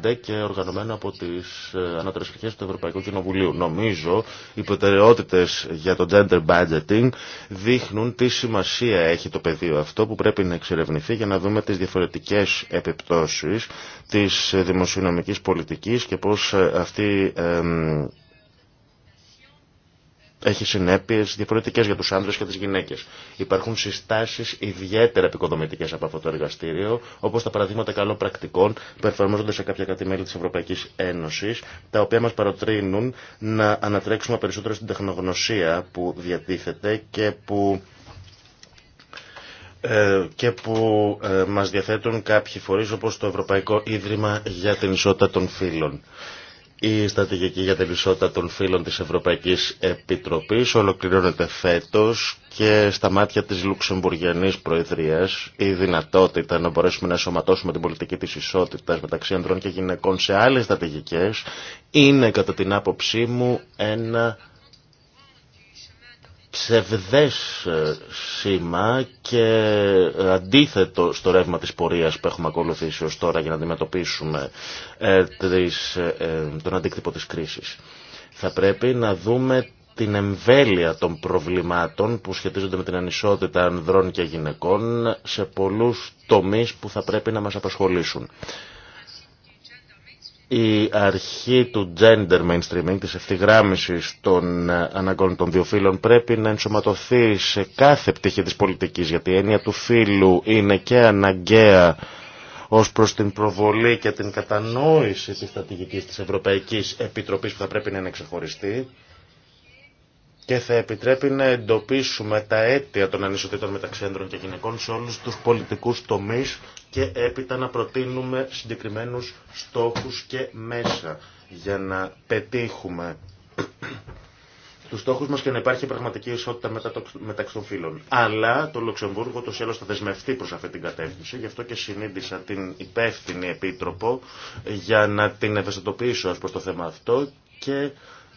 2015 και οργανωμένο από τις ε, ανώτερες αρχές του Ευρωπαϊκού Κοινοβουλίου. Νομίζω οι προτεραιότητες για το gender budgeting δείχνουν τι σημασία έχει το πεδίο αυτό που πρέπει να εξερευνηθεί για να δούμε τις διαφορετικές επιπτώσεις της δημοσιονομικής πολιτικής και πώς ε, αυτή έχει συνέπειε διαφορετικέ για του άντρε και τι γυναίκε. Υπάρχουν συστάσει ιδιαίτερα επικοδομητικέ από αυτό το εργαστήριο, όπω τα παραδείγματα καλών πρακτικών που εφαρμόζονται σε κάποια κάτι μέλη τη Ευρωπαϊκή Ένωση, τα οποία μα παροτρύνουν να ανατρέξουμε περισσότερο στην τεχνογνωσία που διατίθεται και που ε, και που ε, μας διαθέτουν κάποιοι φορείς όπως το Ευρωπαϊκό Ίδρυμα για την Ισότητα των Φύλων. Η στρατηγική για την ισότητα των φίλων της Ευρωπαϊκής Επιτροπής ολοκληρώνεται φέτος και στα μάτια της Λουξεμβουργιανής Προεδρίας η δυνατότητα να μπορέσουμε να σωματώσουμε την πολιτική της ισότητας μεταξύ ανδρών και γυναικών σε άλλες στρατηγικές είναι κατά την άποψή μου ένα ψευδές ε, σήμα και αντίθετο στο ρεύμα της πορείας που έχουμε ακολουθήσει ως τώρα για να αντιμετωπίσουμε ε, ε, τον αντίκτυπο της κρίσης. Θα πρέπει να δούμε την εμβέλεια των προβλημάτων που σχετίζονται με την ανισότητα ανδρών και γυναικών σε πολλούς τομείς που θα πρέπει να μας απασχολήσουν η αρχή του gender mainstreaming, της ευθυγράμμισης των ε, αναγκών των δύο φύλων πρέπει να ενσωματωθεί σε κάθε πτυχή της πολιτικής, γιατί η έννοια του φύλου είναι και αναγκαία ως προς την προβολή και την κατανόηση της στρατηγικής της Ευρωπαϊκής Επιτροπής που θα πρέπει να είναι ξεχωριστή και θα επιτρέπει να εντοπίσουμε τα αίτια των ανισοτήτων μεταξύ και γυναικών σε όλους τους πολιτικούς τομείς και έπειτα να προτείνουμε συγκεκριμένους στόχους και μέσα για να πετύχουμε τους στόχους μας και να υπάρχει πραγματική ισότητα μεταξύ των φύλων. Αλλά το Λουξεμβούργο το σέλος θα δεσμευτεί προς αυτή την κατεύθυνση, γι' αυτό και συνείδησα την υπεύθυνη επίτροπο για να την ευαισθητοποιήσω ως προς το θέμα αυτό και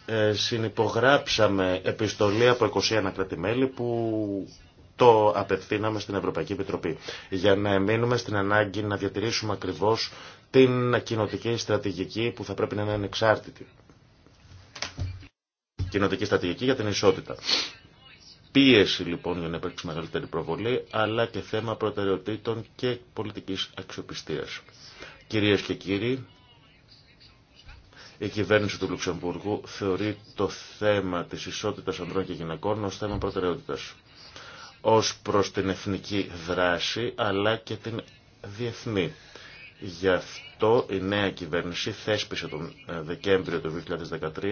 ε, συνυπογράψαμε επιστολή από 21 κράτη-μέλη που το απευθύναμε στην Ευρωπαϊκή Επιτροπή για να εμείνουμε στην ανάγκη να διατηρήσουμε ακριβώς την κοινοτική στρατηγική που θα πρέπει να είναι ανεξάρτητη. Κοινοτική στρατηγική για την ισότητα. Πίεση λοιπόν για να υπάρξει μεγαλύτερη προβολή, αλλά και θέμα προτεραιοτήτων και πολιτικής αξιοπιστίας. Κυρίες και κύριοι, η κυβέρνηση του Λουξεμβούργου θεωρεί το θέμα της ισότητας ανδρών και γυναικών ως θέμα προτεραιότητας ως προς την εθνική δράση αλλά και την διεθνή. Γι' αυτό η νέα κυβέρνηση θέσπισε τον ε, Δεκέμβριο του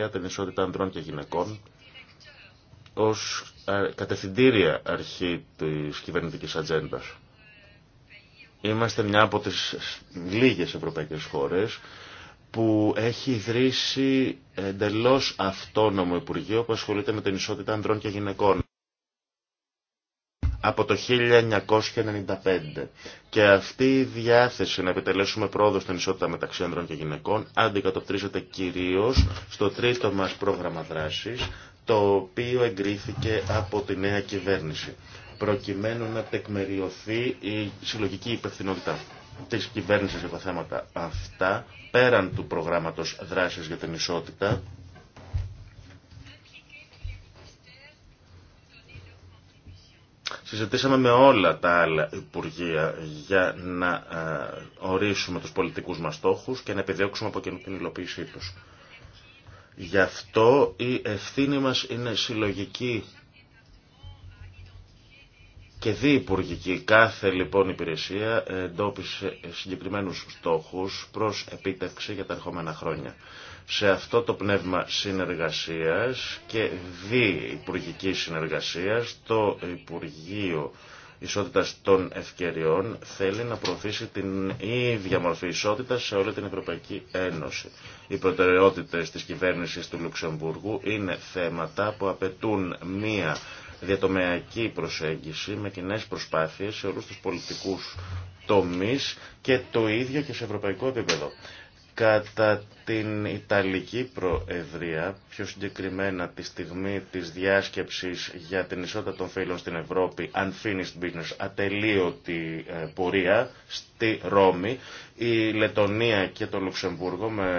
2013 την ισότητα ανδρών και γυναικών ως ε, κατευθυντήρια αρχή της κυβερνητικής ατζέντα. Είμαστε μια από τις λίγες ευρωπαϊκές χώρες που έχει ιδρύσει εντελώ αυτόνομο Υπουργείο που ασχολείται με την ισότητα ανδρών και γυναικών από το 1995. Και αυτή η διάθεση να επιτελέσουμε πρόοδο στην ισότητα μεταξύ άντρων και γυναικών αντικατοπτρίζεται κυρίως στο τρίτο μας πρόγραμμα δράσης, το οποίο εγκρίθηκε από τη νέα κυβέρνηση, προκειμένου να τεκμεριωθεί η συλλογική υπευθυνότητα της κυβέρνησης για τα θέματα αυτά, πέραν του προγράμματος δράση για την ισότητα, Συζητήσαμε με όλα τα άλλα Υπουργεία για να ε, ορίσουμε τους πολιτικούς μας στόχους και να επιδιώξουμε από κοινού την υλοποίησή τους. Γι' αυτό η ευθύνη μας είναι συλλογική και διυπουργική. Κάθε λοιπόν υπηρεσία εντόπισε συγκεκριμένους στόχους προς επίτευξη για τα ερχόμενα χρόνια σε αυτό το πνεύμα συνεργασίας και δι-υπουργική συνεργασίας το Υπουργείο Ισότητας των Ευκαιριών θέλει να προωθήσει την ίδια μορφή ισότητα σε όλη την Ευρωπαϊκή Ένωση. Οι προτεραιότητες της κυβέρνησης του Λουξεμβούργου είναι θέματα που απαιτούν μία διατομεακή προσέγγιση με κοινέ προσπάθειες σε όλους τους πολιτικούς τομείς και το ίδιο και σε ευρωπαϊκό επίπεδο. Κατά την Ιταλική Προεδρία, πιο συγκεκριμένα τη στιγμή της διάσκεψης για την ισότητα των φίλων στην Ευρώπη, Unfinished Business, ατελείωτη ε, πορεία στη Ρώμη, η Λετωνία και το Λουξεμβούργο με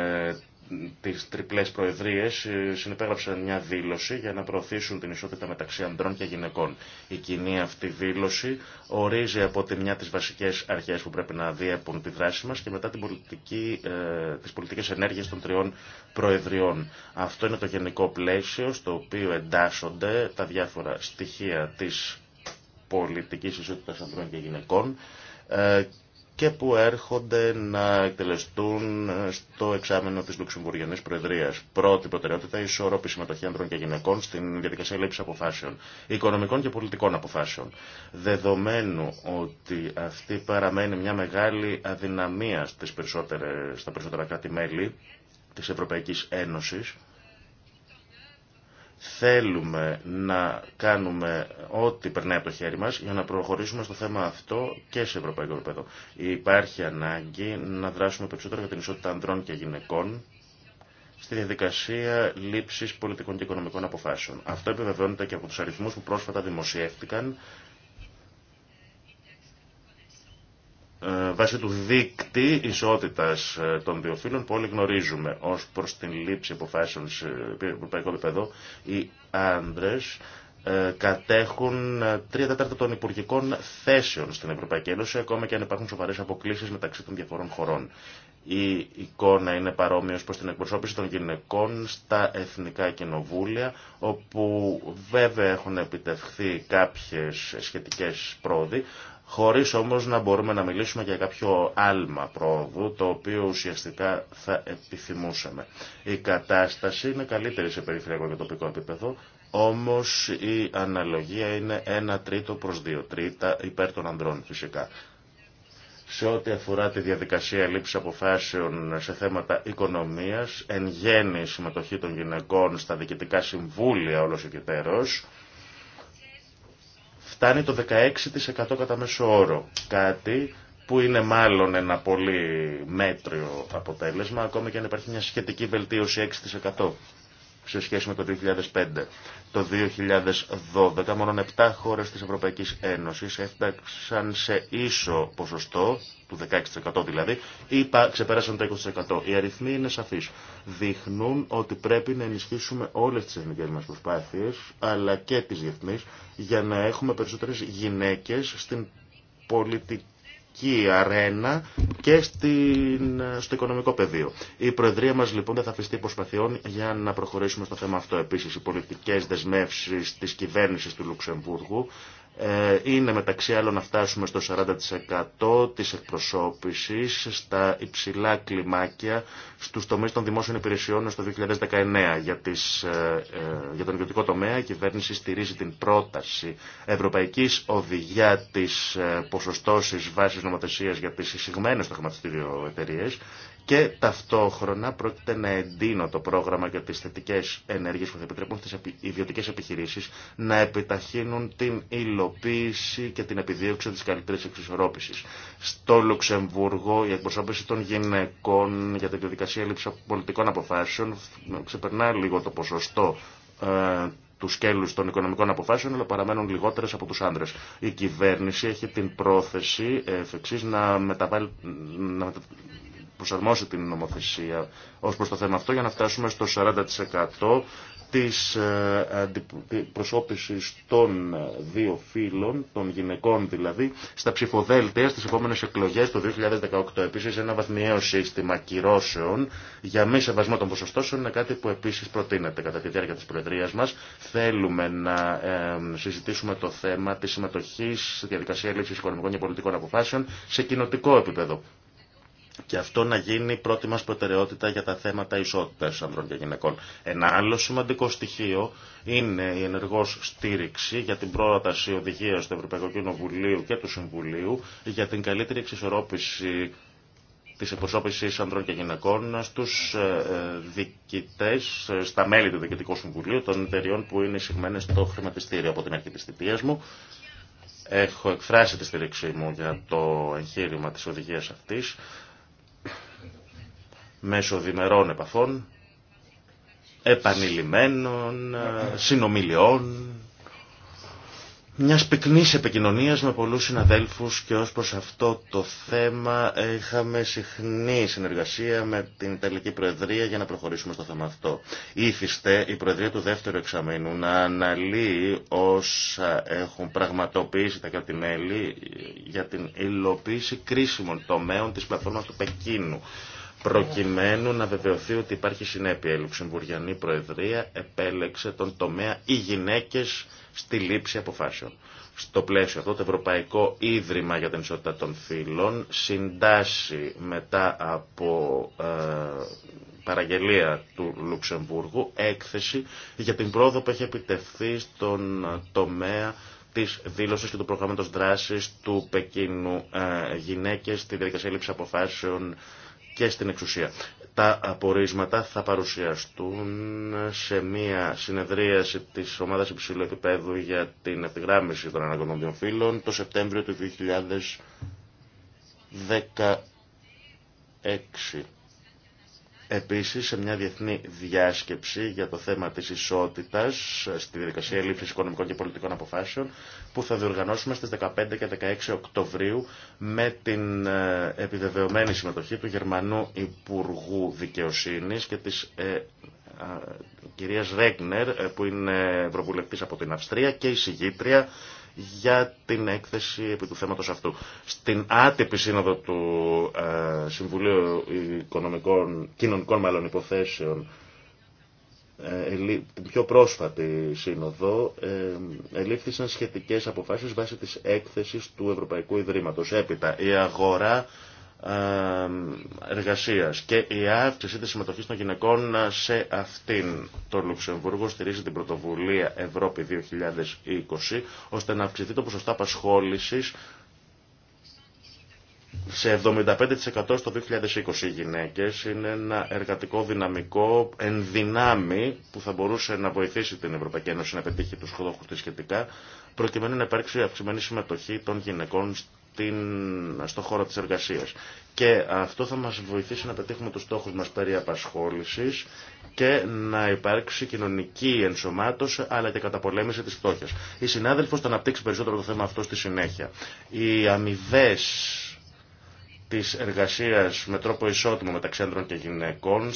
τι τριπλές προεδρίες ε, συνεπέγραψαν μια δήλωση για να προωθήσουν την ισότητα μεταξύ ανδρών και γυναικών. Η κοινή αυτή δήλωση ορίζει από τη μια τις βασικές αρχές που πρέπει να διέπουν τη δράση μας και μετά την πολιτική, ε, τις πολιτικές των τριών προεδριών. Αυτό είναι το γενικό πλαίσιο στο οποίο εντάσσονται τα διάφορα στοιχεία της πολιτικής ισότητας ανδρών και γυναικών ε, και που έρχονται να εκτελεστούν στο εξάμενο της Λουξεμβουργιανής Προεδρίας. Πρώτη προτεραιότητα, η ισορροπή συμμετοχή ανδρών και γυναικών στην διαδικασία λήψη αποφάσεων, οικονομικών και πολιτικών αποφάσεων. Δεδομένου ότι αυτή παραμένει μια μεγάλη αδυναμία στα περισσότερα κράτη-μέλη της Ευρωπαϊκής Ένωσης, Θέλουμε να κάνουμε ό,τι περνάει από το χέρι μας για να προχωρήσουμε στο θέμα αυτό και σε ευρωπαϊκό επίπεδο. Υπάρχει ανάγκη να δράσουμε περισσότερο για την ισότητα ανδρών και γυναικών στη διαδικασία λήψης πολιτικών και οικονομικών αποφάσεων. Αυτό επιβεβαιώνεται και από τους αριθμούς που πρόσφατα δημοσιεύτηκαν Ε, βάσει του δίκτυ ισότητας ε, των δύο φύλων που όλοι γνωρίζουμε ως προς την λήψη αποφάσεων σε ευρωπαϊκό επίπεδο οι άντρε ε, κατέχουν τρία τέταρτα των υπουργικών θέσεων στην Ευρωπαϊκή Ένωση ακόμα και αν υπάρχουν σοβαρές αποκλήσεις μεταξύ των διαφορών χωρών. Η εικόνα είναι παρόμοια προς την εκπροσώπηση των γυναικών στα εθνικά κοινοβούλια όπου βέβαια έχουν επιτευχθεί κάποιες σχετικές πρόοδοι χωρίς όμως να μπορούμε να μιλήσουμε για κάποιο άλμα πρόοδου, το οποίο ουσιαστικά θα επιθυμούσαμε. Η κατάσταση είναι καλύτερη σε περιφερειακό και τοπικό επίπεδο, όμως η αναλογία είναι 1 τρίτο προς 2 τρίτα υπέρ των ανδρών φυσικά. Σε ό,τι αφορά τη διαδικασία λήψη αποφάσεων σε θέματα οικονομίας, εν γέννη συμμετοχή των γυναικών στα διοικητικά συμβούλια όλος ο φτάνει το 16% κατά μέσο όρο. Κάτι που είναι μάλλον ένα πολύ μέτριο αποτέλεσμα, ακόμη και αν υπάρχει μια σχετική βελτίωση 6% σε σχέση με το 2005. Το 2012 μόνο 7 χώρες της Ευρωπαϊκής Ένωσης έφταξαν σε ίσο ποσοστό, του 16% δηλαδή, ή ξεπέρασαν το 20%. Οι αριθμοί είναι σαφείς. Δείχνουν ότι πρέπει να ενισχύσουμε όλες τις εθνικές μας προσπάθειες, αλλά και τις διεθνείς, για να έχουμε περισσότερες γυναίκες στην πολιτική πολιτική αρένα και στην, στο οικονομικό πεδίο. Η Προεδρία μας λοιπόν δεν θα αφιστεί προσπαθειών για να προχωρήσουμε στο θέμα αυτό. Επίσης οι πολιτικές δεσμεύσεις της κυβέρνησης του Λουξεμβούργου ε, είναι μεταξύ άλλων να φτάσουμε στο 40% της εκπροσώπησης στα υψηλά κλιμάκια στους τομείς των δημόσιων υπηρεσιών στο 2019. Για, τις, ε, ε, για τον ιδιωτικό τομέα η κυβέρνηση στηρίζει την πρόταση Ευρωπαϊκής Οδηγιά της Ποσοστώσης Βάσης Νομοθεσίας για τις εισηγμένες στο χρηματιστήριο εταιρείε και ταυτόχρονα πρόκειται να εντείνω το πρόγραμμα για τις θετικές ενέργειες που θα επιτρέπουν στις ιδιωτικές επιχειρήσεις να επιταχύνουν την υλοποίηση και την επιδίωξη της καλύτερης εξισορρόπησης. Στο Λουξεμβούργο η εκπροσώπηση των γυναικών για την διαδικασία λήψη πολιτικών αποφάσεων ξεπερνά λίγο το ποσοστό ε, του σκέλου των οικονομικών αποφάσεων, αλλά παραμένουν λιγότερε από του άντρε. Η κυβέρνηση έχει την πρόθεση ε, εφ' να, μεταβάλει, να προσαρμόσει την νομοθεσία ως προς το θέμα αυτό για να φτάσουμε στο 40% της ε, προσώπησης των ε, δύο φύλων, των γυναικών δηλαδή, στα ψηφοδέλτια στις επόμενες εκλογές το 2018. Επίσης ένα βαθμιαίο σύστημα κυρώσεων για μη σεβασμό των ποσοστώσεων είναι κάτι που επίσης προτείνεται κατά τη διάρκεια της Προεδρίας μας. Θέλουμε να ε, συζητήσουμε το θέμα της συμμετοχής στη διαδικασία λήψης οικονομικών και πολιτικών αποφάσεων σε κοινοτικό επίπεδο και αυτό να γίνει πρώτη μας προτεραιότητα για τα θέματα ισότητας ανδρών και γυναικών. Ένα άλλο σημαντικό στοιχείο είναι η ενεργός στήριξη για την πρόταση οδηγίας του Ευρωπαϊκού Κοινοβουλίου και του Συμβουλίου για την καλύτερη εξισορρόπηση της εκπροσώπησης ανδρών και γυναικών στους ε, ε, διοικητές, ε, στα μέλη του Διοικητικού Συμβουλίου των εταιριών που είναι εισηγμένε στο χρηματιστήριο από την αρχή της θητείας μου. Έχω εκφράσει τη στήριξή μου για το εγχείρημα της οδηγίας αυτής μέσω διμερών επαφών, επανειλημμένων, συνομιλιών, μια πυκνή επικοινωνίας με πολλούς συναδέλφους και ως προς αυτό το θέμα είχαμε συχνή συνεργασία με την Ιταλική Προεδρία για να προχωρήσουμε στο θέμα αυτό. Ήθιστε η Προεδρία του δεύτερου εξαμήνου να αναλύει όσα έχουν πραγματοποιήσει τα κρατη για την υλοποίηση κρίσιμων τομέων τη πλατφόρμας του Πεκίνου προκειμένου να βεβαιωθεί ότι υπάρχει συνέπεια. Η Λουξεμβουργιανή Προεδρία επέλεξε τον τομέα οι γυναίκες στη λήψη αποφάσεων. Στο πλαίσιο αυτό το Ευρωπαϊκό Ίδρυμα για την Ισότητα των Φύλων συντάσσει μετά από ε, παραγγελία του Λουξεμβούργου έκθεση για την πρόοδο που έχει επιτευχθεί στον τομέα της δήλωσης και του προγράμματος δράσης του Πεκίνου ε, γυναίκες στη διαδικασία λήψη αποφάσεων και στην εξουσία. Τα απορίσματα θα παρουσιαστούν σε μία συνεδρίαση της ομάδας υψηλού επίπεδου για την ευθυγράμμιση των αναγκών των φύλων το Σεπτέμβριο του 2016. Επίσης, σε μια διεθνή διάσκεψη για το θέμα της ισότητας στη διαδικασία λήψης οικονομικών και πολιτικών αποφάσεων που θα διοργανώσουμε στις 15 και 16 Οκτωβρίου με την ε, επιβεβαιωμένη συμμετοχή του Γερμανού Υπουργού Δικαιοσύνης και της ε, κυρίας Ρέγνερ ε, που είναι ευρωβουλευτής από την Αυστρία και η συγγήτρια για την έκθεση επί του θέματος αυτού. Στην άτυπη σύνοδο του ε, Συμβουλίου Οικονομικών, Κοινωνικών μάλλον, Υποθέσεων ε, την πιο πρόσφατη σύνοδο ε, ελήφθησαν σχετικές αποφάσεις βάσει της έκθεσης του Ευρωπαϊκού Ιδρύματος. Έπειτα η αγορά εργασίας και η αύξηση της συμμετοχής των γυναικών σε αυτήν. Το Λουξεμβούργο στηρίζει την πρωτοβουλία Ευρώπη 2020 ώστε να αυξηθεί το ποσοστό απασχόλησης σε 75% στο 2020 οι γυναίκες είναι ένα εργατικό δυναμικό δυνάμει που θα μπορούσε να βοηθήσει την Ευρωπαϊκή Ένωση να πετύχει τους στόχους της σχετικά προκειμένου να υπάρξει αυξημένη συμμετοχή των γυναικών την στο χώρο της εργασίας. Και αυτό θα μας βοηθήσει να πετύχουμε τους στόχους μας περί απασχόλησης και να υπάρξει κοινωνική ενσωμάτωση αλλά και καταπολέμηση της φτώχειας. Η συνάδελφος θα αναπτύξει περισσότερο το θέμα αυτό στη συνέχεια. Οι αμοιβέ της εργασίας με τρόπο ισότιμο μεταξύ άντρων και γυναικών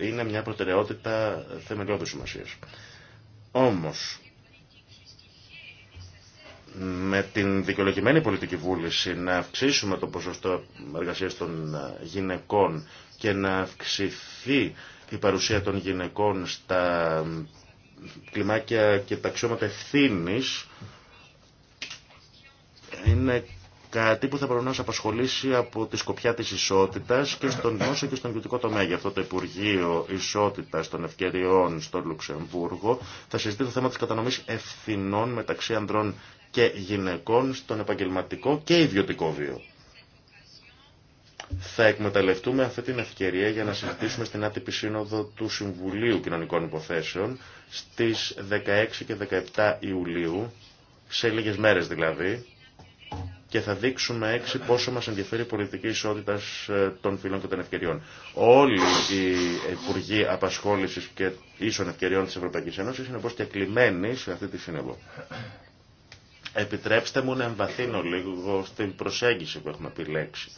είναι μια προτεραιότητα θεμελιώδης σημασίας. Όμως, με την δικαιολογημένη πολιτική βούληση να αυξήσουμε το ποσοστό εργασίας των ε, γυναικών και να αυξηθεί η παρουσία των γυναικών στα κλιμάκια και τα αξιώματα ευθύνη είναι κάτι που θα πρέπει να απασχολήσει από τη σκοπιά της ισότητας και στον δημόσιο και στον ιδιωτικό τομέα. Γι' αυτό το Υπουργείο Ισότητας των Ευκαιριών στο Λουξεμβούργο θα συζητεί το θέμα της κατανομής ευθυνών μεταξύ ανδρών και γυναικών στον επαγγελματικό και ιδιωτικό βίο. Θα εκμεταλλευτούμε αυτή την ευκαιρία για να συζητήσουμε στην άτυπη σύνοδο του Συμβουλίου Κοινωνικών Υποθέσεων στις 16 και 17 Ιουλίου, σε λίγες μέρες δηλαδή, και θα δείξουμε έξι πόσο μας ενδιαφέρει η πολιτική ισότητα ε, των φύλων και των ευκαιριών. Όλοι οι υπουργοί απασχόλησης και ίσων ευκαιριών της Ευρωπαϊκής Ένωσης είναι όπως και κλειμένοι σε αυτή τη σύνοδο. Επιτρέψτε μου να εμβαθύνω λίγο στην προσέγγιση που έχουμε επιλέξει.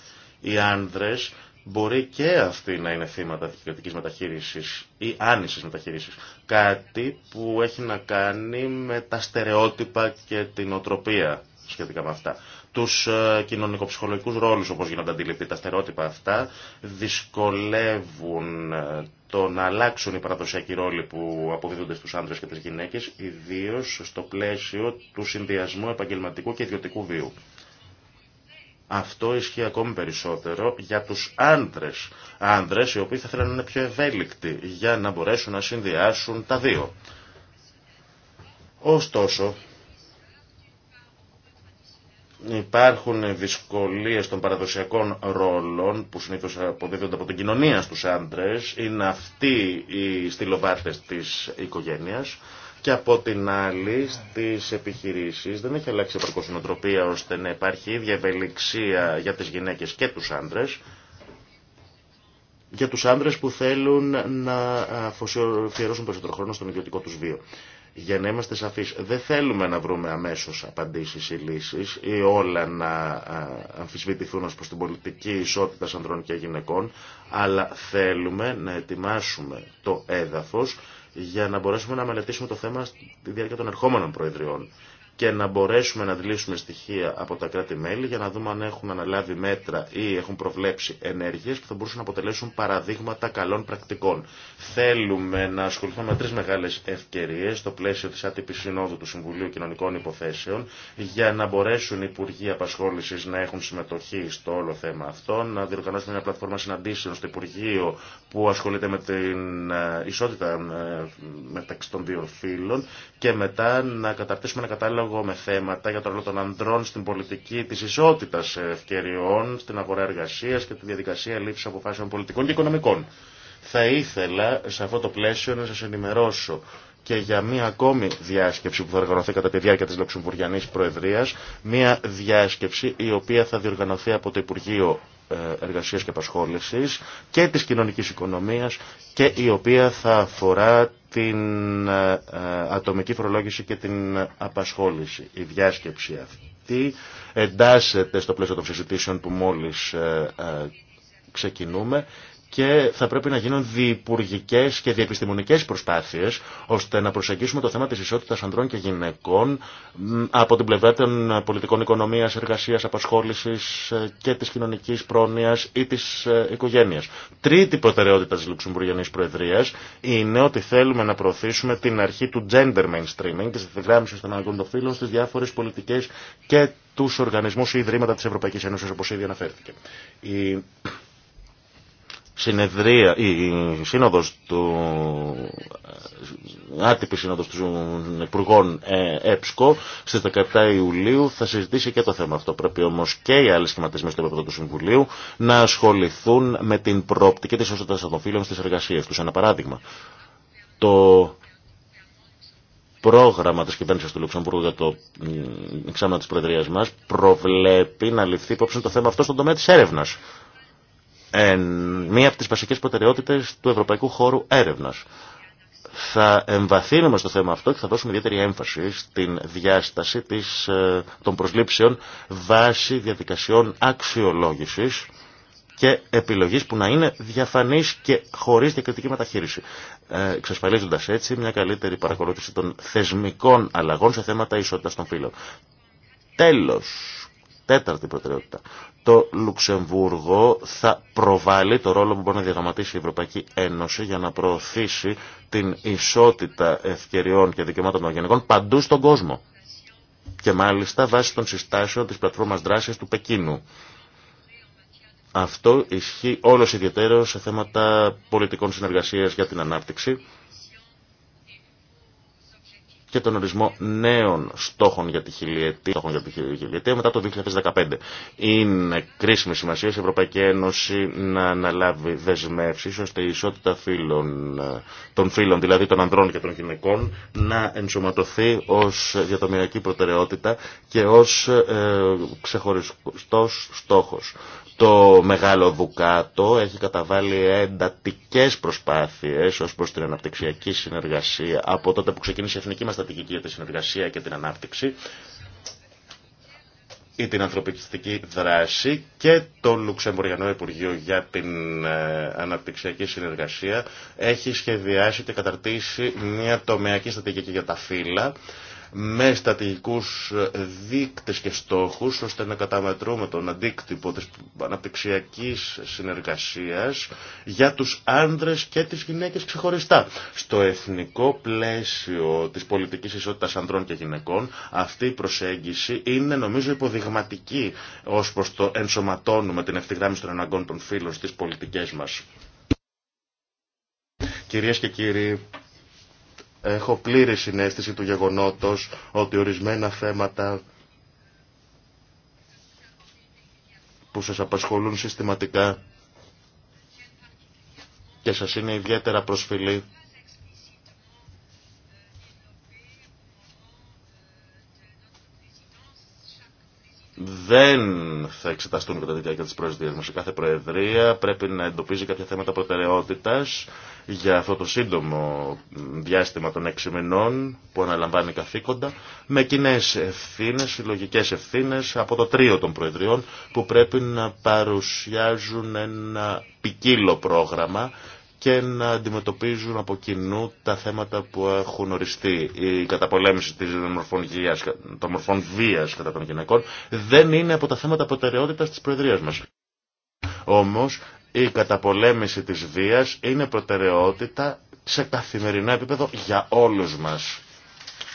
Οι άνδρες μπορεί και αυτοί να είναι θύματα δικαιωτικής μεταχείρισης ή άνησης μεταχείρισης. Κάτι που έχει να κάνει με τα στερεότυπα και την οτροπία σχετικά με αυτά. Τους ε, κοινωνικοψυχολογικούς ρόλους όπως γίνονται αντιληπτοί τα στερεότυπα αυτά δυσκολεύουν ε, το να αλλάξουν οι παραδοσιακοί ρόλοι που αποδίδονται στους άντρες και τις γυναίκες, ιδίως στο πλαίσιο του συνδυασμού επαγγελματικού και ιδιωτικού βίου. Αυτό ισχύει ακόμη περισσότερο για τους άντρες. Άντρες οι οποίοι θα θέλουν να είναι πιο ευέλικτοι για να μπορέσουν να συνδυάσουν τα δύο. Ωστόσο, Υπάρχουν δυσκολίες των παραδοσιακών ρόλων που συνήθως αποδίδονται από την κοινωνία στους άντρες. Είναι αυτοί οι στυλοβάρτες της οικογένειας. Και από την άλλη στις επιχειρήσεις δεν έχει αλλάξει επαρκώς η ώστε να υπάρχει ίδια ευελιξία για τις γυναίκες και τους άντρες για τους άντρες που θέλουν να αφιερώσουν περισσότερο χρόνο στον ιδιωτικό τους βίο. Για να είμαστε σαφείς, δεν θέλουμε να βρούμε αμέσως απαντήσεις ή λύσεις ή όλα να αμφισβητηθούν ως προς την πολιτική ισότητα ανδρών και γυναικών, αλλά θέλουμε να ετοιμάσουμε το έδαφος για να μπορέσουμε να μελετήσουμε το θέμα στη διάρκεια των ερχόμενων προεδριών και να μπορέσουμε να δηλήσουμε στοιχεία από τα κράτη-μέλη για να δούμε αν έχουν αναλάβει μέτρα ή έχουν προβλέψει ενέργειες που θα μπορούσαν να αποτελέσουν παραδείγματα καλών πρακτικών. Θέλουμε να ασχοληθούμε με τρεις μεγάλες ευκαιρίες στο πλαίσιο της άτυπης συνόδου του Συμβουλίου Κοινωνικών Υποθέσεων για να μπορέσουν οι Υπουργοί Απασχόλησης να έχουν συμμετοχή στο όλο θέμα αυτό, να διοργανώσουμε μια πλατφόρμα συναντήσεων στο Υπουργείο που ασχολείται με την ε, ισότητα ε, μεταξύ των δύο φύλων και μετά να καταρτήσουμε ένα κατάλληλο εγώ με θέματα για το ρόλο των ανδρών στην πολιτική τη ισότητα ευκαιριών, στην αγορά εργασία και τη διαδικασία λήψη αποφάσεων πολιτικών και οικονομικών. Θα ήθελα σε αυτό το πλαίσιο να σα ενημερώσω και για μία ακόμη διάσκεψη που θα οργανωθεί κατά τη διάρκεια της Λουξεμβουριανής Προεδρίας, μία διάσκεψη η οποία θα διοργανωθεί από το Υπουργείο ε, Εργασίας και Απασχόλησης και της κοινωνικής οικονομίας και η οποία θα αφορά την ε, ε, ατομική φορολόγηση και την απασχόληση. Η διάσκεψη αυτή εντάσσεται στο πλαίσιο των συζητήσεων που μόλις ξεκινούμε και θα πρέπει να γίνουν διυπουργικέ και διεπιστημονικέ προσπάθειε ώστε να προσεγγίσουμε το θέμα τη ισότητα ανδρών και γυναικών από την πλευρά των πολιτικών οικονομία, εργασία, απασχόληση ε, και τη κοινωνική πρόνοια ή τη ε, οικογένεια. Τρίτη προτεραιότητα τη Λουξεμβουργιανή Προεδρία είναι ότι θέλουμε να προωθήσουμε την αρχή του gender mainstreaming, τη ευθυγράμμιση των αναγκών των φίλων, στι διάφορε πολιτικέ και του οργανισμού ή ιδρύματα τη Ευρωπαϊκή Ένωση, όπω ήδη αναφέρθηκε. Η συνεδρία, η σύνοδος του, ε, άτυπη σύνοδος των Υπουργών ε, ΕΠΣΚΟ στις 17 Ιουλίου θα συζητήσει και το θέμα αυτό. Πρέπει όμως και οι άλλοι σχηματισμοί στο επίπεδο του Συμβουλίου να ασχοληθούν με την προοπτική της ισότητας των φίλων στις εργασίες τους. Ένα παράδειγμα, το πρόγραμμα της κυβέρνησης του Λουξεμβούργου για το εξάμεινο της Προεδρίας μας προβλέπει να ληφθεί υπόψη το θέμα αυτό στον τομέα της έρευνας μία από τις βασικές προτεραιότητες του Ευρωπαϊκού Χώρου Έρευνας. Θα εμβαθύνουμε στο θέμα αυτό και θα δώσουμε ιδιαίτερη έμφαση στην διάσταση ε, των προσλήψεων βάσει διαδικασιών αξιολόγησης και επιλογής που να είναι διαφανής και χωρίς διακριτική μεταχείριση. Ε, εξασφαλίζοντας έτσι μια καλύτερη παρακολούθηση των θεσμικών αλλαγών σε θέματα ισότητας των φύλων. Τέλος, Τέταρτη προτεραιότητα. Το Λουξεμβούργο θα προβάλλει το ρόλο που μπορεί να διαδραματίσει η Ευρωπαϊκή Ένωση για να προωθήσει την ισότητα ευκαιριών και δικαιωμάτων των γενικών παντού στον κόσμο. Και μάλιστα βάσει των συστάσεων της πλατφόρμας δράσης του Πεκίνου. Αυτό ισχύει όλος ιδιαίτερο σε θέματα πολιτικών συνεργασίας για την ανάπτυξη και τον ορισμό νέων στόχων για τη χιλιετία, μετά το 2015. Είναι κρίσιμη σημασία η Ευρωπαϊκή Ένωση να αναλάβει δεσμεύσει, ώστε η ισότητα φύλων, των φύλων, δηλαδή των ανδρών και των γυναικών, να ενσωματωθεί ω διατομιακή προτεραιότητα και ω ε, ξεχωριστός στόχος. Το Μεγάλο Δουκάτο έχει καταβάλει εντατικέ προσπάθειε ω προ την αναπτυξιακή συνεργασία από τότε που ξεκίνησε η εθνική μα στρατηγική για τη συνεργασία και την ανάπτυξη ή την ανθρωπιστική δράση και το Λουξεμβουριανό Υπουργείο για την ε, Αναπτυξιακή Συνεργασία έχει σχεδιάσει και καταρτήσει μια τομεακή στρατηγική για τα φύλλα με στατηγικούς δείκτες και στόχους ώστε να καταμετρούμε τον αντίκτυπο της αναπτυξιακής συνεργασίας για τους άνδρες και τις γυναίκες ξεχωριστά. Στο εθνικό πλαίσιο της πολιτικής ισότητας ανδρών και γυναικών αυτή η προσέγγιση είναι νομίζω υποδειγματική ως προς το ενσωματώνουμε την ευθυγράμμιση των αναγκών των φίλων στις πολιτικές μας. Κυρίες και κύριοι, Έχω πλήρη συνέστηση του γεγονότος ότι ορισμένα θέματα που σας απασχολούν συστηματικά και σας είναι ιδιαίτερα προσφυλή δεν θα εξεταστούν κατά τη διάρκεια τη προεδρία μα. Κάθε προεδρία πρέπει να εντοπίζει κάποια θέματα προτεραιότητα για αυτό το σύντομο διάστημα των έξι μηνών που αναλαμβάνει καθήκοντα, με κοινέ ευθύνε, συλλογικέ ευθύνε από το τρίο των προεδριών που πρέπει να παρουσιάζουν ένα ποικίλο πρόγραμμα και να αντιμετωπίζουν από κοινού τα θέματα που έχουν οριστεί. Η καταπολέμηση της των μορφών βίας κατά των γυναικών δεν είναι από τα θέματα προτεραιότητας της Προεδρίας μας. Όμως η καταπολέμηση της βίας είναι προτεραιότητα σε καθημερινό επίπεδο για όλους μας.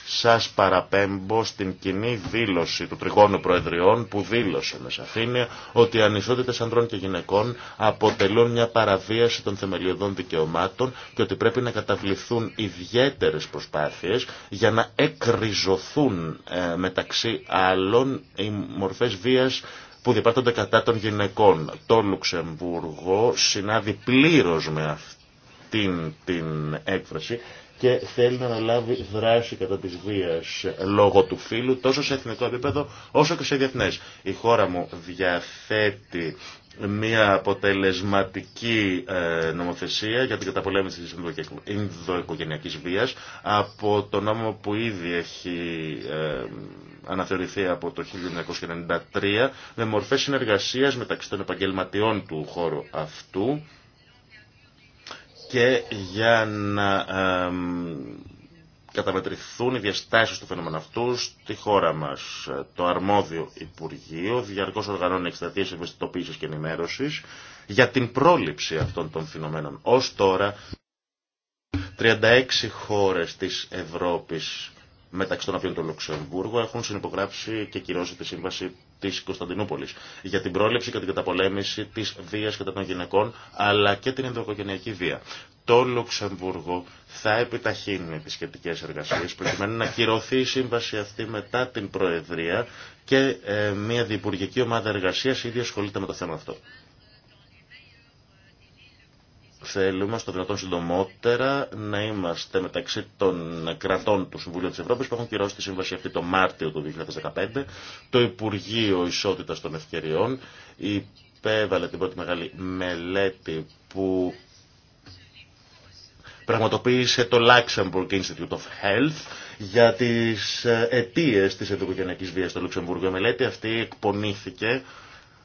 Σας παραπέμπω στην κοινή δήλωση του Τριγώνου Προεδριών που δήλωσε με σαφήνεια ότι οι ανισότητες ανδρών και γυναικών αποτελούν μια παραβίαση των θεμελιωδών δικαιωμάτων και ότι πρέπει να καταβληθούν ιδιαίτερες προσπάθειες για να εκριζωθούν ε, μεταξύ άλλων οι μορφές βίας που διαπράττονται κατά των γυναικών. Το Λουξεμβούργο συνάδει πλήρως με αυτή την έκφραση και θέλει να αναλάβει δράση κατά της βίας λόγω του φύλου τόσο σε εθνικό επίπεδο όσο και σε διεθνές. Η χώρα μου διαθέτει μια αποτελεσματική ε, νομοθεσία για την καταπολέμηση της ενδοοικογενειακής βίας από το νόμο που ήδη έχει ε, αναθεωρηθεί από το 1993 με μορφές συνεργασίας μεταξύ των επαγγελματιών του χώρου αυτού και για να καταμετρηθούν οι διαστάσεις του φαινομένου αυτού στη χώρα μας. Το αρμόδιο Υπουργείο διαρκώς οργανώνει εκστατείες ευαισθητοποίησης και ενημέρωσης για την πρόληψη αυτών των φαινομένων. Ως τώρα, 36 χώρες της Ευρώπης μεταξύ των οποίων το Λουξεμβούργο, έχουν συνυπογράψει και κυρώσει τη σύμβαση τη Κωνσταντινούπολη για την πρόληψη και την καταπολέμηση τη βία κατά των γυναικών, αλλά και την ενδοοικογενειακή βία. Το Λουξεμβούργο θα επιταχύνει τι σχετικέ εργασίε προκειμένου να κυρωθεί η σύμβαση αυτή μετά την Προεδρία και ε, μια διπουργική ομάδα εργασία ήδη ασχολείται με το θέμα αυτό. Θέλουμε στο δυνατόν συντομότερα να είμαστε μεταξύ των κρατών του Συμβουλίου της Ευρώπης που έχουν κυρώσει τη σύμβαση αυτή το Μάρτιο του 2015. Το Υπουργείο Ισότητας των Ευκαιριών υπέβαλε την πρώτη μεγάλη μελέτη που πραγματοποίησε το Luxembourg Institute of Health για τις ε, αιτίες της ενδοκογενειακή Βία στο Λουξεμβούργο. Η μελέτη αυτή εκπονήθηκε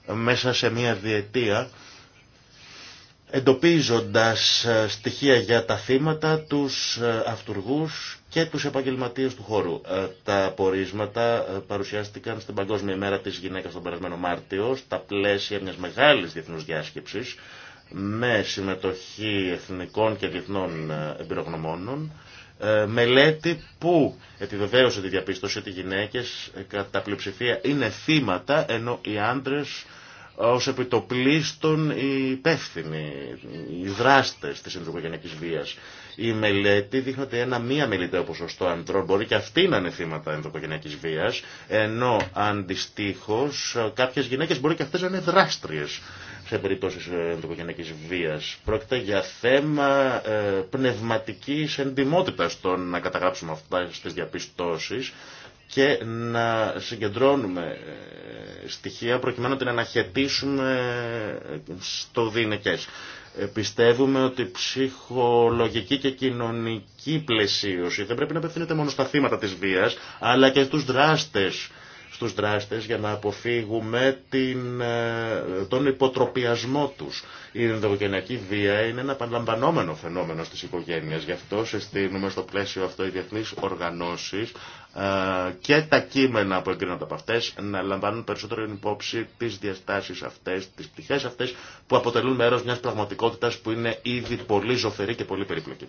μέσα σε μια διετία εντοπίζοντας ε, στοιχεία για τα θύματα, τους ε, αυτούργους και τους επαγγελματίες του χώρου. Ε, τα πορίσματα παρουσιάστηκαν στην Παγκόσμια ημέρα της γυναίκας τον περασμένο Μάρτιο, στα πλαίσια μιας μεγάλης διεθνούς διάσκεψης, με συμμετοχή εθνικών και διεθνών εμπειρογνωμόνων, μελέτη που επιβεβαίωσε τη διαπίστωση ότι οι γυναίκες κατά πλειοψηφία είναι θύματα, ενώ οι άντρες ως επιτοπλίστων οι υπεύθυνοι, οι δράστες της ενδοοικογενειακής βίας. Η μελέτη δείχνει ότι ένα μία μελιτέο ποσοστό ανδρών μπορεί και αυτοί να είναι θύματα ενδοοικογενειακής βίας, ενώ αντιστοίχως ε, κάποιες γυναίκες μπορεί και αυτές να είναι δράστριες σε περιπτώσεις ε, ενδοοικογενειακής βίας. Πρόκειται για θέμα ε, πνευματικής εντιμότητας των να καταγράψουμε αυτά στις διαπιστώσεις και να συγκεντρώνουμε ε, στοιχεία προκειμένου να την αναχαιτήσουμε ε, στο δίνεκες. Ε, πιστεύουμε ότι ψυχολογική και κοινωνική πλαισίωση δεν πρέπει να απευθύνεται μόνο στα θύματα της βίας, αλλά και στους δράστες στους δράστες για να αποφύγουμε την, ε, τον υποτροπιασμό τους. Η ενδογενειακή βία είναι ένα παραλαμβανόμενο φαινόμενο στις οικογένειες. Γι' αυτό συστήνουμε στο πλαίσιο αυτό οι διεθνείς οργανώσεις ε, και τα κείμενα που εγκρίνονται από αυτές να λαμβάνουν περισσότερο υπόψη τις διαστάσεις αυτές, τις πτυχές αυτές που αποτελούν μέρος μιας πραγματικότητας που είναι ήδη πολύ ζωφερή και πολύ περίπλοκη.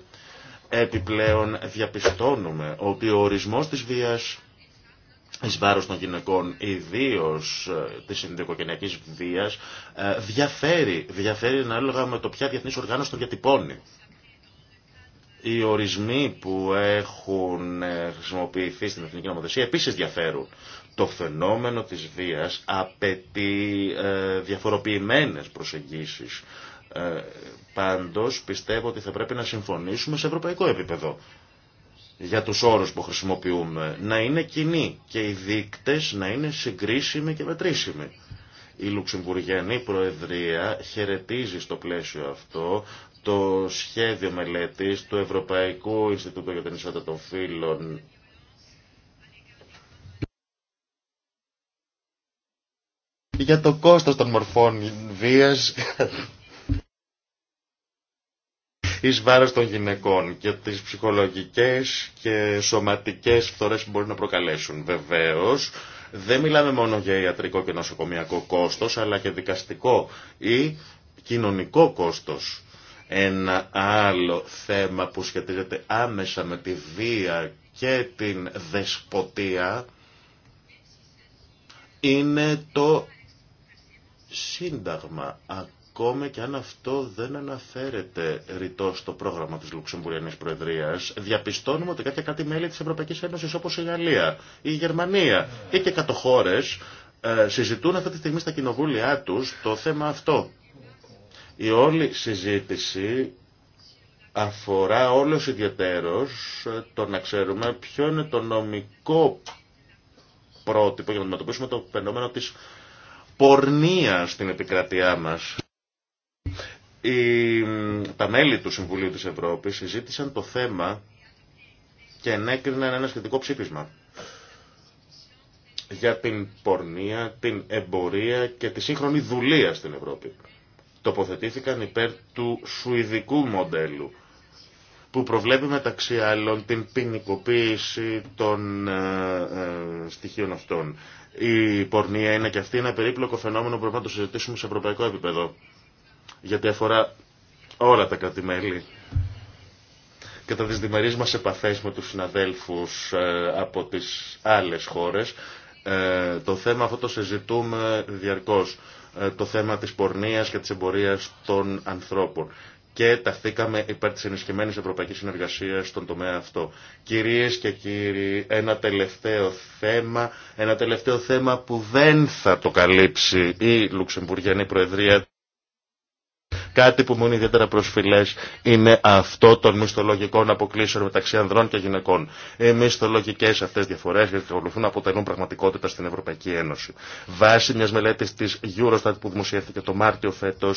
Επιπλέον διαπιστώνουμε ότι ο ορισμός της βίας εις βάρος των γυναικών, ιδίω ε, της συνδικοκαινιακής βίας, ε, διαφέρει, διαφέρει ανάλογα με το ποια διεθνής οργάνωση τον διατυπώνει. Οι ορισμοί που έχουν ε, χρησιμοποιηθεί στην Εθνική Νομοθεσία επίσης διαφέρουν. Το φαινόμενο της βίας απαιτεί διαφοροποιημένες προσεγγίσεις. Πάντως πιστεύω ότι θα πρέπει να συμφωνήσουμε σε ευρωπαϊκό επίπεδο για του όρου που χρησιμοποιούμε, να είναι κοινοί και οι δείκτε να είναι συγκρίσιμοι και μετρήσιμοι. Η Λουξεμβουργιανή Προεδρία χαιρετίζει στο πλαίσιο αυτό το σχέδιο μελέτης του Ευρωπαϊκού Ινστιτούτου για την Ισότητα των Φύλων για το κόστος των μορφών βίας εις βάρος των γυναικών και τις ψυχολογικές και σωματικές φθορές που μπορεί να προκαλέσουν. Βεβαίως, δεν μιλάμε μόνο για ιατρικό και νοσοκομιακό κόστος, αλλά και δικαστικό ή κοινωνικό κόστος. Ένα άλλο θέμα που σχετίζεται άμεσα με τη βία και την δεσποτεία είναι το σύνταγμα ακόμα και αν αυτό δεν αναφέρεται ρητό στο πρόγραμμα της Λουξεμβουριανής Προεδρίας, διαπιστώνουμε ότι κάποια κάτι μέλη της Ευρωπαϊκής Ένωσης όπως η Γαλλία, η Γερμανία ή και κατοχώρε ε, συζητούν αυτή τη στιγμή στα κοινοβούλια τους το θέμα αυτό. Η όλη συζήτηση αφορά όλος ιδιαιτέρως ε, το να ξέρουμε ποιο είναι το νομικό πρότυπο για να αντιμετωπίσουμε το φαινόμενο της πορνεία στην επικρατειά μας τα μέλη του Συμβουλίου της Ευρώπης συζήτησαν το θέμα και ενέκριναν ένα σχετικό ψήφισμα για την πορνεία, την εμπορία και τη σύγχρονη δουλεία στην Ευρώπη. Τοποθετήθηκαν υπέρ του σουηδικού μοντέλου που προβλέπει μεταξύ άλλων την ποινικοποίηση των ε, ε στοιχείων αυτών. Η πορνεία είναι και αυτή ένα περίπλοκο φαινόμενο που πρέπει να το συζητήσουμε σε ευρωπαϊκό επίπεδο γιατί αφορά όλα τα κρατημέλη. και τα διμερείς μας επαφές με τους συναδέλφους ε, από τις άλλες χώρες, ε, το θέμα αυτό το συζητούμε διαρκώς. Ε, το θέμα της πορνείας και της εμπορίας των ανθρώπων και ταχθήκαμε υπέρ της ενισχυμένης ευρωπαϊκής συνεργασίας στον τομέα αυτό. Κυρίες και κύριοι, ένα τελευταίο θέμα, ένα τελευταίο θέμα που δεν θα το καλύψει η Λουξεμβουργιανή Προεδρία Κάτι που μου είναι ιδιαίτερα προσφυλέ είναι αυτό των μισθολογικών αποκλήσεων μεταξύ ανδρών και γυναικών. Οι μισθολογικέ αυτέ διαφορέ εξακολουθούν να αποτελούν πραγματικότητα στην Ευρωπαϊκή Ένωση. Βάσει μια μελέτη τη Eurostat που δημοσιεύθηκε το Μάρτιο φέτο,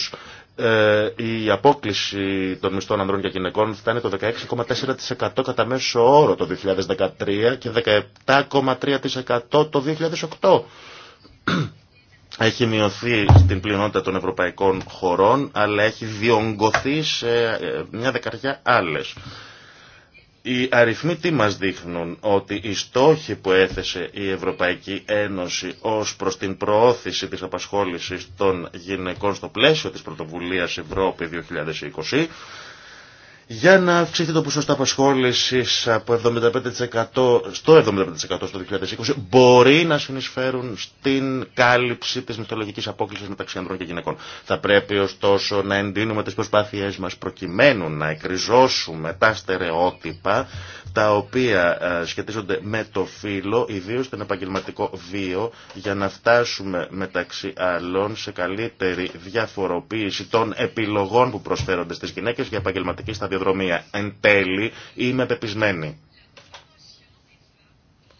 ε, η απόκληση των μισθών ανδρών και γυναικών φτάνει το 16,4% κατά μέσο όρο το 2013 και 17,3% το 2008 έχει μειωθεί στην πλειονότητα των ευρωπαϊκών χωρών, αλλά έχει διονγκωθεί σε ε, μια δεκαριά άλλες. Οι αριθμοί τι μας δείχνουν, ότι οι στόχοι που έθεσε η Ευρωπαϊκή Ένωση ως προς την προώθηση της απασχόλησης των γυναικών στο πλαίσιο της πρωτοβουλίας Ευρώπη 2020 για να αυξηθεί το ποσοστό απασχόλησης από 75% στο 75% στο 2020 μπορεί να συνεισφέρουν στην κάλυψη της μυθολογικής απόκλησης μεταξύ ανδρών και γυναικών. Θα πρέπει ωστόσο να εντείνουμε τις προσπάθειές μας προκειμένου να εκριζώσουμε τα στερεότυπα τα οποία ε, σχετίζονται με το φύλλο, ιδίω τον επαγγελματικό βίο, για να φτάσουμε μεταξύ άλλων σε καλύτερη διαφοροποίηση των επιλογών που προσφέρονται στις γυναίκε για επαγγελματική σταδιοδρομία. Εν τέλει, είμαι πεπισμένη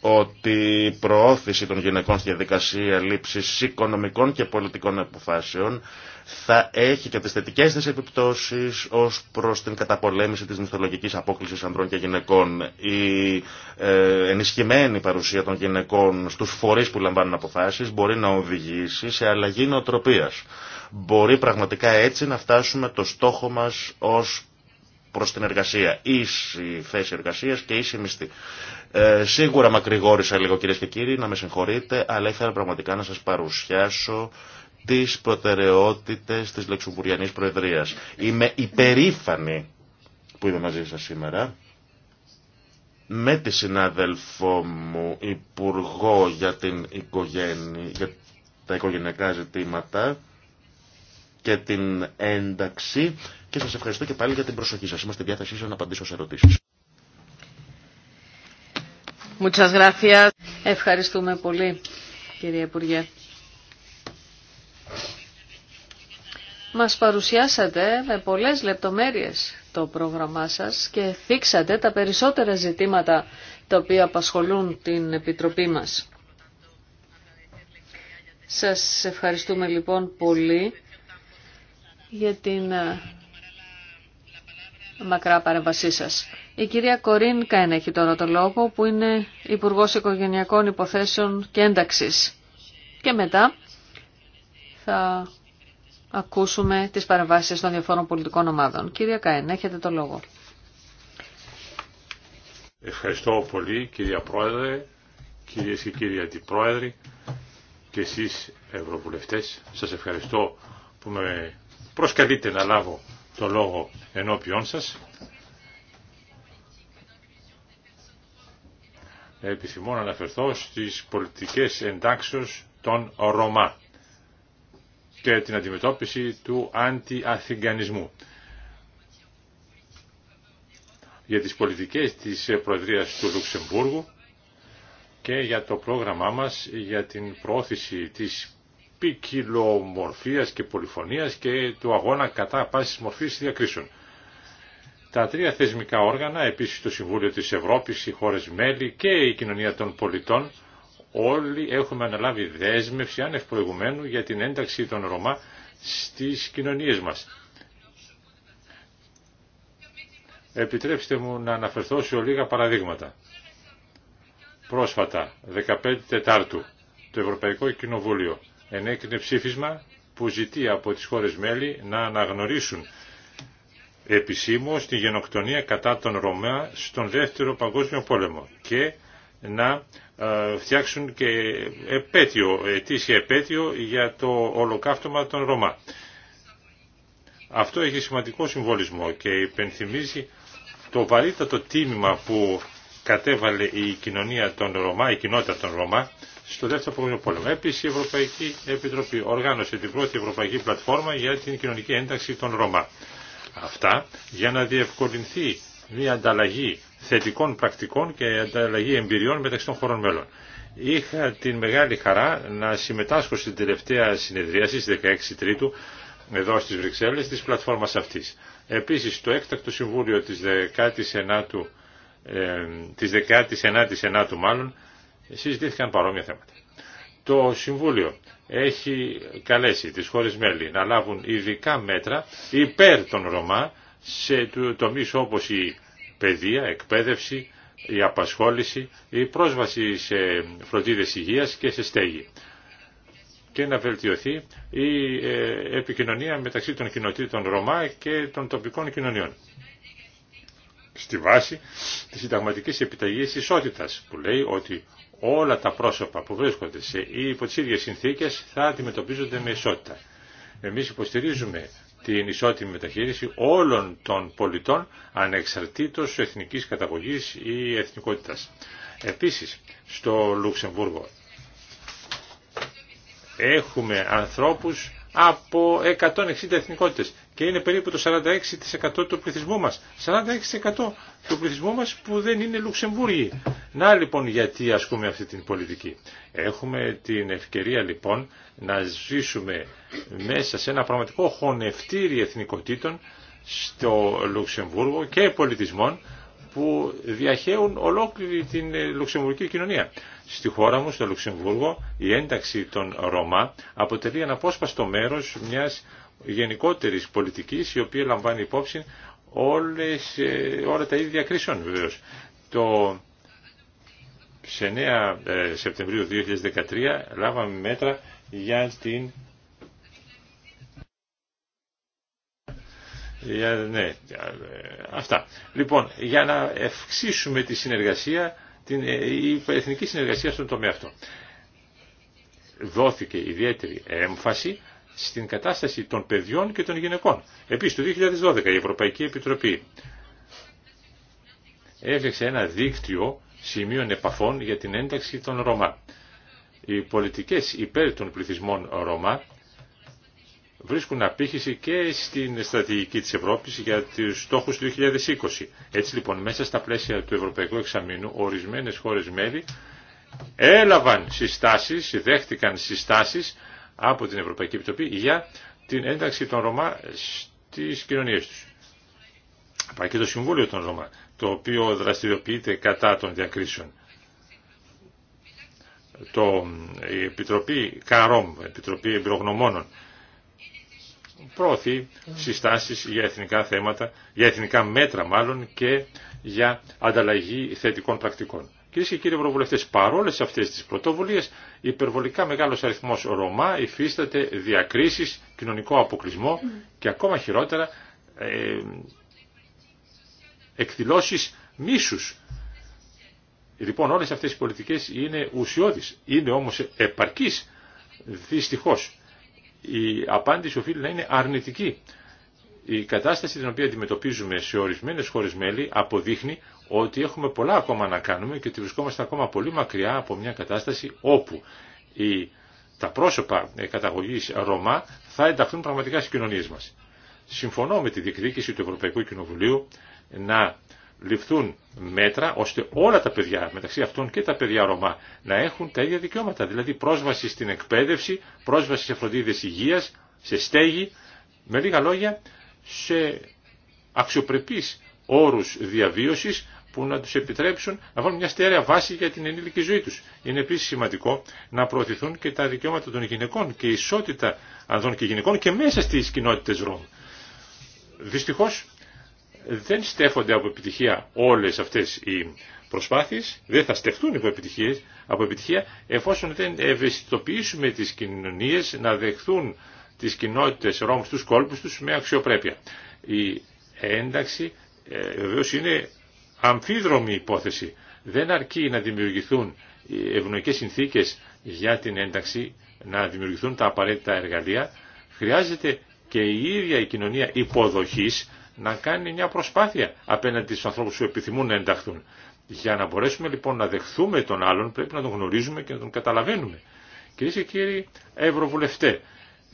ότι η προώθηση των γυναικών στη διαδικασία λήψη οικονομικών και πολιτικών αποφάσεων θα έχει και τι θετικέ της επιπτώσει ω προ την καταπολέμηση τη μυθολογική απόκληση ανδρών και γυναικών, η ε, ενισχυμένη παρουσία των γυναικών στου φορεί που λαμβάνουν αποφάσει μπορεί να οδηγήσει σε αλλαγή νοοτροπία. Μπορεί πραγματικά έτσι να φτάσουμε το στόχο μα ω προς την εργασία, ίση θέση εργασίας και ίση μισθή. Ε, σίγουρα μακρηγόρησα λίγο κυρίες και κύριοι, να με συγχωρείτε, αλλά ήθελα πραγματικά να σας παρουσιάσω τις προτεραιότητες της Λεξουμπουριανής Προεδρίας. Είμαι υπερήφανη που είμαι μαζί σας σήμερα με τη συνάδελφό μου υπουργό για, την οικογένεια, για τα οικογενειακά ζητήματα και την ένταξη και σας ευχαριστώ και πάλι για την προσοχή σας. Είμαστε διάθεσή σας να απαντήσω σε ερωτήσεις. Ευχαριστούμε πολύ κύριε Υπουργέ. Μας παρουσιάσατε με πολλές λεπτομέρειες το πρόγραμμά σας και θίξατε τα περισσότερα ζητήματα τα οποία απασχολούν την Επιτροπή μας. Σας ευχαριστούμε λοιπόν πολύ για την ε, μακρά παρέμβασή σας. Η κυρία Κορίν Καέν έχει τώρα το λόγο που είναι Υπουργός Οικογενειακών Υποθέσεων και Ένταξης. Και μετά θα ακούσουμε τις παρεμβάσει των διαφόρων πολιτικών ομάδων. Κύριε Καέν, έχετε το λόγο. Ευχαριστώ πολύ κυρία Πρόεδρε, κύριε και κύριοι Αντιπρόεδροι και εσείς Ευρωβουλευτές. Σας ευχαριστώ που με προσκαλείτε να λάβω το λόγο ενώπιόν σας. Επιθυμώ να αναφερθώ στις πολιτικές εντάξεις των Ρωμά και την αντιμετώπιση του αντιαθηγανισμού. Για τις πολιτικές της Προεδρίας του Λουξεμβούργου και για το πρόγραμμά μας για την πρόθεση της ποικιλομορφίας και πολυφωνίας και του αγώνα κατά πάσης μορφής διακρίσεων. Τα τρία θεσμικά όργανα, επίσης το Συμβούλιο της Ευρώπης, οι χώρες μέλη και η κοινωνία των πολιτών, όλοι έχουμε αναλάβει δέσμευση άνευ προηγουμένου για την ένταξη των Ρωμά στις κοινωνίες μας. Επιτρέψτε μου να αναφερθώ σε λίγα παραδείγματα. Πρόσφατα, 15 Τετάρτου, το Ευρωπαϊκό Κοινοβούλιο ενέκρινε ψήφισμα που ζητεί από τις χώρες μέλη να αναγνωρίσουν επισήμως τη γενοκτονία κατά των Ρωμαίων στον Δεύτερο Παγκόσμιο Πόλεμο και να ε, φτιάξουν και επέτειο, ετήσια επέτειο για το ολοκαύτωμα των Ρωμά. Αυτό έχει σημαντικό συμβολισμό και υπενθυμίζει το βαρύτατο τίμημα που κατέβαλε η κοινωνία των Ρωμά, η κοινότητα των Ρωμά, στο δεύτερο παγκόσμιο πόλεμο. Επίση, η Ευρωπαϊκή Επιτροπή οργάνωσε την πρώτη Ευρωπαϊκή Πλατφόρμα για την κοινωνική ένταξη των Ρωμά. Αυτά για να διευκολυνθεί μια ανταλλαγή θετικών πρακτικών και ανταλλαγή εμπειριών μεταξύ των χωρών μέλων. Είχα την μεγάλη χαρά να συμμετάσχω στην τελευταία συνεδρίαση στις 16 Τρίτου εδώ στις Βρυξέλλες της πλατφόρμας αυτής. Επίσης το έκτακτο συμβούλιο της 19ου ε, της 19ης μάλλον συζητήθηκαν παρόμοια θέματα. Το Συμβούλιο έχει καλέσει τις χώρες μέλη να λάβουν ειδικά μέτρα υπέρ των Ρωμά σε τομείς όπως η παιδεία, εκπαίδευση, η απασχόληση, η πρόσβαση σε φροντίδες υγείας και σε στέγη και να βελτιωθεί η ε, επικοινωνία μεταξύ των κοινοτήτων Ρωμά και των τοπικών κοινωνιών. Στη βάση της συνταγματικής επιταγής ισότητας που λέει ότι όλα τα πρόσωπα που βρίσκονται σε υπό τις ίδιες συνθήκες θα αντιμετωπίζονται με ισότητα. Εμείς υποστηρίζουμε την ισότιμη μεταχείριση όλων των πολιτών ανεξαρτήτως εθνικής καταγωγής ή εθνικότητας. Επίσης, στο Λουξεμβούργο έχουμε ανθρώπους από 160 εθνικότητες και είναι περίπου το 46% του πληθυσμού μας. 46% του πληθυσμού μας που δεν είναι Λουξεμβούργοι. Να λοιπόν γιατί ασκούμε αυτή την πολιτική. Έχουμε την ευκαιρία λοιπόν να ζήσουμε μέσα σε ένα πραγματικό χωνευτήρι εθνικοτήτων στο Λουξεμβούργο και πολιτισμών που διαχέουν ολόκληρη την λουξεμβουργική κοινωνία. Στη χώρα μου, στο Λουξεμβούργο, η ένταξη των Ρωμά αποτελεί ένα απόσπαστο μέρος μιας Γενικότερη πολιτική η οποία λαμβάνει υπόψη όλες, ε, όλα τα ίδια κρίσεων βεβαίω. Το, σε 9 ε, Σεπτεμβρίου 2013 λάβαμε μέτρα για την Για, ναι, αυτά. Λοιπόν, για να ευξήσουμε τη συνεργασία, την ε, εθνική συνεργασία στον τομέα αυτό. Δόθηκε ιδιαίτερη έμφαση στην κατάσταση των παιδιών και των γυναικών. Επίσης, το 2012 η Ευρωπαϊκή Επιτροπή έφεξε ένα δίκτυο σημείων επαφών για την ένταξη των Ρωμά. Οι πολιτικές υπέρ των πληθυσμών Ρωμά βρίσκουν απήχηση και στην στρατηγική της Ευρώπης για τους στόχους του 2020. Έτσι λοιπόν μέσα στα πλαίσια του Ευρωπαϊκού Εξαμήνου ορισμένες χώρες μέλη έλαβαν συστάσεις, δέχτηκαν συστάσεις από την Ευρωπαϊκή Επιτροπή για την ένταξη των Ρωμά στις κοινωνίες τους. Υπάρχει και το Συμβούλιο των Ρωμά, το οποίο δραστηριοποιείται κατά των διακρίσεων. Το, η Επιτροπή ΚΑΡΟΜ, Επιτροπή Εμπειρογνωμόνων, προωθεί συστάσεις για εθνικά θέματα, για εθνικά μέτρα μάλλον και για ανταλλαγή θετικών πρακτικών. Κυρίε και κύριοι Ευρωβουλευτέ, παρόλε αυτέ τι πρωτοβουλίε, υπερβολικά μεγάλο αριθμό Ρωμά υφίσταται διακρίσει, κοινωνικό αποκλεισμό και ακόμα χειρότερα ε, εκδηλώσει μίσου. Λοιπόν, όλε αυτέ οι πολιτικέ είναι ουσιώδει. Είναι όμω επαρκή. Δυστυχώ. Η απάντηση οφείλει να είναι αρνητική. Η κατάσταση την οποία αντιμετωπίζουμε σε ορισμένε χώρε μέλη αποδείχνει ότι έχουμε πολλά ακόμα να κάνουμε και ότι βρισκόμαστε ακόμα πολύ μακριά από μια κατάσταση όπου η, τα πρόσωπα ε, καταγωγή Ρωμά θα ενταχθούν πραγματικά στι κοινωνίες μα. Συμφωνώ με τη διεκδίκηση του Ευρωπαϊκού Κοινοβουλίου να ληφθούν μέτρα ώστε όλα τα παιδιά, μεταξύ αυτών και τα παιδιά Ρωμά, να έχουν τα ίδια δικαιώματα, δηλαδή πρόσβαση στην εκπαίδευση, πρόσβαση σε φροντίδε υγεία σε στέγη, με λίγα λόγια σε αξιοπρεπείς όρους διαβίωσης που να τους επιτρέψουν να βάλουν μια στέρεα βάση για την ενήλικη ζωή τους. Είναι επίσης σημαντικό να προωθηθούν και τα δικαιώματα των γυναικών και η ισότητα ανδρών και γυναικών και μέσα στις κοινότητες ΡΟΜ. Δυστυχώς δεν στέφονται από επιτυχία όλες αυτές οι προσπάθειες, δεν θα στεφτούν από επιτυχία εφόσον δεν ευαισθητοποιήσουμε τις κοινωνίες να δεχθούν τις κοινότητες Ρώμ στους κόλπους τους με αξιοπρέπεια. Η ένταξη ε, βεβαίω είναι αμφίδρομη υπόθεση. Δεν αρκεί να δημιουργηθούν οι ευνοϊκές συνθήκες για την ένταξη, να δημιουργηθούν τα απαραίτητα εργαλεία. Χρειάζεται και η ίδια η κοινωνία υποδοχής να κάνει μια προσπάθεια απέναντι στους ανθρώπους που επιθυμούν να ενταχθούν. Για να μπορέσουμε λοιπόν να δεχθούμε τον άλλον πρέπει να τον γνωρίζουμε και να τον καταλαβαίνουμε. Κυρίε και κύριοι Ευρωβουλευτέ,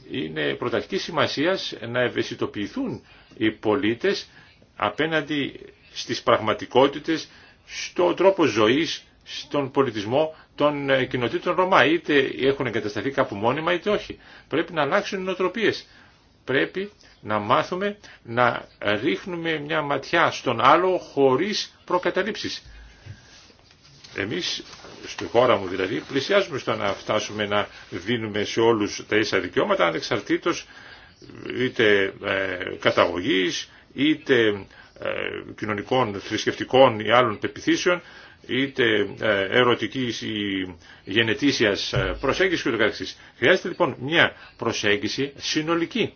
είναι πρωταρχική σημασίας να ευαισθητοποιηθούν οι πολίτες απέναντι στις πραγματικότητες, στον τρόπο ζωής, στον πολιτισμό των ε, κοινοτήτων Ρωμά. Είτε έχουν εγκατασταθεί κάπου μόνιμα είτε όχι. Πρέπει να αλλάξουν οι νοοτροπίες. Πρέπει να μάθουμε να ρίχνουμε μια ματιά στον άλλο χωρίς προκαταλήψεις. Εμείς στη χώρα μου δηλαδή, πλησιάζουμε στο να φτάσουμε να δίνουμε σε όλους τα ίσα δικαιώματα ανεξαρτήτως είτε ε, καταγωγής, είτε ε, κοινωνικών, θρησκευτικών ή άλλων πεπιθήσεων, είτε ε, ερωτικής ή γενετήσιας ε, προσέγγισης κ.ο.κ. Χρειάζεται λοιπόν μια προσέγγιση συνολική.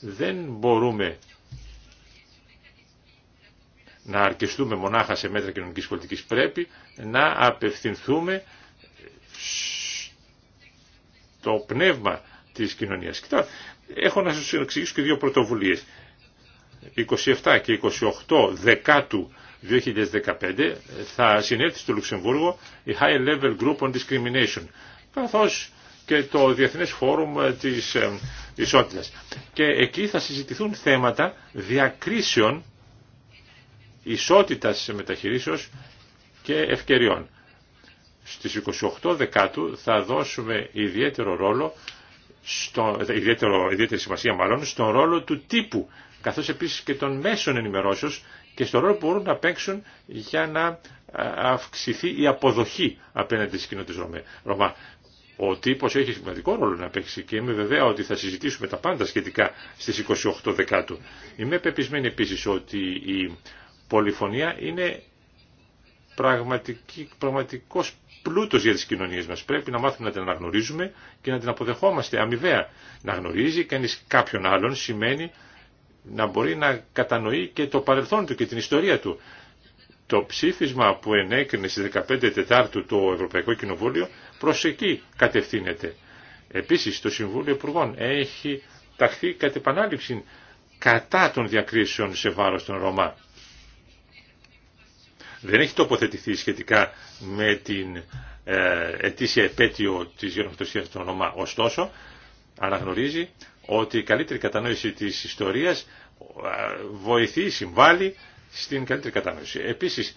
Δεν μπορούμε να αρκεστούμε μονάχα σε μέτρα κοινωνική πολιτική Πρέπει να απευθυνθούμε στο πνεύμα της κοινωνίας. Κοιτά, έχω να σας εξηγήσω και δύο πρωτοβουλίες. 27 και 28 δεκάτου 2015 θα συνέλθει στο Λουξεμβούργο η High Level Group on Discrimination καθώς και το Διεθνές Φόρουμ της ε, Ισότητας. Και εκεί θα συζητηθούν θέματα διακρίσεων ισότητας μεταχειρήσεως και ευκαιριών. Στις 28 Δεκάτου θα δώσουμε ιδιαίτερο ρόλο, στο, ιδιαίτερο, ιδιαίτερη σημασία μάλλον, στον ρόλο του τύπου, καθώς επίσης και των μέσων ενημερώσεως και στον ρόλο που μπορούν να παίξουν για να αυξηθεί η αποδοχή απέναντι στις κοινότητες Ρωμά. Ο τύπος έχει σημαντικό ρόλο να παίξει και είμαι βεβαία ότι θα συζητήσουμε τα πάντα σχετικά στις 28 Δεκάτου. Είμαι πεπισμένη επίσης ότι η πολυφωνία είναι πραγματική, πραγματικός πλούτος για τις κοινωνίες μας. Πρέπει να μάθουμε να την αναγνωρίζουμε και να την αποδεχόμαστε αμοιβαία. Να γνωρίζει κανείς κάποιον άλλον σημαίνει να μπορεί να κατανοεί και το παρελθόν του και την ιστορία του. Το ψήφισμα που ενέκρινε στις 15 Τετάρτου το Ευρωπαϊκό Κοινοβούλιο προς εκεί κατευθύνεται. Επίσης το Συμβούλιο Υπουργών έχει ταχθεί κατ' επανάληψη κατά των διακρίσεων σε βάρος των Ρωμά δεν έχει τοποθετηθεί σχετικά με την ε, ετήσια επέτειο της γενοκτωσίας του ονομά. Ωστόσο, αναγνωρίζει ότι η καλύτερη κατανόηση της ιστορίας ε, βοηθεί, συμβάλλει στην καλύτερη κατανόηση. Επίσης,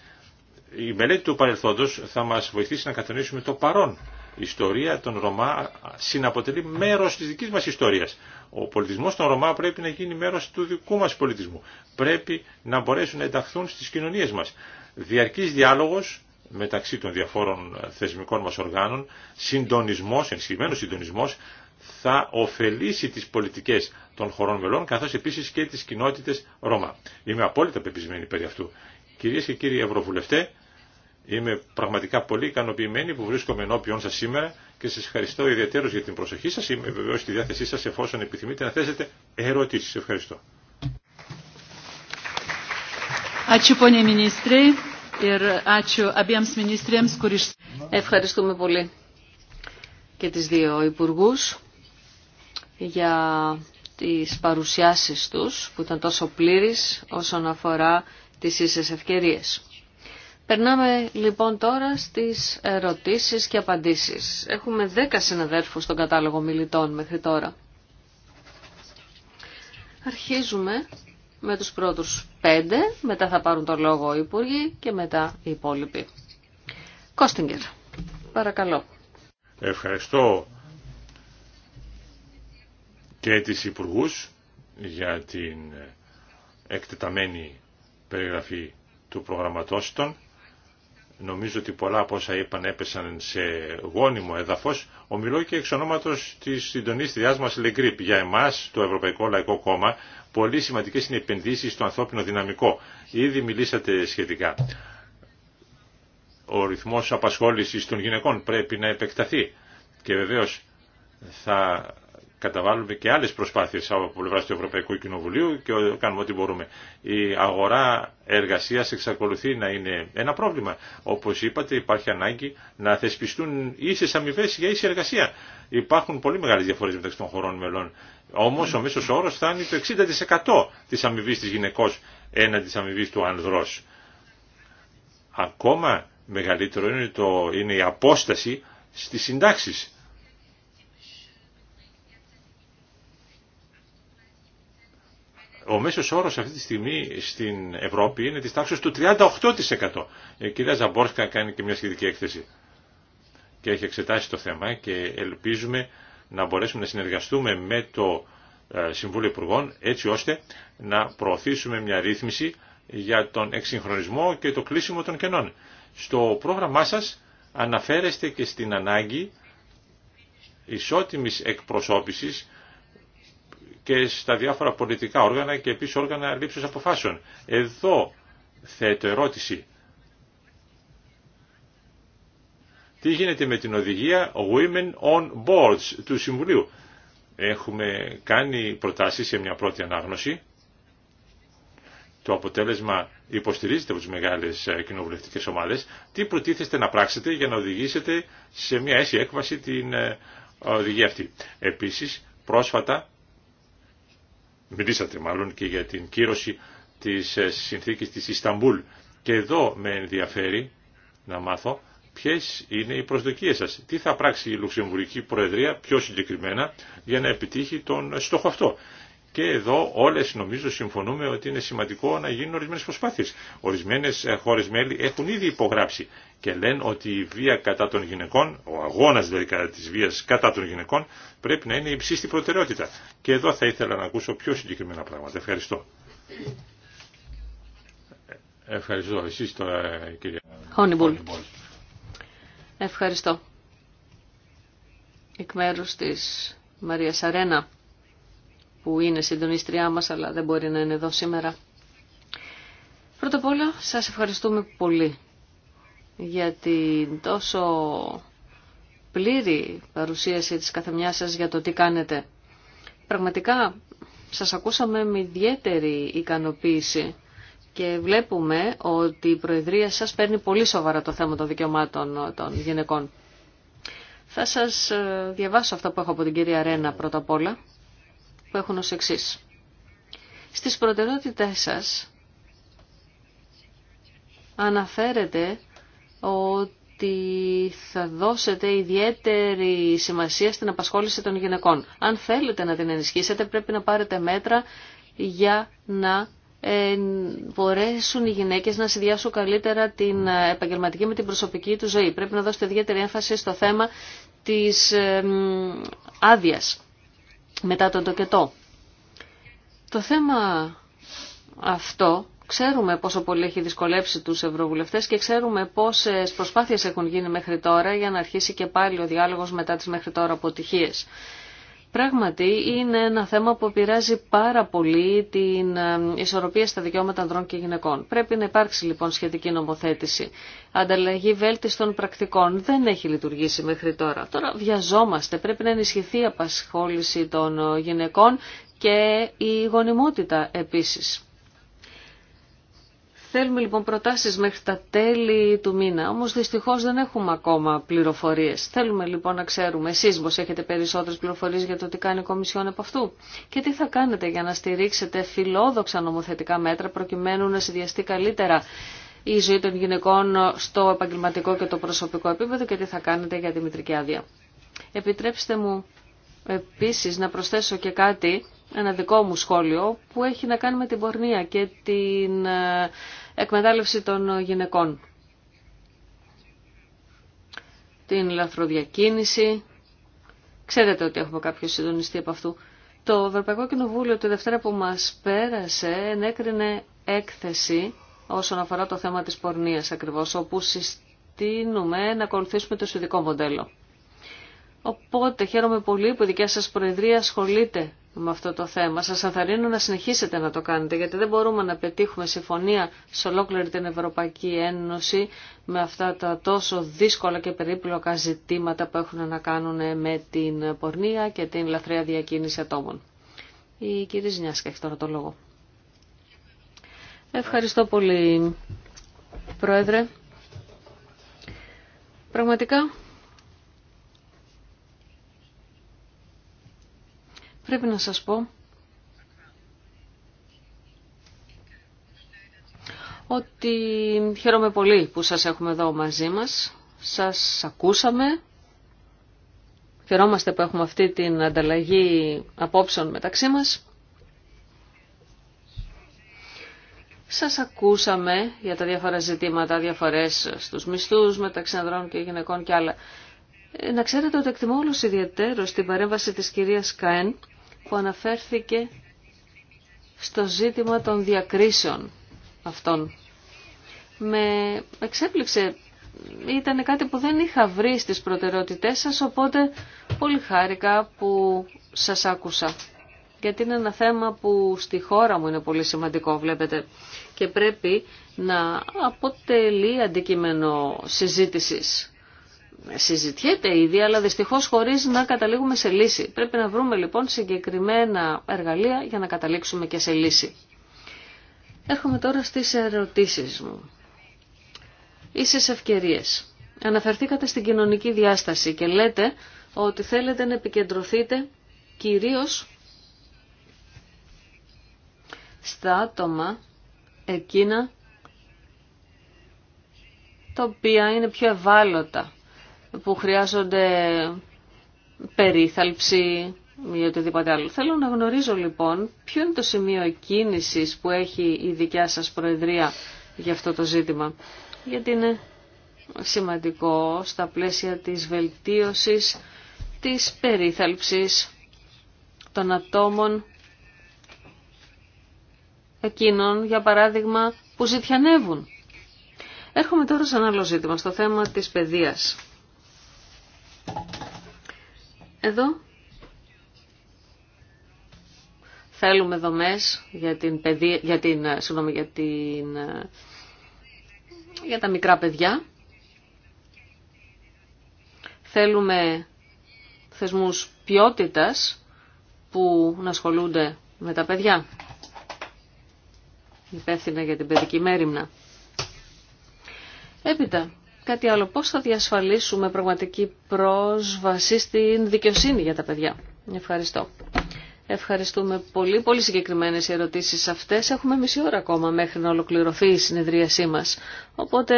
η μελέτη του παρελθόντος θα μας βοηθήσει να κατανοήσουμε το παρόν. Η ιστορία των Ρωμά συναποτελεί μέρος της δικής μας ιστορίας. Ο πολιτισμός των Ρωμά πρέπει να γίνει μέρος του δικού μας πολιτισμού. Πρέπει να μπορέσουν να ενταχθούν στις κοινωνίες μας διαρκής διάλογος μεταξύ των διαφόρων θεσμικών μας οργάνων, συντονισμός, ενισχυμένος συντονισμός, θα ωφελήσει τις πολιτικές των χωρών μελών, καθώς επίσης και τις κοινότητες Ρώμα. Είμαι απόλυτα πεπισμένη περί αυτού. Κυρίες και κύριοι Ευρωβουλευτέ, είμαι πραγματικά πολύ ικανοποιημένη που βρίσκομαι ενώπιον σας σήμερα και σας ευχαριστώ ιδιαίτερως για την προσοχή σας. Είμαι βεβαίως στη διάθεσή σας εφόσον επιθυμείτε να θέσετε ερωτήσεις. Ευχαριστώ. Ευχαριστούμε πολύ και τις δύο υπουργούς για τις παρουσιάσεις τους που ήταν τόσο πλήρης όσον αφορά τις ίσες ευκαιρίες. Περνάμε λοιπόν τώρα στις ερωτήσεις και απαντήσεις. Έχουμε δέκα συναδέρφους στον κατάλογο μιλητών μέχρι τώρα. Αρχίζουμε με τους πρώτους πέντε, μετά θα πάρουν το λόγο οι υπουργοί και μετά οι υπόλοιποι. Κόστιγκερ, παρακαλώ. Ευχαριστώ και τις υπουργούς για την εκτεταμένη περιγραφή του προγραμματός νομίζω ότι πολλά από όσα είπαν έπεσαν σε γόνιμο έδαφος, ομιλώ και εξ ονόματος της συντονίστριάς μας Λεγκρίπ. Για εμάς, το Ευρωπαϊκό Λαϊκό Κόμμα, πολύ σημαντικές είναι οι επενδύσεις στο ανθρώπινο δυναμικό. Ήδη μιλήσατε σχετικά. Ο ρυθμός απασχόλησης των γυναικών πρέπει να επεκταθεί και βεβαίως θα καταβάλουμε και άλλες προσπάθειες από πλευρά του Ευρωπαϊκού Κοινοβουλίου και κάνουμε ό,τι μπορούμε. Η αγορά εργασίας εξακολουθεί να είναι ένα πρόβλημα. Όπως είπατε υπάρχει ανάγκη να θεσπιστούν ίσες αμοιβέ για ίση εργασία. Υπάρχουν πολύ μεγάλες διαφορές μεταξύ των χωρών μελών. Όμως ο μέσος όρος φτάνει το 60% της αμοιβή της γυναικός έναντι της αμοιβή του ανδρός. Ακόμα μεγαλύτερο είναι, το, είναι η απόσταση στις συντάξεις Ο μέσο όρο αυτή τη στιγμή στην Ευρώπη είναι τη τάξη του 38%. Η ε, κυρία Ζαμπόρσκα κάνει και μια σχετική έκθεση και έχει εξετάσει το θέμα και ελπίζουμε να μπορέσουμε να συνεργαστούμε με το ε, Συμβούλιο Υπουργών έτσι ώστε να προωθήσουμε μια ρύθμιση για τον εξυγχρονισμό και το κλείσιμο των κενών. Στο πρόγραμμά σας αναφέρεστε και στην ανάγκη ισότιμης εκπροσώπησης και στα διάφορα πολιτικά όργανα και επίσης όργανα λήψης αποφάσεων. Εδώ θέτω ερώτηση. Τι γίνεται με την οδηγία Women on Boards του Συμβουλίου. Έχουμε κάνει προτάσεις σε μια πρώτη ανάγνωση. Το αποτέλεσμα υποστηρίζεται από τις μεγάλες ε, κοινοβουλευτικές ομάδες. Τι προτίθεστε να πράξετε για να οδηγήσετε σε μια αίσια έκβαση την ε, οδηγία αυτή. Επίσης, πρόσφατα μιλήσατε μάλλον και για την κύρωση της ε, συνθήκης της Ισταμπούλ. Και εδώ με ενδιαφέρει να μάθω ποιες είναι οι προσδοκίες σας. Τι θα πράξει η Λουξεμβουργική Προεδρία πιο συγκεκριμένα για να επιτύχει τον στόχο αυτό. Και εδώ όλες νομίζω συμφωνούμε ότι είναι σημαντικό να γίνουν ορισμένες προσπάθειε. Ορισμένε ε, χώρε μέλη έχουν ήδη υπογράψει και λένε ότι η βία κατά των γυναικών, ο αγώνας δηλαδή κατά της βίας κατά των γυναικών πρέπει να είναι υψίστη προτεραιότητα. Και εδώ θα ήθελα να ακούσω πιο συγκεκριμένα πράγματα. Ευχαριστώ. Ευχαριστώ. Εσεί τώρα κυρία Χόνιμπολ. Ευχαριστώ. Εκ μέρου τη Μαρία Σαρένα που είναι συντονίστριά μας αλλά δεν μπορεί να είναι εδώ σήμερα. Πρώτα απ' όλα σας ευχαριστούμε πολύ για την τόσο πλήρη παρουσίαση της καθεμιάς σας για το τι κάνετε. Πραγματικά σας ακούσαμε με ιδιαίτερη ικανοποίηση και βλέπουμε ότι η Προεδρία σας παίρνει πολύ σοβαρά το θέμα των δικαιωμάτων των γυναικών. Θα σας ε, διαβάσω αυτά που έχω από την κυρία Ρένα πρώτα απ' όλα που έχουν ως Στις προτεραιότητές σας αναφέρεται ότι θα δώσετε ιδιαίτερη σημασία στην απασχόληση των γυναικών. Αν θέλετε να την ενισχύσετε πρέπει να πάρετε μέτρα για να ε, μπορέσουν οι γυναίκες να συνδυάσουν καλύτερα την επαγγελματική με την προσωπική του ζωή. Πρέπει να δώσετε ιδιαίτερη έμφαση στο θέμα της ε, άδειας μετά τον τοκετό. Το θέμα αυτό ξέρουμε πόσο πολύ έχει δυσκολέψει τους ευρωβουλευτές και ξέρουμε πόσες προσπάθειες έχουν γίνει μέχρι τώρα για να αρχίσει και πάλι ο διάλογος μετά τις μέχρι τώρα αποτυχίες. Πράγματι είναι ένα θέμα που πειράζει πάρα πολύ την ε, ισορροπία στα δικαιώματα ανδρών και γυναικών. Πρέπει να υπάρξει λοιπόν σχετική νομοθέτηση. Ανταλλαγή βέλτιστων πρακτικών δεν έχει λειτουργήσει μέχρι τώρα. Τώρα βιαζόμαστε, πρέπει να ενισχυθεί η απασχόληση των γυναικών και η γονιμότητα επίσης. Θέλουμε λοιπόν προτάσεις μέχρι τα τέλη του μήνα, όμως δυστυχώς δεν έχουμε ακόμα πληροφορίες. Θέλουμε λοιπόν να ξέρουμε εσείς πως έχετε περισσότερες πληροφορίες για το τι κάνει η Κομισιόν από αυτού και τι θα κάνετε για να στηρίξετε φιλόδοξα νομοθετικά μέτρα προκειμένου να συνδυαστεί καλύτερα η ζωή των γυναικών στο επαγγελματικό και το προσωπικό επίπεδο και τι θα κάνετε για τη μητρική άδεια. Επιτρέψτε μου επίσης να προσθέσω και κάτι ένα δικό μου σχόλιο που έχει να κάνει με την πορνεία και την ε, εκμετάλλευση των γυναικών. Την λαθροδιακίνηση. Ξέρετε ότι έχουμε κάποιο συντονιστή από αυτού. Το Ευρωπαϊκό Κοινοβούλιο τη Δευτέρα που μας πέρασε ενέκρινε έκθεση όσον αφορά το θέμα της πορνείας ακριβώς, όπου συστήνουμε να ακολουθήσουμε το σουδικό μοντέλο. Οπότε χαίρομαι πολύ που η δικιά σας Προεδρία ασχολείται με αυτό το θέμα. Σας ανθαρρύνω να συνεχίσετε να το κάνετε, γιατί δεν μπορούμε να πετύχουμε συμφωνία σε ολόκληρη την Ευρωπαϊκή Ένωση με αυτά τα τόσο δύσκολα και περίπλοκα ζητήματα που έχουν να κάνουν με την πορνεία και την λαθρέα διακίνηση ατόμων. Η κυρία Ζνιάσκα έχει τώρα το λόγο. Ευχαριστώ πολύ, Πρόεδρε. Πραγματικά Πρέπει να σας πω ότι χαίρομαι πολύ που σας έχουμε εδώ μαζί μας. Σας ακούσαμε. Χαιρόμαστε που έχουμε αυτή την ανταλλαγή απόψεων μεταξύ μας. Σας ακούσαμε για τα διάφορα ζητήματα, διαφορές στους μισθούς μεταξύ ανδρών και γυναικών και άλλα. Ε, να ξέρετε ότι εκτιμώ όλους ιδιαίτερο την παρέμβαση της κυρίας Καέν που αναφέρθηκε στο ζήτημα των διακρίσεων αυτών. Με εξέπληξε, ήταν κάτι που δεν είχα βρει στις προτεραιότητές σας, οπότε πολύ χάρηκα που σας άκουσα. Γιατί είναι ένα θέμα που στη χώρα μου είναι πολύ σημαντικό, βλέπετε, και πρέπει να αποτελεί αντικείμενο συζήτησης συζητιέται ήδη, αλλά δυστυχώς χωρίς να καταλήγουμε σε λύση. Πρέπει να βρούμε λοιπόν συγκεκριμένα εργαλεία για να καταλήξουμε και σε λύση. Έρχομαι τώρα στις ερωτήσεις μου. Ίσες ευκαιρίες. Αναφερθήκατε στην κοινωνική διάσταση και λέτε ότι θέλετε να επικεντρωθείτε κυρίως στα άτομα εκείνα τα οποία είναι πιο ευάλωτα που χρειάζονται περίθαλψη ή οτιδήποτε άλλο. Θέλω να γνωρίζω λοιπόν ποιο είναι το σημείο κίνησης που έχει η δικιά σας Προεδρία για αυτό το ζήτημα. Γιατί είναι σημαντικό στα πλαίσια της βελτίωσης της περίθαλψης των ατόμων εκείνων, για παράδειγμα, που ζητιανεύουν. Έρχομαι τώρα σε ένα άλλο ζήτημα, στο θέμα της παιδείας. Εδώ θέλουμε δομές για την, για, την, για, την, για τα μικρά παιδιά. Θέλουμε θεσμούς ποιότητας που να ασχολούνται με τα παιδιά. Υπεύθυνα για την παιδική μέρημνα. Έπειτα, Κάτι άλλο, πώς θα διασφαλίσουμε πραγματική πρόσβαση στην δικαιοσύνη για τα παιδιά. Ευχαριστώ. Ευχαριστούμε πολύ. Πολύ συγκεκριμένες οι ερωτήσεις αυτές. Έχουμε μισή ώρα ακόμα μέχρι να ολοκληρωθεί η συνεδρίασή μας. Οπότε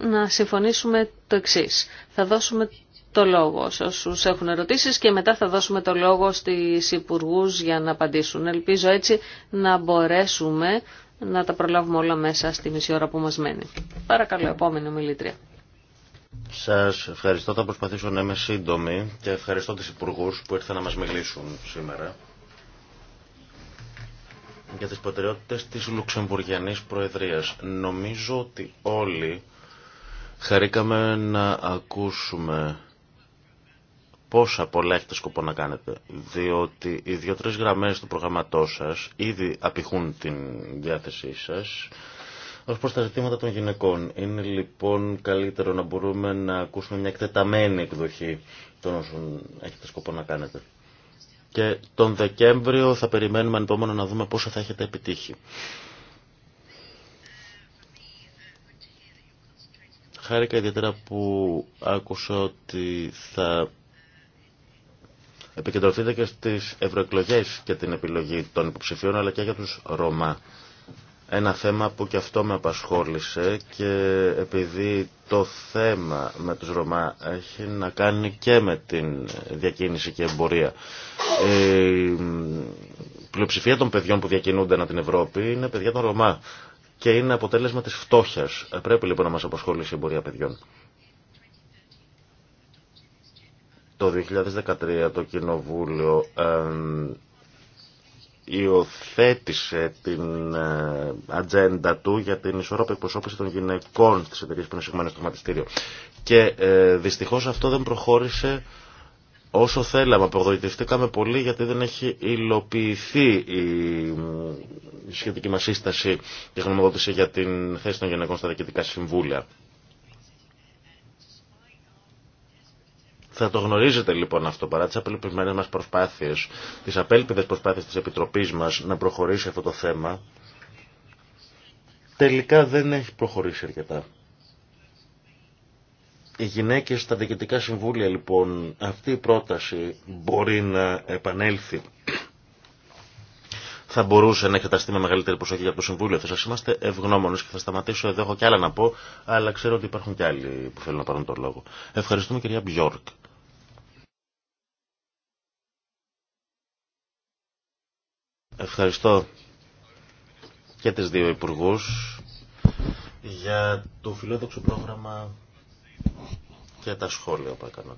να συμφωνήσουμε το εξή. Θα δώσουμε το λόγο σε όσους έχουν ερωτήσεις και μετά θα δώσουμε το λόγο στις υπουργού για να απαντήσουν. Ελπίζω έτσι να μπορέσουμε να τα προλάβουμε όλα μέσα στη μισή ώρα που μας μένει. Παρακαλώ, επόμενη ομιλήτρια. Σας ευχαριστώ. Θα προσπαθήσω να είμαι σύντομη και ευχαριστώ τις υπουργούς που ήρθαν να μας μιλήσουν σήμερα για τις προτεραιότητες της Λουξεμβουργιανής Προεδρίας. Νομίζω ότι όλοι χαρήκαμε να ακούσουμε πόσα πολλά έχετε σκοπό να κάνετε, διότι οι δύο-τρεις γραμμές του προγραμματός σας ήδη απηχούν την διάθεσή σας ως προς τα ζητήματα των γυναικών, είναι λοιπόν καλύτερο να μπορούμε να ακούσουμε μια εκτεταμένη εκδοχή των όσων έχετε σκοπό να κάνετε. Και τον Δεκέμβριο θα περιμένουμε ανυπόμονα να δούμε πόσο θα έχετε επιτύχει. Χάρηκα ιδιαίτερα που άκουσα ότι θα επικεντρωθείτε και στις ευρωεκλογέ και την επιλογή των υποψηφίων αλλά και για τους Ρωμά ένα θέμα που και αυτό με απασχόλησε και επειδή το θέμα με τους Ρωμά έχει να κάνει και με την διακίνηση και εμπορία. Η πλειοψηφία των παιδιών που διακινούνται ανά την Ευρώπη είναι παιδιά των Ρωμά και είναι αποτέλεσμα της φτώχειας. Πρέπει λοιπόν να μας απασχολήσει η εμπορία παιδιών. Το 2013 το Κοινοβούλιο υιοθέτησε την ε, ατζέντα του για την ισορροπή εκπροσώπηση των γυναικών της εταιρεία που είναι συγμένες στο χρηματιστήριο. Και ε, δυστυχώς αυτό δεν προχώρησε όσο θέλαμε. Απογοητευτήκαμε πολύ γιατί δεν έχει υλοποιηθεί η σχετική μας σύσταση και γνωμοδότηση για την θέση των γυναικών στα διοικητικά συμβούλια Θα το γνωρίζετε λοιπόν αυτό παρά τι απελπισμένε μα προσπάθειε, τι απέλπιδε προσπάθειε τη Επιτροπή μα να προχωρήσει αυτό το θέμα. Τελικά δεν έχει προχωρήσει αρκετά. Οι γυναίκε στα διοικητικά συμβούλια λοιπόν, αυτή η πρόταση μπορεί να επανέλθει. Θα μπορούσε να εξεταστεί με μεγαλύτερη προσοχή για το Συμβούλιο. Θα σα είμαστε ευγνώμονε και θα σταματήσω εδώ. Έχω κι άλλα να πω, αλλά ξέρω ότι υπάρχουν κι άλλοι που θέλουν να πάρουν τον λόγο. Ευχαριστούμε κυρία Μπιόρκ. Ευχαριστώ και τις δύο υπουργούς για το φιλόδοξο πρόγραμμα και τα σχόλια που έκαναν.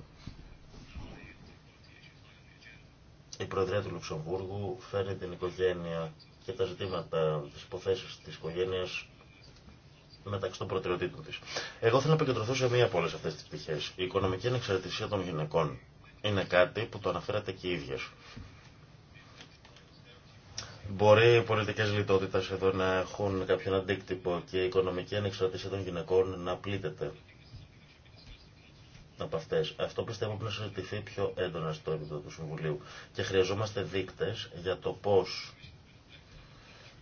Η Προεδρία του Λουξεμβούργου φέρνει την οικογένεια και τα ζητήματα, τις υποθέσεις της οικογένειας μεταξύ των προτεραιοτήτων της. Εγώ θέλω να επικεντρωθώ σε μία από όλες αυτές τις πτυχές. Η οικονομική ανεξαρτησία των γυναικών είναι κάτι που το αναφέρατε και οι ίδιες. Μπορεί οι πολιτικές λιτότητας εδώ να έχουν κάποιον αντίκτυπο και η οικονομική ανεξαρτησία των γυναικών να πλήττεται από αυτές. Αυτό πιστεύω πρέπει να συζητηθεί πιο έντονα στο επίπεδο του Συμβουλίου και χρειαζόμαστε δείκτες για το πώς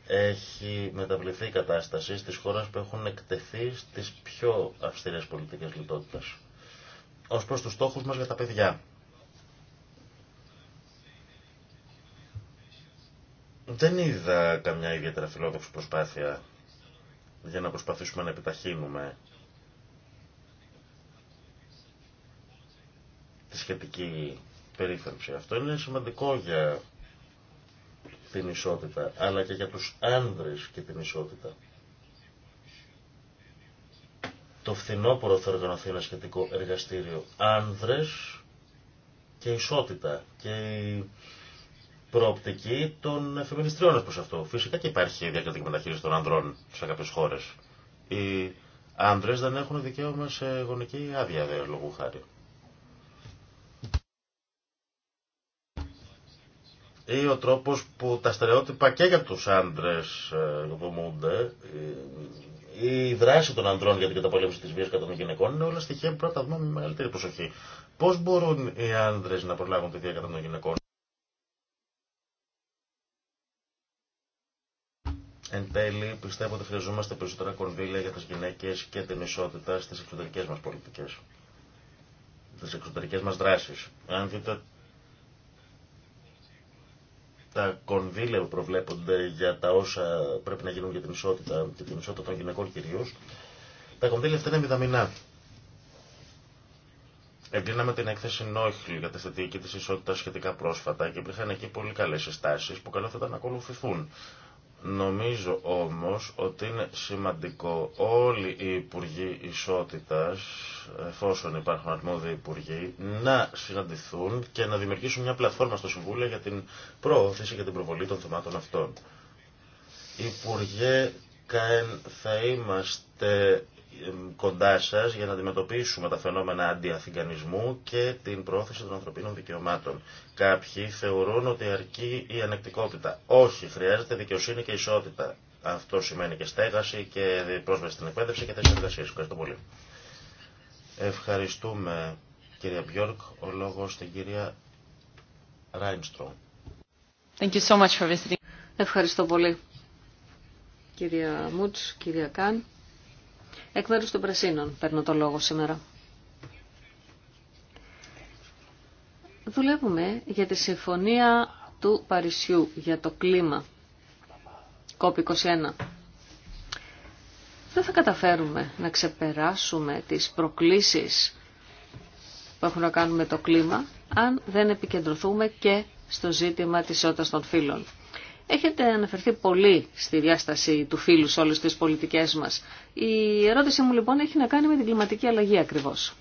έχει μεταβληθεί η κατάσταση στις χώρες που έχουν εκτεθεί στις πιο αυστηρές πολιτικές λιτότητας. Ως προς τους στόχους μας για τα παιδιά. Δεν είδα καμιά ιδιαίτερα φιλόδοξη προσπάθεια για να προσπαθήσουμε να επιταχύνουμε τη σχετική περίφερψη. Αυτό είναι σημαντικό για την ισότητα, αλλά και για τους άνδρες και την ισότητα. Το φθινόπωρο θα οργανωθεί ένα σχετικό εργαστήριο άνδρες και ισότητα. Και προοπτική των φεμινιστριών προ αυτό. Φυσικά και υπάρχει διακριτική μεταχείριση των ανδρών σε κάποιε χώρε. Οι άντρε δεν έχουν δικαίωμα σε γονική άδεια, δε, λόγου χάρη. ή ο τρόπο που τα στερεότυπα και για τους άντρε δομούνται, ε, η δράση των ανδρών για την καταπολέμηση τη βία κατά των γυναικών είναι όλα στοιχεία που πρέπει να τα δούμε με μεγαλύτερη προσοχή. Πώ μπορούν οι άντρε να προλάβουν τη βία κατά των γυναικών. Εν τέλει, πιστεύω ότι χρειαζόμαστε περισσότερα κονδύλια για τι γυναίκε και την ισότητα στι εξωτερικέ μα πολιτικέ, Στι εξωτερικέ μα δράσει. Αν δείτε τα κονδύλια που προβλέπονται για τα όσα πρέπει να γίνουν για την ισότητα και την ισότητα των γυναικών κυρίω, τα κονδύλια αυτά είναι μηδαμινά. Εγκρίναμε την έκθεση Νόχλη για τη θετική τη ισότητα σχετικά πρόσφατα και υπήρχαν εκεί πολύ καλέ συστάσει που καλό θα ήταν να ακολουθηθούν. Νομίζω όμως ότι είναι σημαντικό όλοι οι Υπουργοί Ισότητας, εφόσον υπάρχουν αρμόδιοι Υπουργοί, να συναντηθούν και να δημιουργήσουν μια πλατφόρμα στο Συμβούλιο για την προώθηση και την προβολή των θεμάτων αυτών. Υπουργέ θα είμαστε κοντά σα για να αντιμετωπίσουμε τα φαινόμενα αντιαθηγανισμού και την πρόθεση των ανθρωπίνων δικαιωμάτων. Κάποιοι θεωρούν ότι αρκεί η ανεκτικότητα. Όχι, χρειάζεται δικαιοσύνη και ισότητα. Αυτό σημαίνει και στέγαση και πρόσβαση στην εκπαίδευση και θέσει εργασία. Ευχαριστώ πολύ. Ευχαριστούμε κυρία Μπιόρκ. Ο λόγο στην κυρία Ράινστρο. Ευχαριστώ πολύ κυρία Μούτς, κυρία Καν. Εκ μέρου των Πρεσίνων παίρνω το λόγο σήμερα. Δουλεύουμε για τη συμφωνία του Παρισιού για το κλίμα. COP21. Δεν θα καταφέρουμε να ξεπεράσουμε τις προκλήσεις που έχουν να κάνουν με το κλίμα αν δεν επικεντρωθούμε και στο ζήτημα της ισότητας των φύλων. Έχετε αναφερθεί πολύ στη διάσταση του φίλου σε όλες τις πολιτικές μας. Η ερώτηση μου λοιπόν έχει να κάνει με την κλιματική αλλαγή ακριβώς.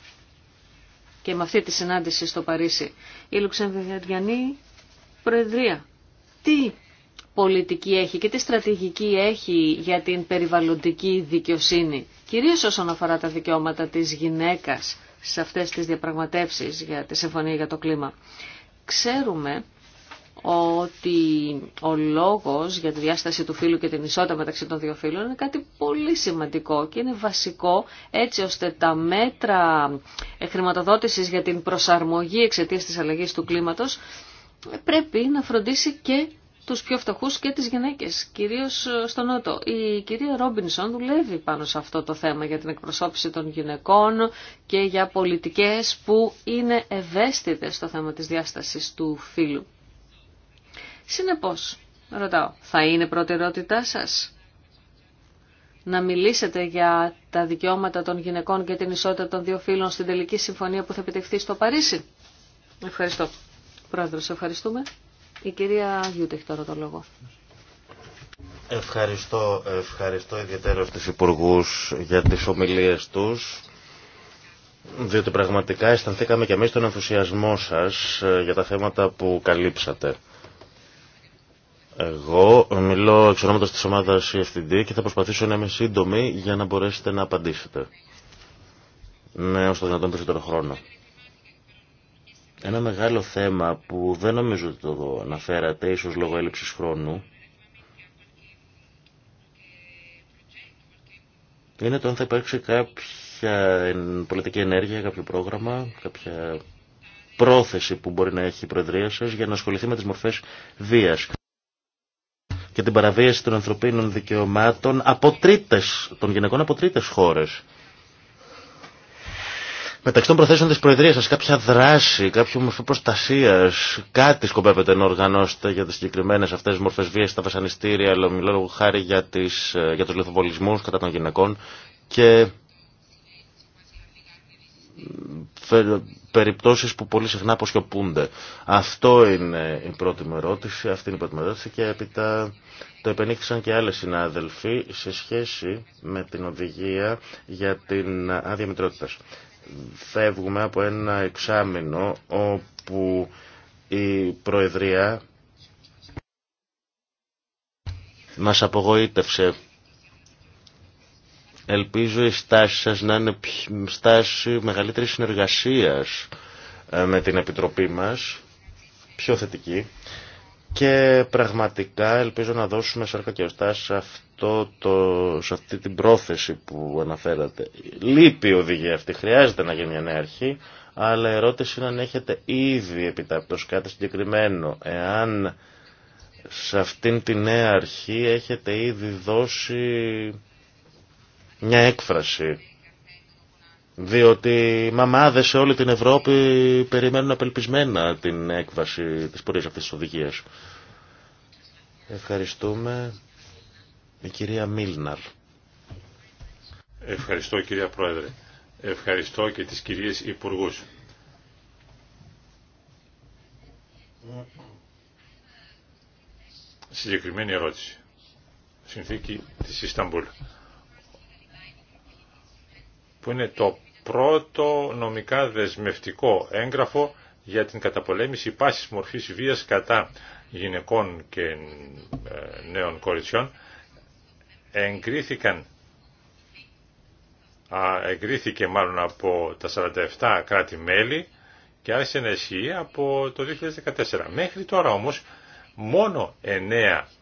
Και με αυτή τη συνάντηση στο Παρίσι. Η Λουξεμβουργιανή Προεδρία. Τι πολιτική έχει και τι στρατηγική έχει για την περιβαλλοντική δικαιοσύνη. Κυρίως όσον αφορά τα δικαιώματα της γυναίκας σε αυτές τις διαπραγματεύσεις για τη Συμφωνία για το Κλίμα. Ξέρουμε ότι ο λόγος για τη διάσταση του φύλου και την ισότητα μεταξύ των δύο φύλων είναι κάτι πολύ σημαντικό και είναι βασικό έτσι ώστε τα μέτρα χρηματοδότησης για την προσαρμογή εξαιτίας της αλλαγής του κλίματος πρέπει να φροντίσει και τους πιο φτωχούς και τις γυναίκες, κυρίως στο Νότο. Η κυρία Ρόμπινσον δουλεύει πάνω σε αυτό το θέμα για την εκπροσώπηση των γυναικών και για πολιτικές που είναι ευαίσθητες στο θέμα της διάστασης του φύλου. Συνεπώς, ρωτάω, θα είναι προτεραιότητά σας να μιλήσετε για τα δικαιώματα των γυναικών και την ισότητα των δύο φίλων στην τελική συμφωνία που θα επιτευχθεί στο Παρίσι. Ευχαριστώ. Πρόεδρος, ευχαριστούμε. Η κυρία Γιούτεχ, τώρα το λόγο. Ευχαριστώ, ευχαριστώ ιδιαίτερα στους υπουργού για τις ομιλίες τους διότι πραγματικά αισθανθήκαμε και εμείς τον ενθουσιασμό σας ε, για τα θέματα που καλύψατε. Εγώ μιλώ εξ ονόματος της ομάδας CFTD e και θα προσπαθήσω να είμαι σύντομη για να μπορέσετε να απαντήσετε. Ναι, όσο το δυνατόν περισσότερο χρόνο. Ένα μεγάλο θέμα που δεν νομίζω ότι το αναφέρατε, ίσως λόγω έλλειψης χρόνου, είναι το αν θα υπάρξει κάποια πολιτική ενέργεια, κάποιο πρόγραμμα, κάποια πρόθεση που μπορεί να έχει η Προεδρία σας για να ασχοληθεί με τις μορφές βίας και την παραβίαση των ανθρωπίνων δικαιωμάτων από τρίτες, των γυναικών από τρίτες χώρες. Μεταξύ των προθέσεων της Προεδρίας σας κάποια δράση, κάποιο μορφή προστασία, κάτι σκοπεύετε να οργανώσετε για τις συγκεκριμένε αυτές μορφές βίας στα βασανιστήρια, αλλά μιλώ χάρη για, τις, ε, για τους λιθοβολισμούς κατά των γυναικών και περιπτώσεις που πολύ συχνά αποσιωπούνται. Αυτό είναι η πρώτη μου ερώτηση, αυτή είναι η πρώτη μου ερώτηση και έπειτα το επενήχθησαν και άλλες συνάδελφοι σε σχέση με την οδηγία για την άδεια μητρότητας. Φεύγουμε από ένα εξάμεινο όπου η Προεδρία μας απογοήτευσε Ελπίζω η στάση σας να είναι στάση μεγαλύτερης συνεργασίας ε, με την Επιτροπή μας, πιο θετική. Και πραγματικά ελπίζω να δώσουμε σάρκα και οστά σε, αυτό το, σε αυτή την πρόθεση που αναφέρατε. Λείπει η οδηγία αυτή, χρειάζεται να γίνει μια νέα αρχή, αλλά ερώτηση είναι αν έχετε ήδη επιταπτώσει κάτι συγκεκριμένο, εάν σε αυτήν την νέα αρχή έχετε ήδη δώσει μια έκφραση. Διότι οι μαμάδες σε όλη την Ευρώπη περιμένουν απελπισμένα την έκβαση της πορείας αυτής της οδηγίας. Ευχαριστούμε η κυρία Μίλναρ. Ευχαριστώ κυρία Πρόεδρε. Ευχαριστώ και τις κυρίες Υπουργούς. Συγκεκριμένη ερώτηση. Συνθήκη της Ισταμπούλ που είναι το πρώτο νομικά δεσμευτικό έγγραφο για την καταπολέμηση πάσης μορφής βίας κατά γυναικών και ε, νέων κοριτσιών εγκρίθηκαν εγκρίθηκε μάλλον από τα 47 κράτη-μέλη και άρχισε να ισχύει από το 2014. Μέχρι τώρα όμως μόνο 9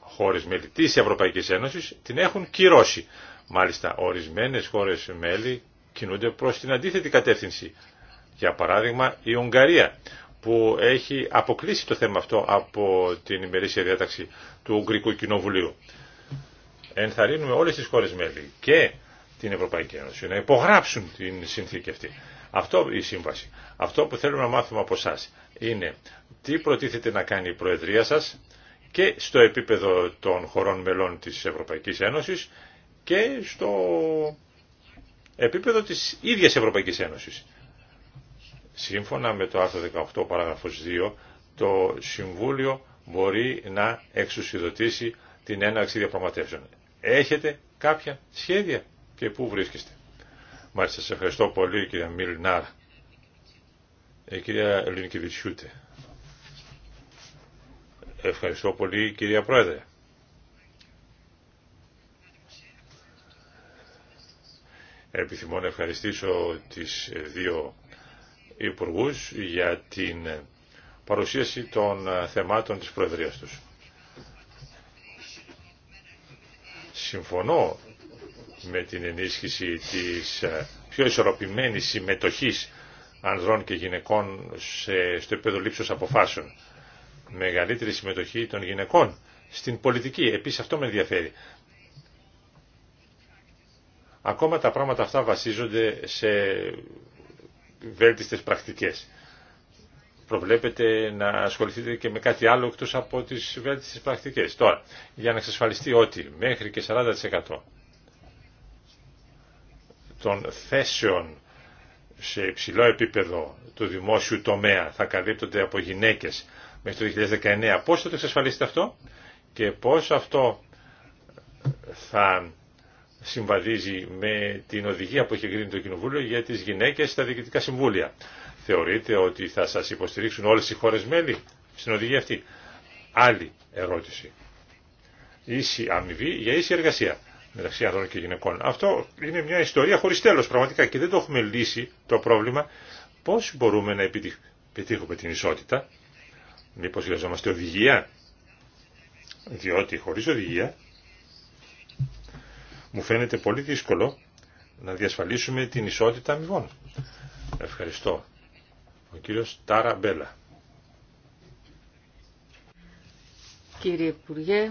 χώρες μέλη της Ευρωπαϊκής Ένωσης την έχουν κυρώσει. Μάλιστα ορισμένες χώρες μέλη κινούνται προς την αντίθετη κατεύθυνση. Για παράδειγμα η Ουγγαρία που έχει αποκλείσει το θέμα αυτό από την ημερήσια διάταξη του Ουγγρικού Κοινοβουλίου. Ενθαρρύνουμε όλες τις χώρες μέλη και την Ευρωπαϊκή Ένωση να υπογράψουν την συνθήκη αυτή. Αυτό η σύμβαση. Αυτό που θέλουμε να μάθουμε από εσά είναι τι προτίθεται να κάνει η Προεδρία σας και στο επίπεδο των χωρών μελών της Ευρωπαϊκής Ένωσης και στο επίπεδο της ίδιας Ευρωπαϊκής Ένωσης. Σύμφωνα με το άρθρο 18 παράγραφος 2, το Συμβούλιο μπορεί να εξουσιοδοτήσει την έναρξη διαπραγματεύσεων. Έχετε κάποια σχέδια και πού βρίσκεστε. Μάλιστα, σας ευχαριστώ πολύ κυρία Μιλνάρ. Η ε, κυρία Λινκεβιτσιούτε. Ευχαριστώ πολύ κυρία Πρόεδρε. Επιθυμώ να ευχαριστήσω τις δύο υπουργού για την παρουσίαση των θεμάτων της Προεδρίας τους. Συμφωνώ με την ενίσχυση της πιο ισορροπημένης συμμετοχής ανδρών και γυναικών στο επίπεδο λήψος αποφάσεων. Μεγαλύτερη συμμετοχή των γυναικών στην πολιτική. Επίσης αυτό με ενδιαφέρει. Ακόμα τα πράγματα αυτά βασίζονται σε βέλτιστες πρακτικές. Προβλέπετε να ασχοληθείτε και με κάτι άλλο εκτός από τις βέλτιστες πρακτικές. Τώρα, για να εξασφαλιστεί ότι μέχρι και 40% των θέσεων σε υψηλό επίπεδο του δημόσιου τομέα θα καλύπτονται από γυναίκες μέχρι το 2019. Πώς θα το εξασφαλίσετε αυτό και πώς αυτό θα συμβαδίζει με την οδηγία που έχει γίνει το Κοινοβούλιο για τις γυναίκες στα διοικητικά συμβούλια. Θεωρείτε ότι θα σας υποστηρίξουν όλες οι χώρες μέλη στην οδηγία αυτή. Άλλη ερώτηση. Ίση αμοιβή για ίση εργασία μεταξύ ανδρών και γυναικών. Αυτό είναι μια ιστορία χωρίς τέλος πραγματικά και δεν το έχουμε λύσει το πρόβλημα πώς μπορούμε να επιτύχουμε την ισότητα. Μήπως χρειαζόμαστε οδηγία, διότι χωρίς οδηγία μου φαίνεται πολύ δύσκολο να διασφαλίσουμε την ισότητα αμοιβών. Ευχαριστώ. Ο κύριος Τάρα Μπέλα. Κύριε Υπουργέ,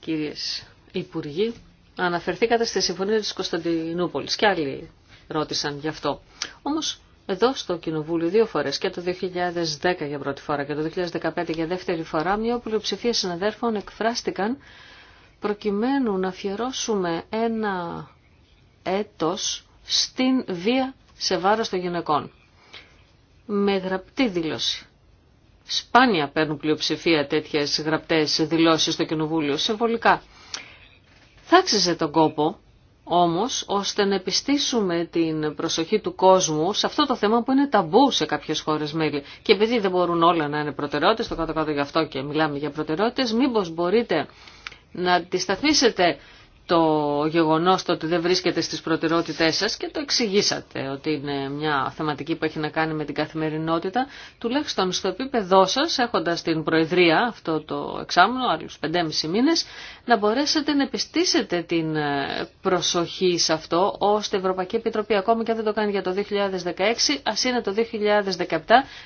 κύριες Υπουργοί, αναφερθήκατε στη Συμφωνία της Κωνσταντινούπολης και άλλοι ρώτησαν γι' αυτό. Όμως εδώ στο Κοινοβούλιο δύο φορές και το 2010 για πρώτη φορά και το 2015 για δεύτερη φορά μια πλειοψηφία συναδέρφων εκφράστηκαν προκειμένου να αφιερώσουμε ένα έτος στην βία σε βάρος των γυναικών. Με γραπτή δήλωση. Σπάνια παίρνουν πλειοψηφία τέτοιες γραπτές δηλώσεις στο Κοινοβούλιο, συμβολικά. Θάξιζε τον κόπο, όμως, ώστε να επιστήσουμε την προσοχή του κόσμου σε αυτό το θέμα που είναι ταμπού σε κάποιες χώρες μέλη. Και επειδή δεν μπορούν όλα να είναι προτεραιότητες, το κάτω-κάτω γι' αυτό και μιλάμε για προτεραιότητες, μήπως μπορείτε να αντισταθμίσετε το γεγονός το ότι δεν βρίσκεται στις προτεραιότητές σας και το εξηγήσατε ότι είναι μια θεματική που έχει να κάνει με την καθημερινότητα, τουλάχιστον στο επίπεδό σας, έχοντας την Προεδρία αυτό το εξάμεινο, άλλους 5,5 μήνες, να μπορέσετε να επιστήσετε την προσοχή σε αυτό, ώστε η Ευρωπαϊκή Επιτροπή, ακόμη και αν δεν το κάνει για το 2016, ας είναι το 2017,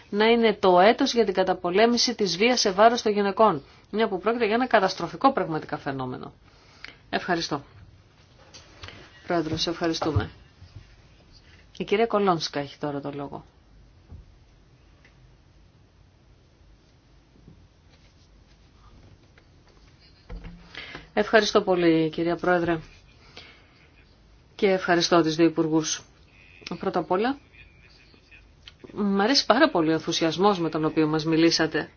να είναι το έτος για την καταπολέμηση της βίας σε βάρος των γυναικών μια που πρόκειται για ένα καταστροφικό πραγματικά φαινόμενο. Ευχαριστώ. σε ευχαριστούμε. Η κυρία Κολόνσκα έχει τώρα το λόγο. Ευχαριστώ πολύ κυρία Πρόεδρε και ευχαριστώ τις δύο υπουργού. Πρώτα απ' όλα, μου αρέσει πάρα πολύ ο ενθουσιασμός με τον οποίο μας μιλήσατε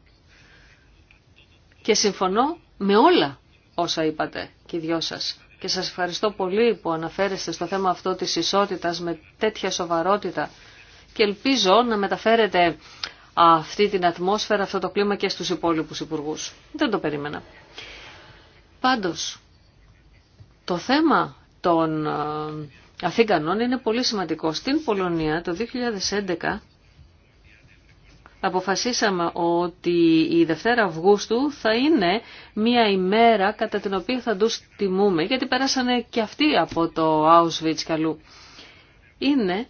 και συμφωνώ με όλα όσα είπατε και οι δυο σας. Και σας ευχαριστώ πολύ που αναφέρεστε στο θέμα αυτό της ισότητας με τέτοια σοβαρότητα και ελπίζω να μεταφέρετε αυτή την ατμόσφαιρα, αυτό το κλίμα και στους υπόλοιπους υπουργούς. Δεν το περίμενα. Πάντως, το θέμα των ε, Αθήγανων είναι πολύ σημαντικό. Στην Πολωνία το 2011 αποφασίσαμε ότι η Δευτέρα Αυγούστου θα είναι μια ημέρα κατά την οποία θα τους τιμούμε, γιατί πέρασανε και αυτοί από το Auschwitz καλού. Είναι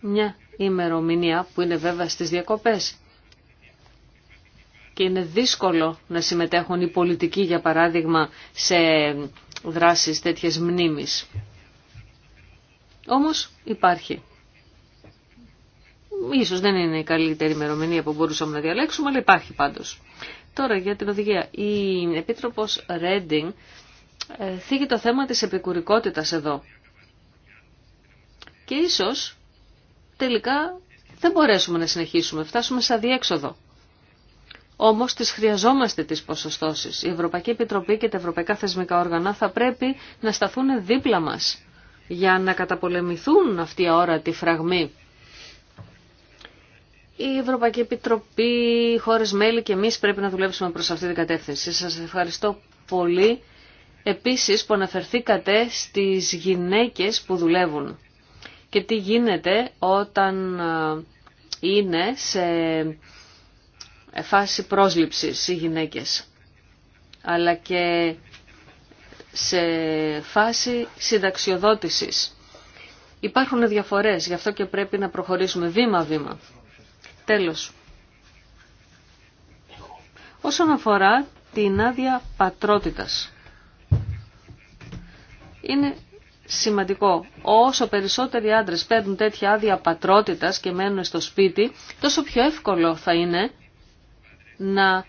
μια ημερομηνία που είναι βέβαια στις διακοπές και είναι δύσκολο να συμμετέχουν οι πολιτικοί, για παράδειγμα, σε δράσεις τέτοιες μνήμης. Όμως υπάρχει Ίσως δεν είναι η καλύτερη ημερομηνία που μπορούσαμε να διαλέξουμε, αλλά υπάρχει πάντως. Τώρα για την οδηγία. Η Επίτροπος Ρέντινγκ ε, θίγει το θέμα της επικουρικότητας εδώ. Και ίσως τελικά δεν μπορέσουμε να συνεχίσουμε, φτάσουμε σαν διέξοδο. Όμως τις χρειαζόμαστε τις ποσοστώσεις. Η Ευρωπαϊκή Επιτροπή και τα Ευρωπαϊκά Θεσμικά Όργανα θα πρέπει να σταθούν δίπλα μας για να καταπολεμηθούν αυτή οι αόρατοι φραγμή η Ευρωπαϊκή Επιτροπή, οι χώρες μέλη και εμείς πρέπει να δουλέψουμε προς αυτή την κατεύθυνση. Σας ευχαριστώ πολύ. Επίσης που αναφερθήκατε στις γυναίκες που δουλεύουν και τι γίνεται όταν ε, είναι σε φάση πρόσληψης οι γυναίκες αλλά και σε φάση συνταξιοδότησης. Υπάρχουν διαφορές, γι' αυτό και πρέπει να προχωρήσουμε βήμα-βήμα. Τέλος. Όσον αφορά την άδεια πατρότητας. Είναι σημαντικό. Όσο περισσότεροι άντρες παίρνουν τέτοια άδεια πατρότητας και μένουν στο σπίτι, τόσο πιο εύκολο θα είναι να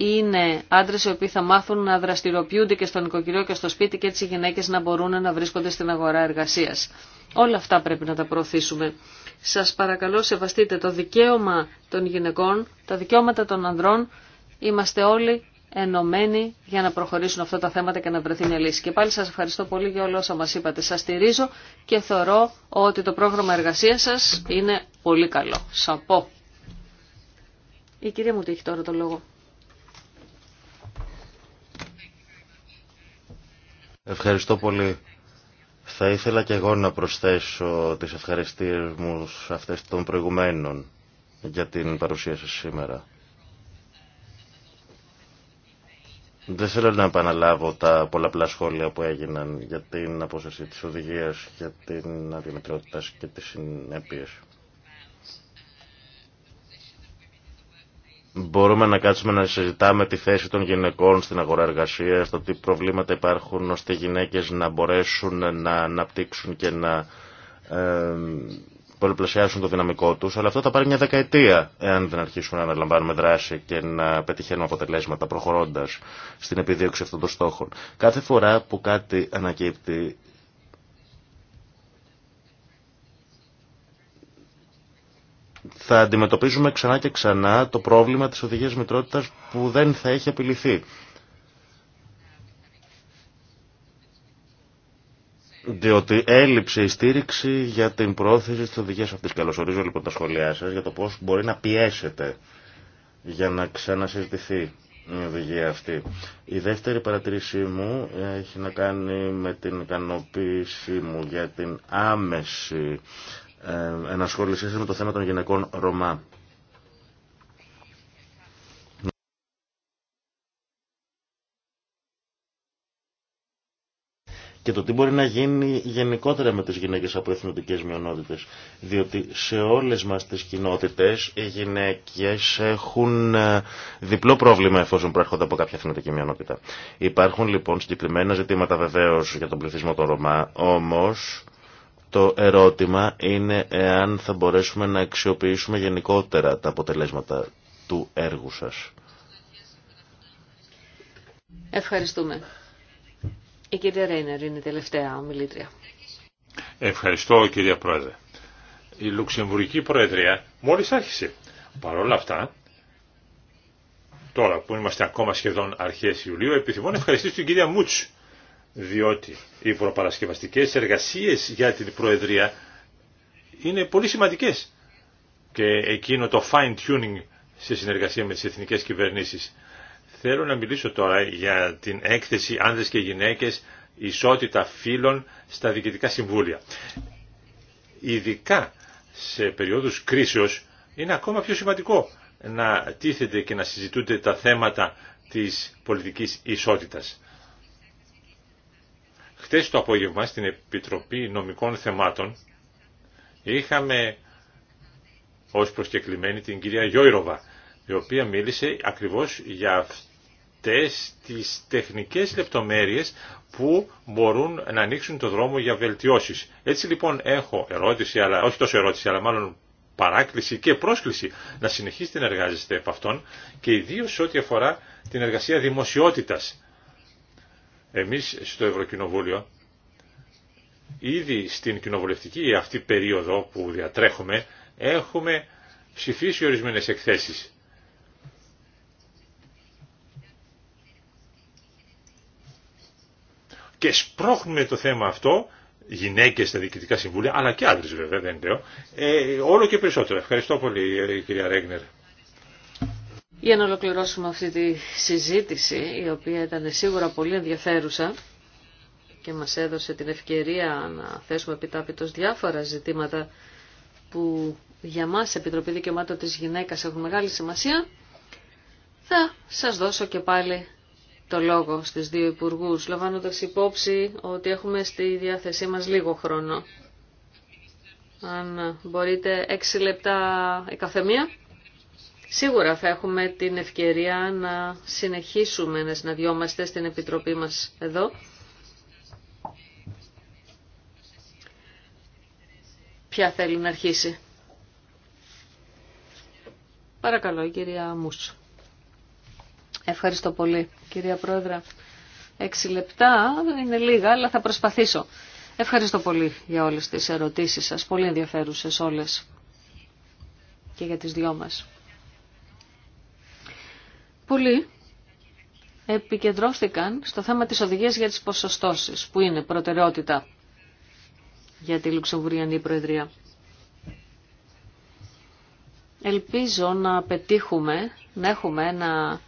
είναι άντρες οι οποίοι θα μάθουν να δραστηριοποιούνται και στον οικοκυριό και στο σπίτι και έτσι οι γυναίκες να μπορούν να βρίσκονται στην αγορά εργασίας. Όλα αυτά πρέπει να τα προωθήσουμε. Σας παρακαλώ σεβαστείτε το δικαίωμα των γυναικών, τα δικαιώματα των ανδρών. Είμαστε όλοι ενωμένοι για να προχωρήσουν αυτά τα θέματα και να βρεθεί μια λύση. Και πάλι σας ευχαριστώ πολύ για όλα όσα μας είπατε. Σας στηρίζω και θεωρώ ότι το πρόγραμμα εργασίας σας είναι πολύ καλό. Σαπό. Η κυρία μου το έχει τώρα το λόγο. Ευχαριστώ πολύ. Θα ήθελα και εγώ να προσθέσω τις ευχαριστίες μου αυτές των προηγουμένων για την παρουσία σας σήμερα. Δεν θέλω να επαναλάβω τα πολλαπλά σχόλια που έγιναν για την απόσταση της οδηγίας, για την αδιαμετρότητας και τις συνέπειες. Μπορούμε να κάτσουμε να συζητάμε τη θέση των γυναικών στην αγορά εργασία, το τι προβλήματα υπάρχουν ώστε οι γυναίκες να μπορέσουν να αναπτύξουν και να ε, το δυναμικό τους, αλλά αυτό θα πάρει μια δεκαετία εάν δεν αρχίσουμε να αναλαμβάνουμε δράση και να πετυχαίνουμε αποτελέσματα προχωρώντας στην επιδίωξη αυτών των στόχων. Κάθε φορά που κάτι ανακύπτει θα αντιμετωπίζουμε ξανά και ξανά το πρόβλημα της οδηγίας μητρότητας που δεν θα έχει απειληθεί. Διότι έλλειψε η στήριξη για την πρόθεση της οδηγίας αυτής. Καλωσορίζω λοιπόν τα σχόλιά σας για το πώς μπορεί να πιέσετε για να ξανασυζητηθεί η οδηγία αυτή. Η δεύτερη παρατηρήσή μου έχει να κάνει με την ικανοποίησή μου για την άμεση ε, ενασχόλησή σας με το θέμα των γυναικών Ρωμά. και το τι μπορεί να γίνει γενικότερα με τις γυναίκες από εθνωτικές μειονότητες. Διότι σε όλες μας τις κοινότητες οι γυναίκες έχουν ε, διπλό πρόβλημα εφόσον προέρχονται από κάποια εθνωτική μειονότητα. Υπάρχουν λοιπόν συγκεκριμένα ζητήματα βεβαίως για τον πληθυσμό των Ρωμά, όμως το ερώτημα είναι εάν θα μπορέσουμε να αξιοποιήσουμε γενικότερα τα αποτελέσματα του έργου σας. Ευχαριστούμε. Η κυρία Ρέινερ είναι η τελευταία ομιλήτρια. Ευχαριστώ κυρία Πρόεδρε. Η Λουξεμβουργική Προεδρία μόλις άρχισε. Παρ' όλα αυτά, τώρα που είμαστε ακόμα σχεδόν αρχές Ιουλίου, επιθυμώ να ευχαριστήσω την κυρία Μούτς διότι οι προπαρασκευαστικές εργασίες για την Προεδρία είναι πολύ σημαντικές και εκείνο το fine-tuning σε συνεργασία με τις εθνικές κυβερνήσεις. Θέλω να μιλήσω τώρα για την έκθεση άνδρες και γυναίκες ισότητα φύλων στα διοικητικά συμβούλια. Ειδικά σε περίοδους κρίσεως είναι ακόμα πιο σημαντικό να τίθεται και να συζητούνται τα θέματα της πολιτικής ισότητας. Χτες το απόγευμα στην Επιτροπή Νομικών Θεμάτων είχαμε ως προσκεκλημένη την κυρία Γιώηροβα, η οποία μίλησε ακριβώς για αυτές τις τεχνικές λεπτομέρειες που μπορούν να ανοίξουν το δρόμο για βελτιώσεις. Έτσι λοιπόν έχω ερώτηση, αλλά όχι τόσο ερώτηση, αλλά μάλλον παράκληση και πρόσκληση να συνεχίσετε να εργάζεστε επ' αυτών και ιδίως ό,τι αφορά την εργασία δημοσιότητας εμείς στο Ευρωκοινοβούλιο, ήδη στην κοινοβουλευτική αυτή περίοδο που διατρέχουμε, έχουμε ψηφίσει ορισμένες εκθέσεις. Και σπρώχνουμε το θέμα αυτό, γυναίκες στα διοικητικά συμβούλια, αλλά και άντρες βέβαια, δεν λέω, ε, όλο και περισσότερο. Ευχαριστώ πολύ ε, κυρία Ρέγνερ. Για να ολοκληρώσουμε αυτή τη συζήτηση, η οποία ήταν σίγουρα πολύ ενδιαφέρουσα και μας έδωσε την ευκαιρία να θέσουμε επιτάπητος διάφορα ζητήματα που για μας, Επιτροπή Δικαιωμάτων της Γυναίκας, έχουν μεγάλη σημασία, θα σας δώσω και πάλι το λόγο στις δύο υπουργούς, λαμβάνοντας υπόψη ότι έχουμε στη διάθεσή μας λίγο χρόνο. Αν μπορείτε, έξι λεπτά η καθεμία. Σίγουρα θα έχουμε την ευκαιρία να συνεχίσουμε να συναντιόμαστε στην Επιτροπή μας εδώ. Ποια θέλει να αρχίσει. Παρακαλώ, η κυρία Μούσου. Ευχαριστώ πολύ, κυρία Πρόεδρα. Έξι λεπτά είναι λίγα, αλλά θα προσπαθήσω. Ευχαριστώ πολύ για όλες τις ερωτήσεις σας, πολύ ενδιαφέρουσες όλες και για τις δυο μας. Πολλοί επικεντρώθηκαν στο θέμα της οδηγίας για τις ποσοστώσεις, που είναι προτεραιότητα για τη Λουξεμβουριανή Προεδρία. Ελπίζω να πετύχουμε, να έχουμε ένα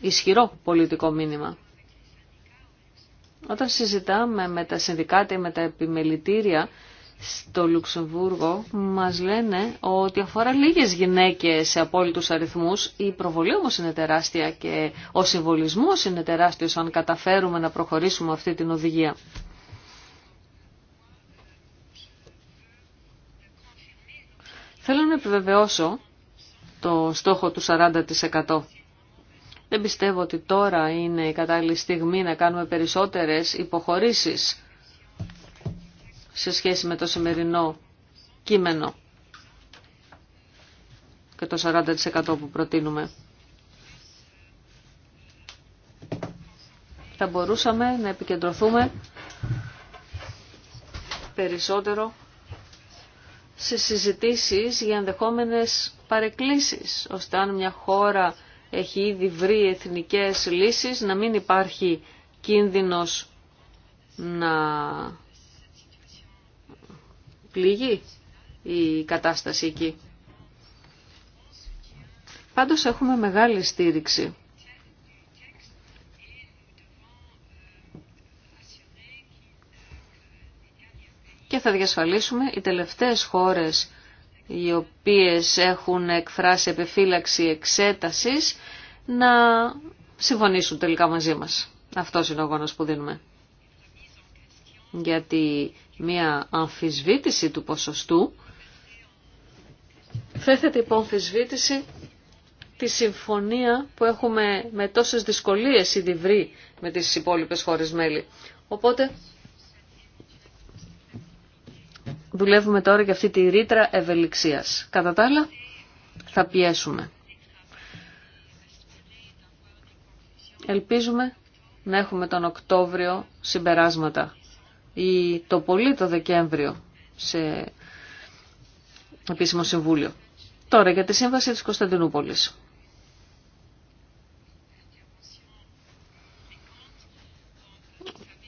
ισχυρό πολιτικό μήνυμα. Όταν συζητάμε με τα συνδικάτα ή με τα επιμελητήρια στο Λουξεμβούργο μας λένε ότι αφορά λίγες γυναίκες σε απόλυτους αριθμούς. Η προβολή όμως είναι τεράστια και ο συμβολισμός είναι τεράστιος αν καταφέρουμε να προχωρήσουμε αυτή την οδηγία. Θέλω να επιβεβαιώσω το στόχο του 40%. Δεν πιστεύω ότι τώρα είναι η κατάλληλη στιγμή να κάνουμε περισσότερες υποχωρήσεις σε σχέση με το σημερινό κείμενο και το 40% που προτείνουμε. Θα μπορούσαμε να επικεντρωθούμε περισσότερο σε συζητήσεις για ενδεχόμενες παρεκκλήσεις, ώστε αν μια χώρα έχει ήδη βρει εθνικές λύσεις, να μην υπάρχει κίνδυνος να πληγεί η κατάσταση εκεί. Πάντως έχουμε μεγάλη στήριξη. Και θα διασφαλίσουμε οι τελευταίες χώρες οι οποίες έχουν εκφράσει επιφύλαξη εξέτασης να συμφωνήσουν τελικά μαζί μας. Αυτός είναι ο γόνος που δίνουμε γιατί μία αμφισβήτηση του ποσοστού θέτεται υπό αμφισβήτηση τη συμφωνία που έχουμε με τόσες δυσκολίες ήδη βρει με τις υπόλοιπες χώρες μέλη. Οπότε δουλεύουμε τώρα για αυτή τη ρήτρα ευελιξίας. Κατά τα άλλα θα πιέσουμε. Ελπίζουμε να έχουμε τον Οκτώβριο συμπεράσματα ή το πολύ το Δεκέμβριο σε επίσημο συμβούλιο. Τώρα για τη σύμβαση της Κωνσταντινούπολης.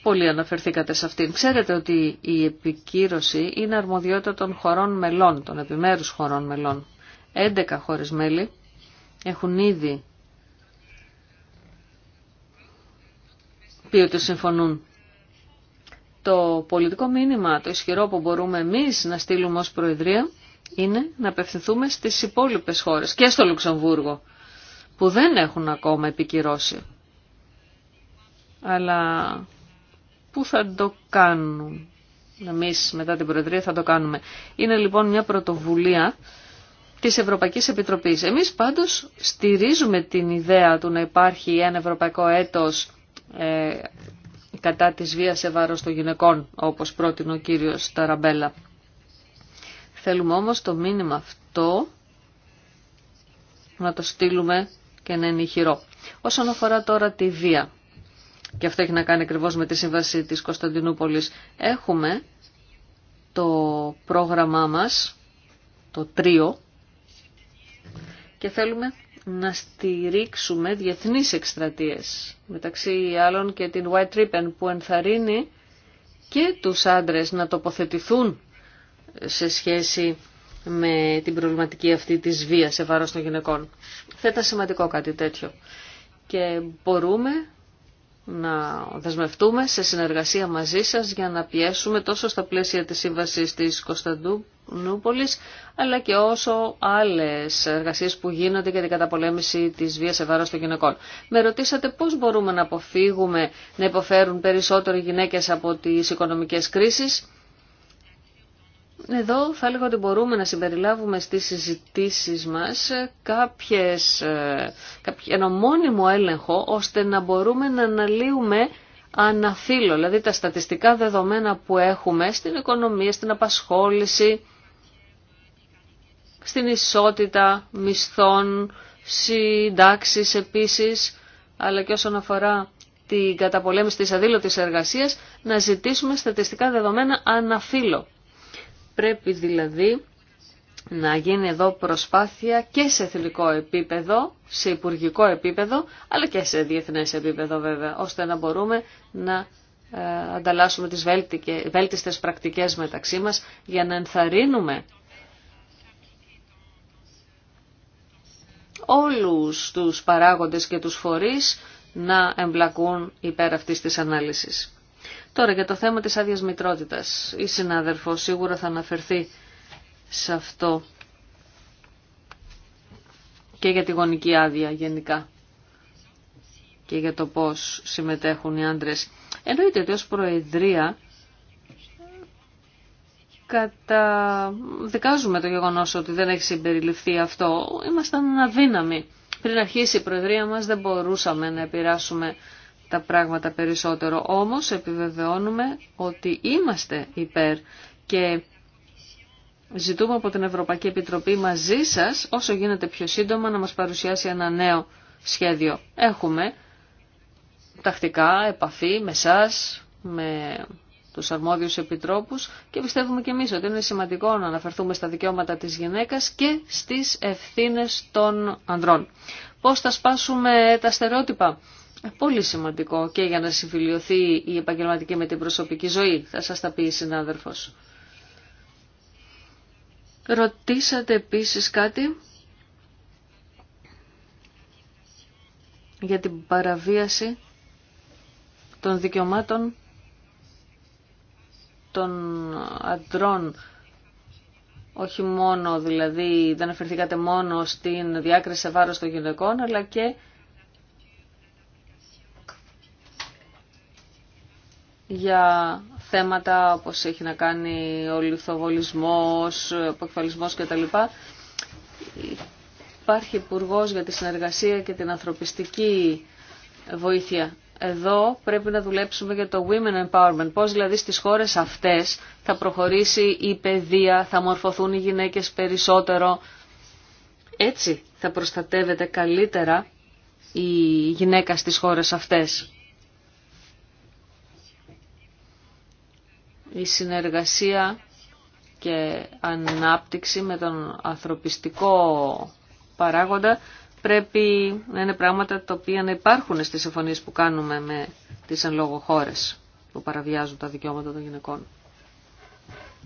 Πολύ αναφερθήκατε σε αυτήν. Ξέρετε ότι η επικύρωση είναι αρμοδιότητα των χωρών μελών, των επιμέρους χωρών μελών. 11 χώρες μέλη έχουν ήδη πει ότι συμφωνούν το πολιτικό μήνυμα, το ισχυρό που μπορούμε εμείς να στείλουμε ως Προεδρία είναι να απευθυνθούμε στις υπόλοιπες χώρες και στο Λουξεμβούργο που δεν έχουν ακόμα επικυρώσει αλλά που θα το κάνουν εμείς μετά την Προεδρία θα το κάνουμε είναι λοιπόν μια πρωτοβουλία της Ευρωπαϊκής Επιτροπής εμείς πάντως στηρίζουμε την ιδέα του να υπάρχει ένα ευρωπαϊκό έτος ε, κατά της βίας σε βάρος των γυναικών, όπως πρότεινε ο κύριος Ταραμπέλα. Θέλουμε όμως το μήνυμα αυτό να το στείλουμε και να είναι ηχηρό. Όσον αφορά τώρα τη βία, και αυτό έχει να κάνει ακριβώ με τη σύμβαση της Κωνσταντινούπολης, έχουμε το πρόγραμμά μας, το τρίο, και θέλουμε να στηρίξουμε διεθνείς εκστρατείες, μεταξύ άλλων και την White Ribbon που ενθαρρύνει και τους άντρες να τοποθετηθούν σε σχέση με την προβληματική αυτή της βίας σε βάρος των γυναικών. Θα ήταν σημαντικό κάτι τέτοιο. Και μπορούμε να δεσμευτούμε σε συνεργασία μαζί σας για να πιέσουμε τόσο στα πλαίσια της σύμβασης της Κωνσταντινούπολης αλλά και όσο άλλες εργασίες που γίνονται για την καταπολέμηση της βίας σε βάρος των γυναικών. Με ρωτήσατε πώς μπορούμε να αποφύγουμε να υποφέρουν περισσότερο οι γυναίκες από τις οικονομικές κρίσεις. Εδώ θα έλεγα ότι μπορούμε να συμπεριλάβουμε στις συζητήσεις μας κάποιες, ε, κάποιο, ένα μόνιμο έλεγχο ώστε να μπορούμε να αναλύουμε αναφύλο, δηλαδή τα στατιστικά δεδομένα που έχουμε στην οικονομία, στην απασχόληση, στην ισότητα μισθών, συντάξεις επίσης, αλλά και όσον αφορά την καταπολέμηση της αδήλωτης εργασίας, να ζητήσουμε στατιστικά δεδομένα αναφύλλω. Πρέπει δηλαδή να γίνει εδώ προσπάθεια και σε εθνικό επίπεδο, σε υπουργικό επίπεδο, αλλά και σε διεθνές επίπεδο βέβαια, ώστε να μπορούμε να ε, ανταλλάσσουμε τις βέλτιστες πρακτικές μεταξύ μας για να ενθαρρύνουμε όλους τους παράγοντες και τους φορείς να εμπλακούν υπέρ αυτής της ανάλυσης. Τώρα για το θέμα της άδειας μητρότητας. Η συνάδελφο σίγουρα θα αναφερθεί σε αυτό και για τη γονική άδεια γενικά και για το πώς συμμετέχουν οι άντρες. Εννοείται ότι ως Προεδρία καταδικάζουμε το γεγονός ότι δεν έχει συμπεριληφθεί αυτό. Ήμασταν αδύναμοι. Πριν αρχίσει η Προεδρία μας δεν μπορούσαμε να επηρεάσουμε τα πράγματα περισσότερο. Όμως επιβεβαιώνουμε ότι είμαστε υπέρ και ζητούμε από την Ευρωπαϊκή Επιτροπή μαζί σας όσο γίνεται πιο σύντομα να μας παρουσιάσει ένα νέο σχέδιο. Έχουμε τακτικά επαφή με σας, με τους αρμόδιους επιτρόπους και πιστεύουμε και εμείς ότι είναι σημαντικό να αναφερθούμε στα δικαιώματα της γυναίκας και στις ευθύνες των ανδρών. Πώς θα σπάσουμε τα στερεότυπα. Ε, πολύ σημαντικό και για να συμφιλειωθεί η επαγγελματική με την προσωπική ζωή. Θα σας τα πει η συνάδελφος. Ρωτήσατε επίσης κάτι για την παραβίαση των δικαιωμάτων των αντρών. Όχι μόνο, δηλαδή, δεν αφαιρθήκατε μόνο στην διάκριση σε βάρος των γυναικών, αλλά και για θέματα όπως έχει να κάνει ο λιθοβολισμός, ο αποκεφαλισμός κτλ. Υπάρχει υπουργό για τη συνεργασία και την ανθρωπιστική βοήθεια. Εδώ πρέπει να δουλέψουμε για το Women Empowerment. Πώς δηλαδή στις χώρες αυτές θα προχωρήσει η παιδεία, θα μορφωθούν οι γυναίκες περισσότερο. Έτσι θα προστατεύεται καλύτερα η γυναίκα στις χώρες αυτές. η συνεργασία και ανάπτυξη με τον ανθρωπιστικό παράγοντα πρέπει να είναι πράγματα τα οποία να υπάρχουν στις συμφωνίες που κάνουμε με τις εν λόγω χώρες που παραβιάζουν τα δικαιώματα των γυναικών.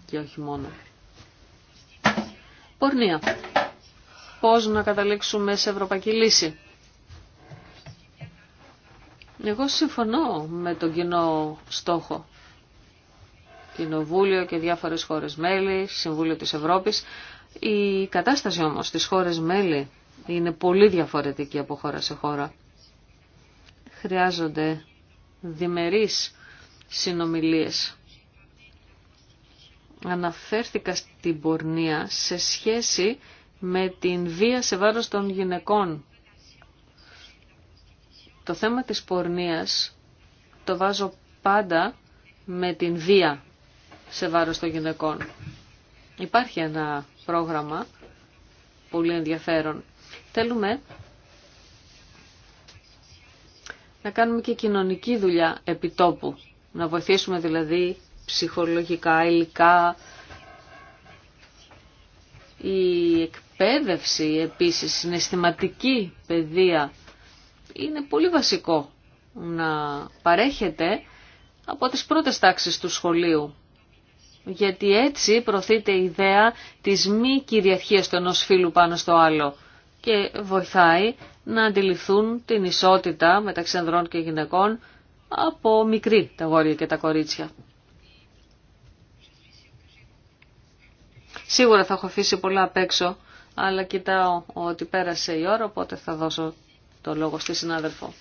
Και όχι μόνο. Πορνεία. Πώς να καταλήξουμε σε ευρωπαϊκή λύση. Εγώ συμφωνώ με τον κοινό στόχο Κοινοβούλιο και διάφορες χώρες μέλη, Συμβούλιο της Ευρώπης. Η κατάσταση όμως στις χώρες μέλη είναι πολύ διαφορετική από χώρα σε χώρα. Χρειάζονται διμερείς συνομιλίες. Αναφέρθηκα στην πορνεία σε σχέση με την βία σε βάρος των γυναικών. Το θέμα της πορνείας το βάζω πάντα με την βία σε βάρος των γυναικών. Υπάρχει ένα πρόγραμμα πολύ ενδιαφέρον. Θέλουμε να κάνουμε και κοινωνική δουλειά επιτόπου. Να βοηθήσουμε δηλαδή ψυχολογικά, υλικά. Η εκπαίδευση επίσης, συναισθηματική παιδεία είναι πολύ βασικό να παρέχεται από τις πρώτες τάξεις του σχολείου γιατί έτσι προωθείται η ιδέα της μη κυριαρχίας του ενός φίλου πάνω στο άλλο και βοηθάει να αντιληφθούν την ισότητα μεταξύ ανδρών και γυναικών από μικρή τα γόρια και τα κορίτσια. Σίγουρα θα έχω αφήσει πολλά απ' έξω, αλλά κοιτάω ότι πέρασε η ώρα, οπότε θα δώσω το λόγο στη συνάδελφο.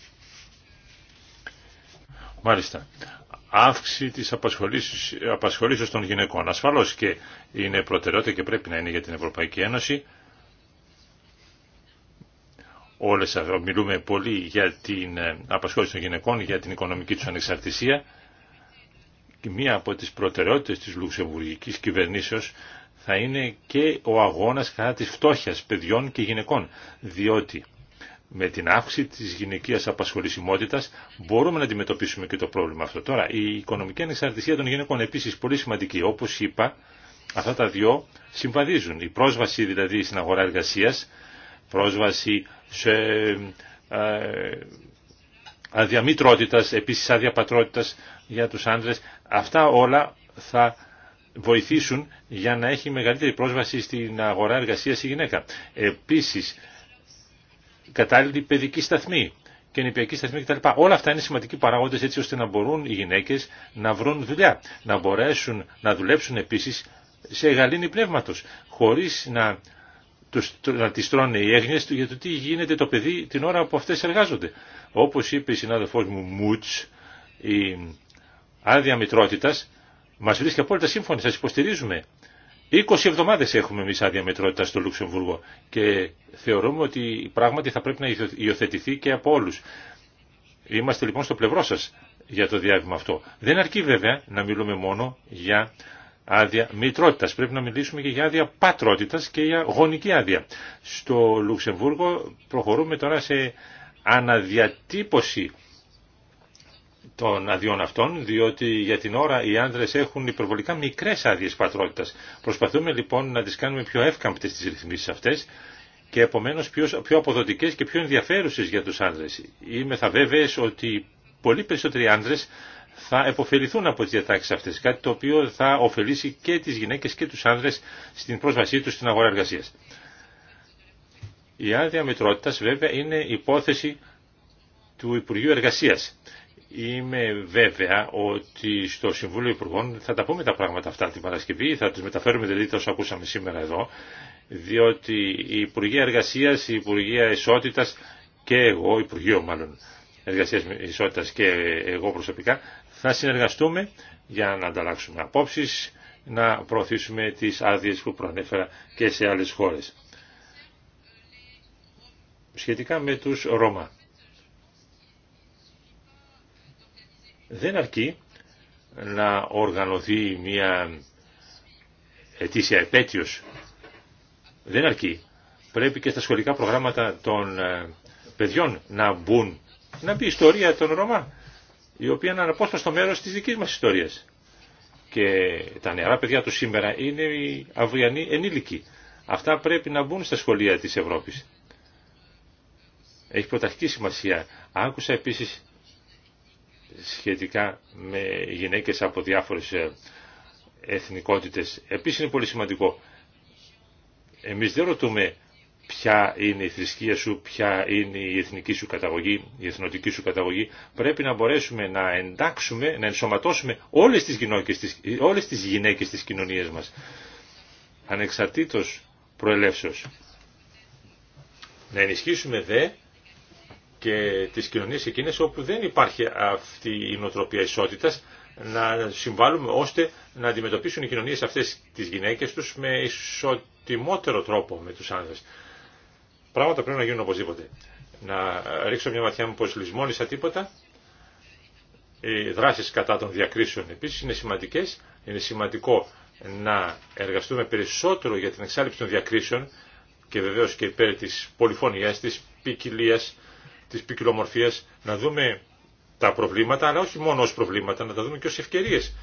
Μάλιστα αύξηση της απασχολήσεως των γυναικών. Ασφαλώς και είναι προτεραιότητα και πρέπει να είναι για την Ευρωπαϊκή Ένωση. Όλες μιλούμε πολύ για την ε, απασχόληση των γυναικών, για την οικονομική τους ανεξαρτησία. Και μία από τις προτεραιότητες της λουξεμβουργικής κυβερνήσεως θα είναι και ο αγώνας κατά της φτώχειας παιδιών και γυναικών. Διότι με την αύξηση της γυναικείας απασχολησιμότητας μπορούμε να αντιμετωπίσουμε και το πρόβλημα αυτό. Τώρα, η οικονομική ανεξαρτησία των γυναικών επίση επίσης πολύ σημαντική. Όπως είπα, αυτά τα δυο συμβαδίζουν. Η πρόσβαση δηλαδή στην αγορά εργασίας, πρόσβαση σε ε, αδιαμήτρότητας, επίσης αδιαπατρότητας για τους άντρες. Αυτά όλα θα βοηθήσουν για να έχει μεγαλύτερη πρόσβαση στην αγορά εργασίας η γυναίκα. Επίσης, κατάλληλη παιδική σταθμή και νηπιακή σταθμή κτλ. Όλα αυτά είναι σημαντικοί παράγοντε έτσι ώστε να μπορούν οι γυναίκε να βρουν δουλειά, να μπορέσουν να δουλέψουν επίση σε γαλήνη πνεύματο, χωρί να, να τρώνε οι έγνοιε του για το τι γίνεται το παιδί την ώρα που αυτέ εργάζονται. Όπω είπε η συνάδελφό μου Μούτ, η άδεια μητρότητα μα βρίσκει απόλυτα σύμφωνη, σα υποστηρίζουμε 20 εβδομάδε έχουμε εμεί άδεια μετρότητα στο Λουξεμβούργο και θεωρούμε ότι πράγματι θα πρέπει να υιοθετηθεί και από όλου. Είμαστε λοιπόν στο πλευρό σας για το διάβημα αυτό. Δεν αρκεί βέβαια να μιλούμε μόνο για άδεια μητρότητα. Πρέπει να μιλήσουμε και για άδεια πατρότητα και για γονική άδεια. Στο Λουξεμβούργο προχωρούμε τώρα σε αναδιατύπωση των αδειών αυτών, διότι για την ώρα οι άνδρε έχουν υπερβολικά μικρέ άδειε πατρότητα. Προσπαθούμε λοιπόν να τι κάνουμε πιο εύκαμπτε τι ρυθμίσει αυτέ και επομένω πιο, πιο αποδοτικές και πιο ενδιαφέρουσε για του άνδρε. Είμαι θα βέβαιε ότι πολύ περισσότεροι άνδρε θα επωφεληθούν από τι διατάξει αυτέ, κάτι το οποίο θα ωφελήσει και τι γυναίκε και του άνδρε στην πρόσβασή του στην αγορά εργασία. Η άδεια μητρότητα βέβαια είναι υπόθεση του Υπουργείου Εργασίας Είμαι βέβαια ότι στο Συμβούλιο Υπουργών θα τα πούμε τα πράγματα αυτά την Παρασκευή, θα τους μεταφέρουμε δηλαδή τόσο ακούσαμε σήμερα εδώ, διότι η Υπουργεία Εργασίας, η Υπουργεία Ισότητας και εγώ, Υπουργείο μάλλον Εργασίας Ισότητας και εγώ προσωπικά, θα συνεργαστούμε για να ανταλλάξουμε απόψεις, να προωθήσουμε τις άδειε που προανέφερα και σε άλλες χώρες. Σχετικά με τους Ρώμα. δεν αρκεί να οργανωθεί μια ετήσια επέτειος. Δεν αρκεί. Πρέπει και στα σχολικά προγράμματα των ε, παιδιών να μπουν, να μπει η ιστορία των Ρωμά, η οποία είναι αναπόσπαστο μέρος της δικής μας ιστορίας. Και τα νεαρά παιδιά του σήμερα είναι οι αυριανοί ενήλικοι. Αυτά πρέπει να μπουν στα σχολεία της Ευρώπης. Έχει πρωταρχική σημασία. Άκουσα επίσης σχετικά με γυναίκες από διάφορες ε, εθνικότητες. Επίσης είναι πολύ σημαντικό. Εμείς δεν ρωτούμε ποια είναι η θρησκεία σου, ποια είναι η εθνική σου καταγωγή, η εθνοτική σου καταγωγή. Πρέπει να μπορέσουμε να εντάξουμε, να ενσωματώσουμε όλες τις γυναίκες, όλες τις γυναίκες της κοινωνίας μας. Ανεξαρτήτως προελεύσεως. Να ενισχύσουμε δε και τις κοινωνίες εκείνες όπου δεν υπάρχει αυτή η νοοτροπία ισότητας να συμβάλλουμε ώστε να αντιμετωπίσουν οι κοινωνίες αυτές τις γυναίκες τους με ισοτιμότερο τρόπο με τους άνδρες. Πράγματα πρέπει να γίνουν οπωσδήποτε. Να ρίξω μια ματιά μου πως λησμόνισα τίποτα. Οι δράσεις κατά των διακρίσεων επίσης είναι σημαντικές. Είναι σημαντικό να εργαστούμε περισσότερο για την εξάλληψη των διακρίσεων και βεβαίως και υπέρ της πολυφωνίας, της ποικιλία τις ποικιλομορφία, να δούμε τα προβλήματα, αλλά όχι μόνο ως προβλήματα, να τα δούμε και ως ευκαιρίες.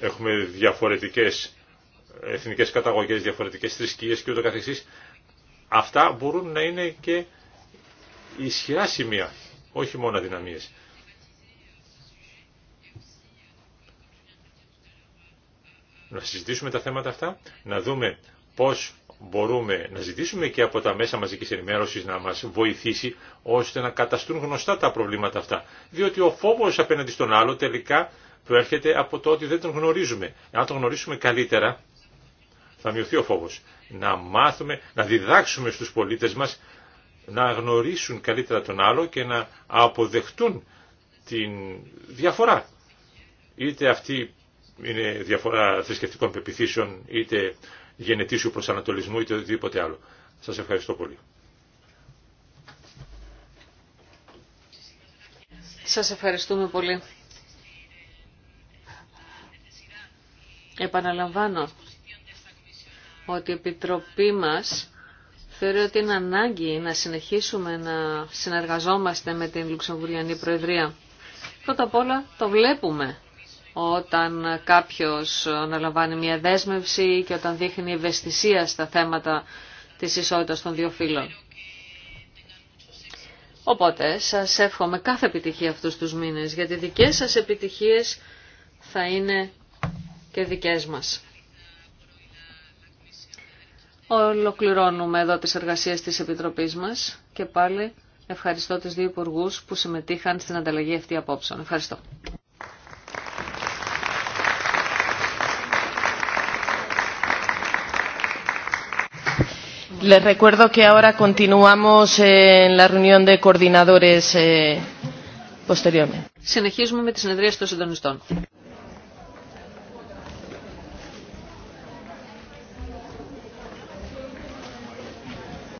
Έχουμε διαφορετικές εθνικές καταγωγές, διαφορετικές θρησκείες και ούτω Αυτά μπορούν να είναι και ισχυρά σημεία, όχι μόνο αδυναμίες. Να συζητήσουμε τα θέματα αυτά, να δούμε πώς μπορούμε να ζητήσουμε και από τα μέσα μαζικής ενημέρωσης να μας βοηθήσει ώστε να καταστούν γνωστά τα προβλήματα αυτά. Διότι ο φόβος απέναντι στον άλλο τελικά προέρχεται από το ότι δεν τον γνωρίζουμε. Αν τον γνωρίσουμε καλύτερα θα μειωθεί ο φόβος. Να μάθουμε, να διδάξουμε στους πολίτες μας να γνωρίσουν καλύτερα τον άλλο και να αποδεχτούν την διαφορά. Είτε αυτή είναι διαφορά θρησκευτικών πεπιθήσεων, είτε γενετήσιου προσανατολισμού η οτιδήποτε άλλο. Σας ευχαριστώ πολύ. Σας ευχαριστούμε πολύ. Επαναλαμβάνω ότι η Επιτροπή μας θεωρεί ότι είναι ανάγκη να συνεχίσουμε να συνεργαζόμαστε με την Λουξεμβουριανή Προεδρία. Πρώτα απ' όλα το βλέπουμε όταν κάποιος αναλαμβάνει μια δέσμευση και όταν δείχνει ευαισθησία στα θέματα της ισότητας των δύο φύλων. Οπότε σας εύχομαι κάθε επιτυχία αυτούς τους μήνες, γιατί δικές σας επιτυχίες θα είναι και δικές μας. Ολοκληρώνουμε εδώ τις εργασίες της Επιτροπής μας και πάλι ευχαριστώ τους δύο υπουργούς που συμμετείχαν στην ανταλλαγή αυτή απόψε. Ευχαριστώ. Les recuerdo que ahora continuamos en la reunión de coordinadores posteriormente. Συνεχίζουμε με τη συνεδρία των συντονιστών.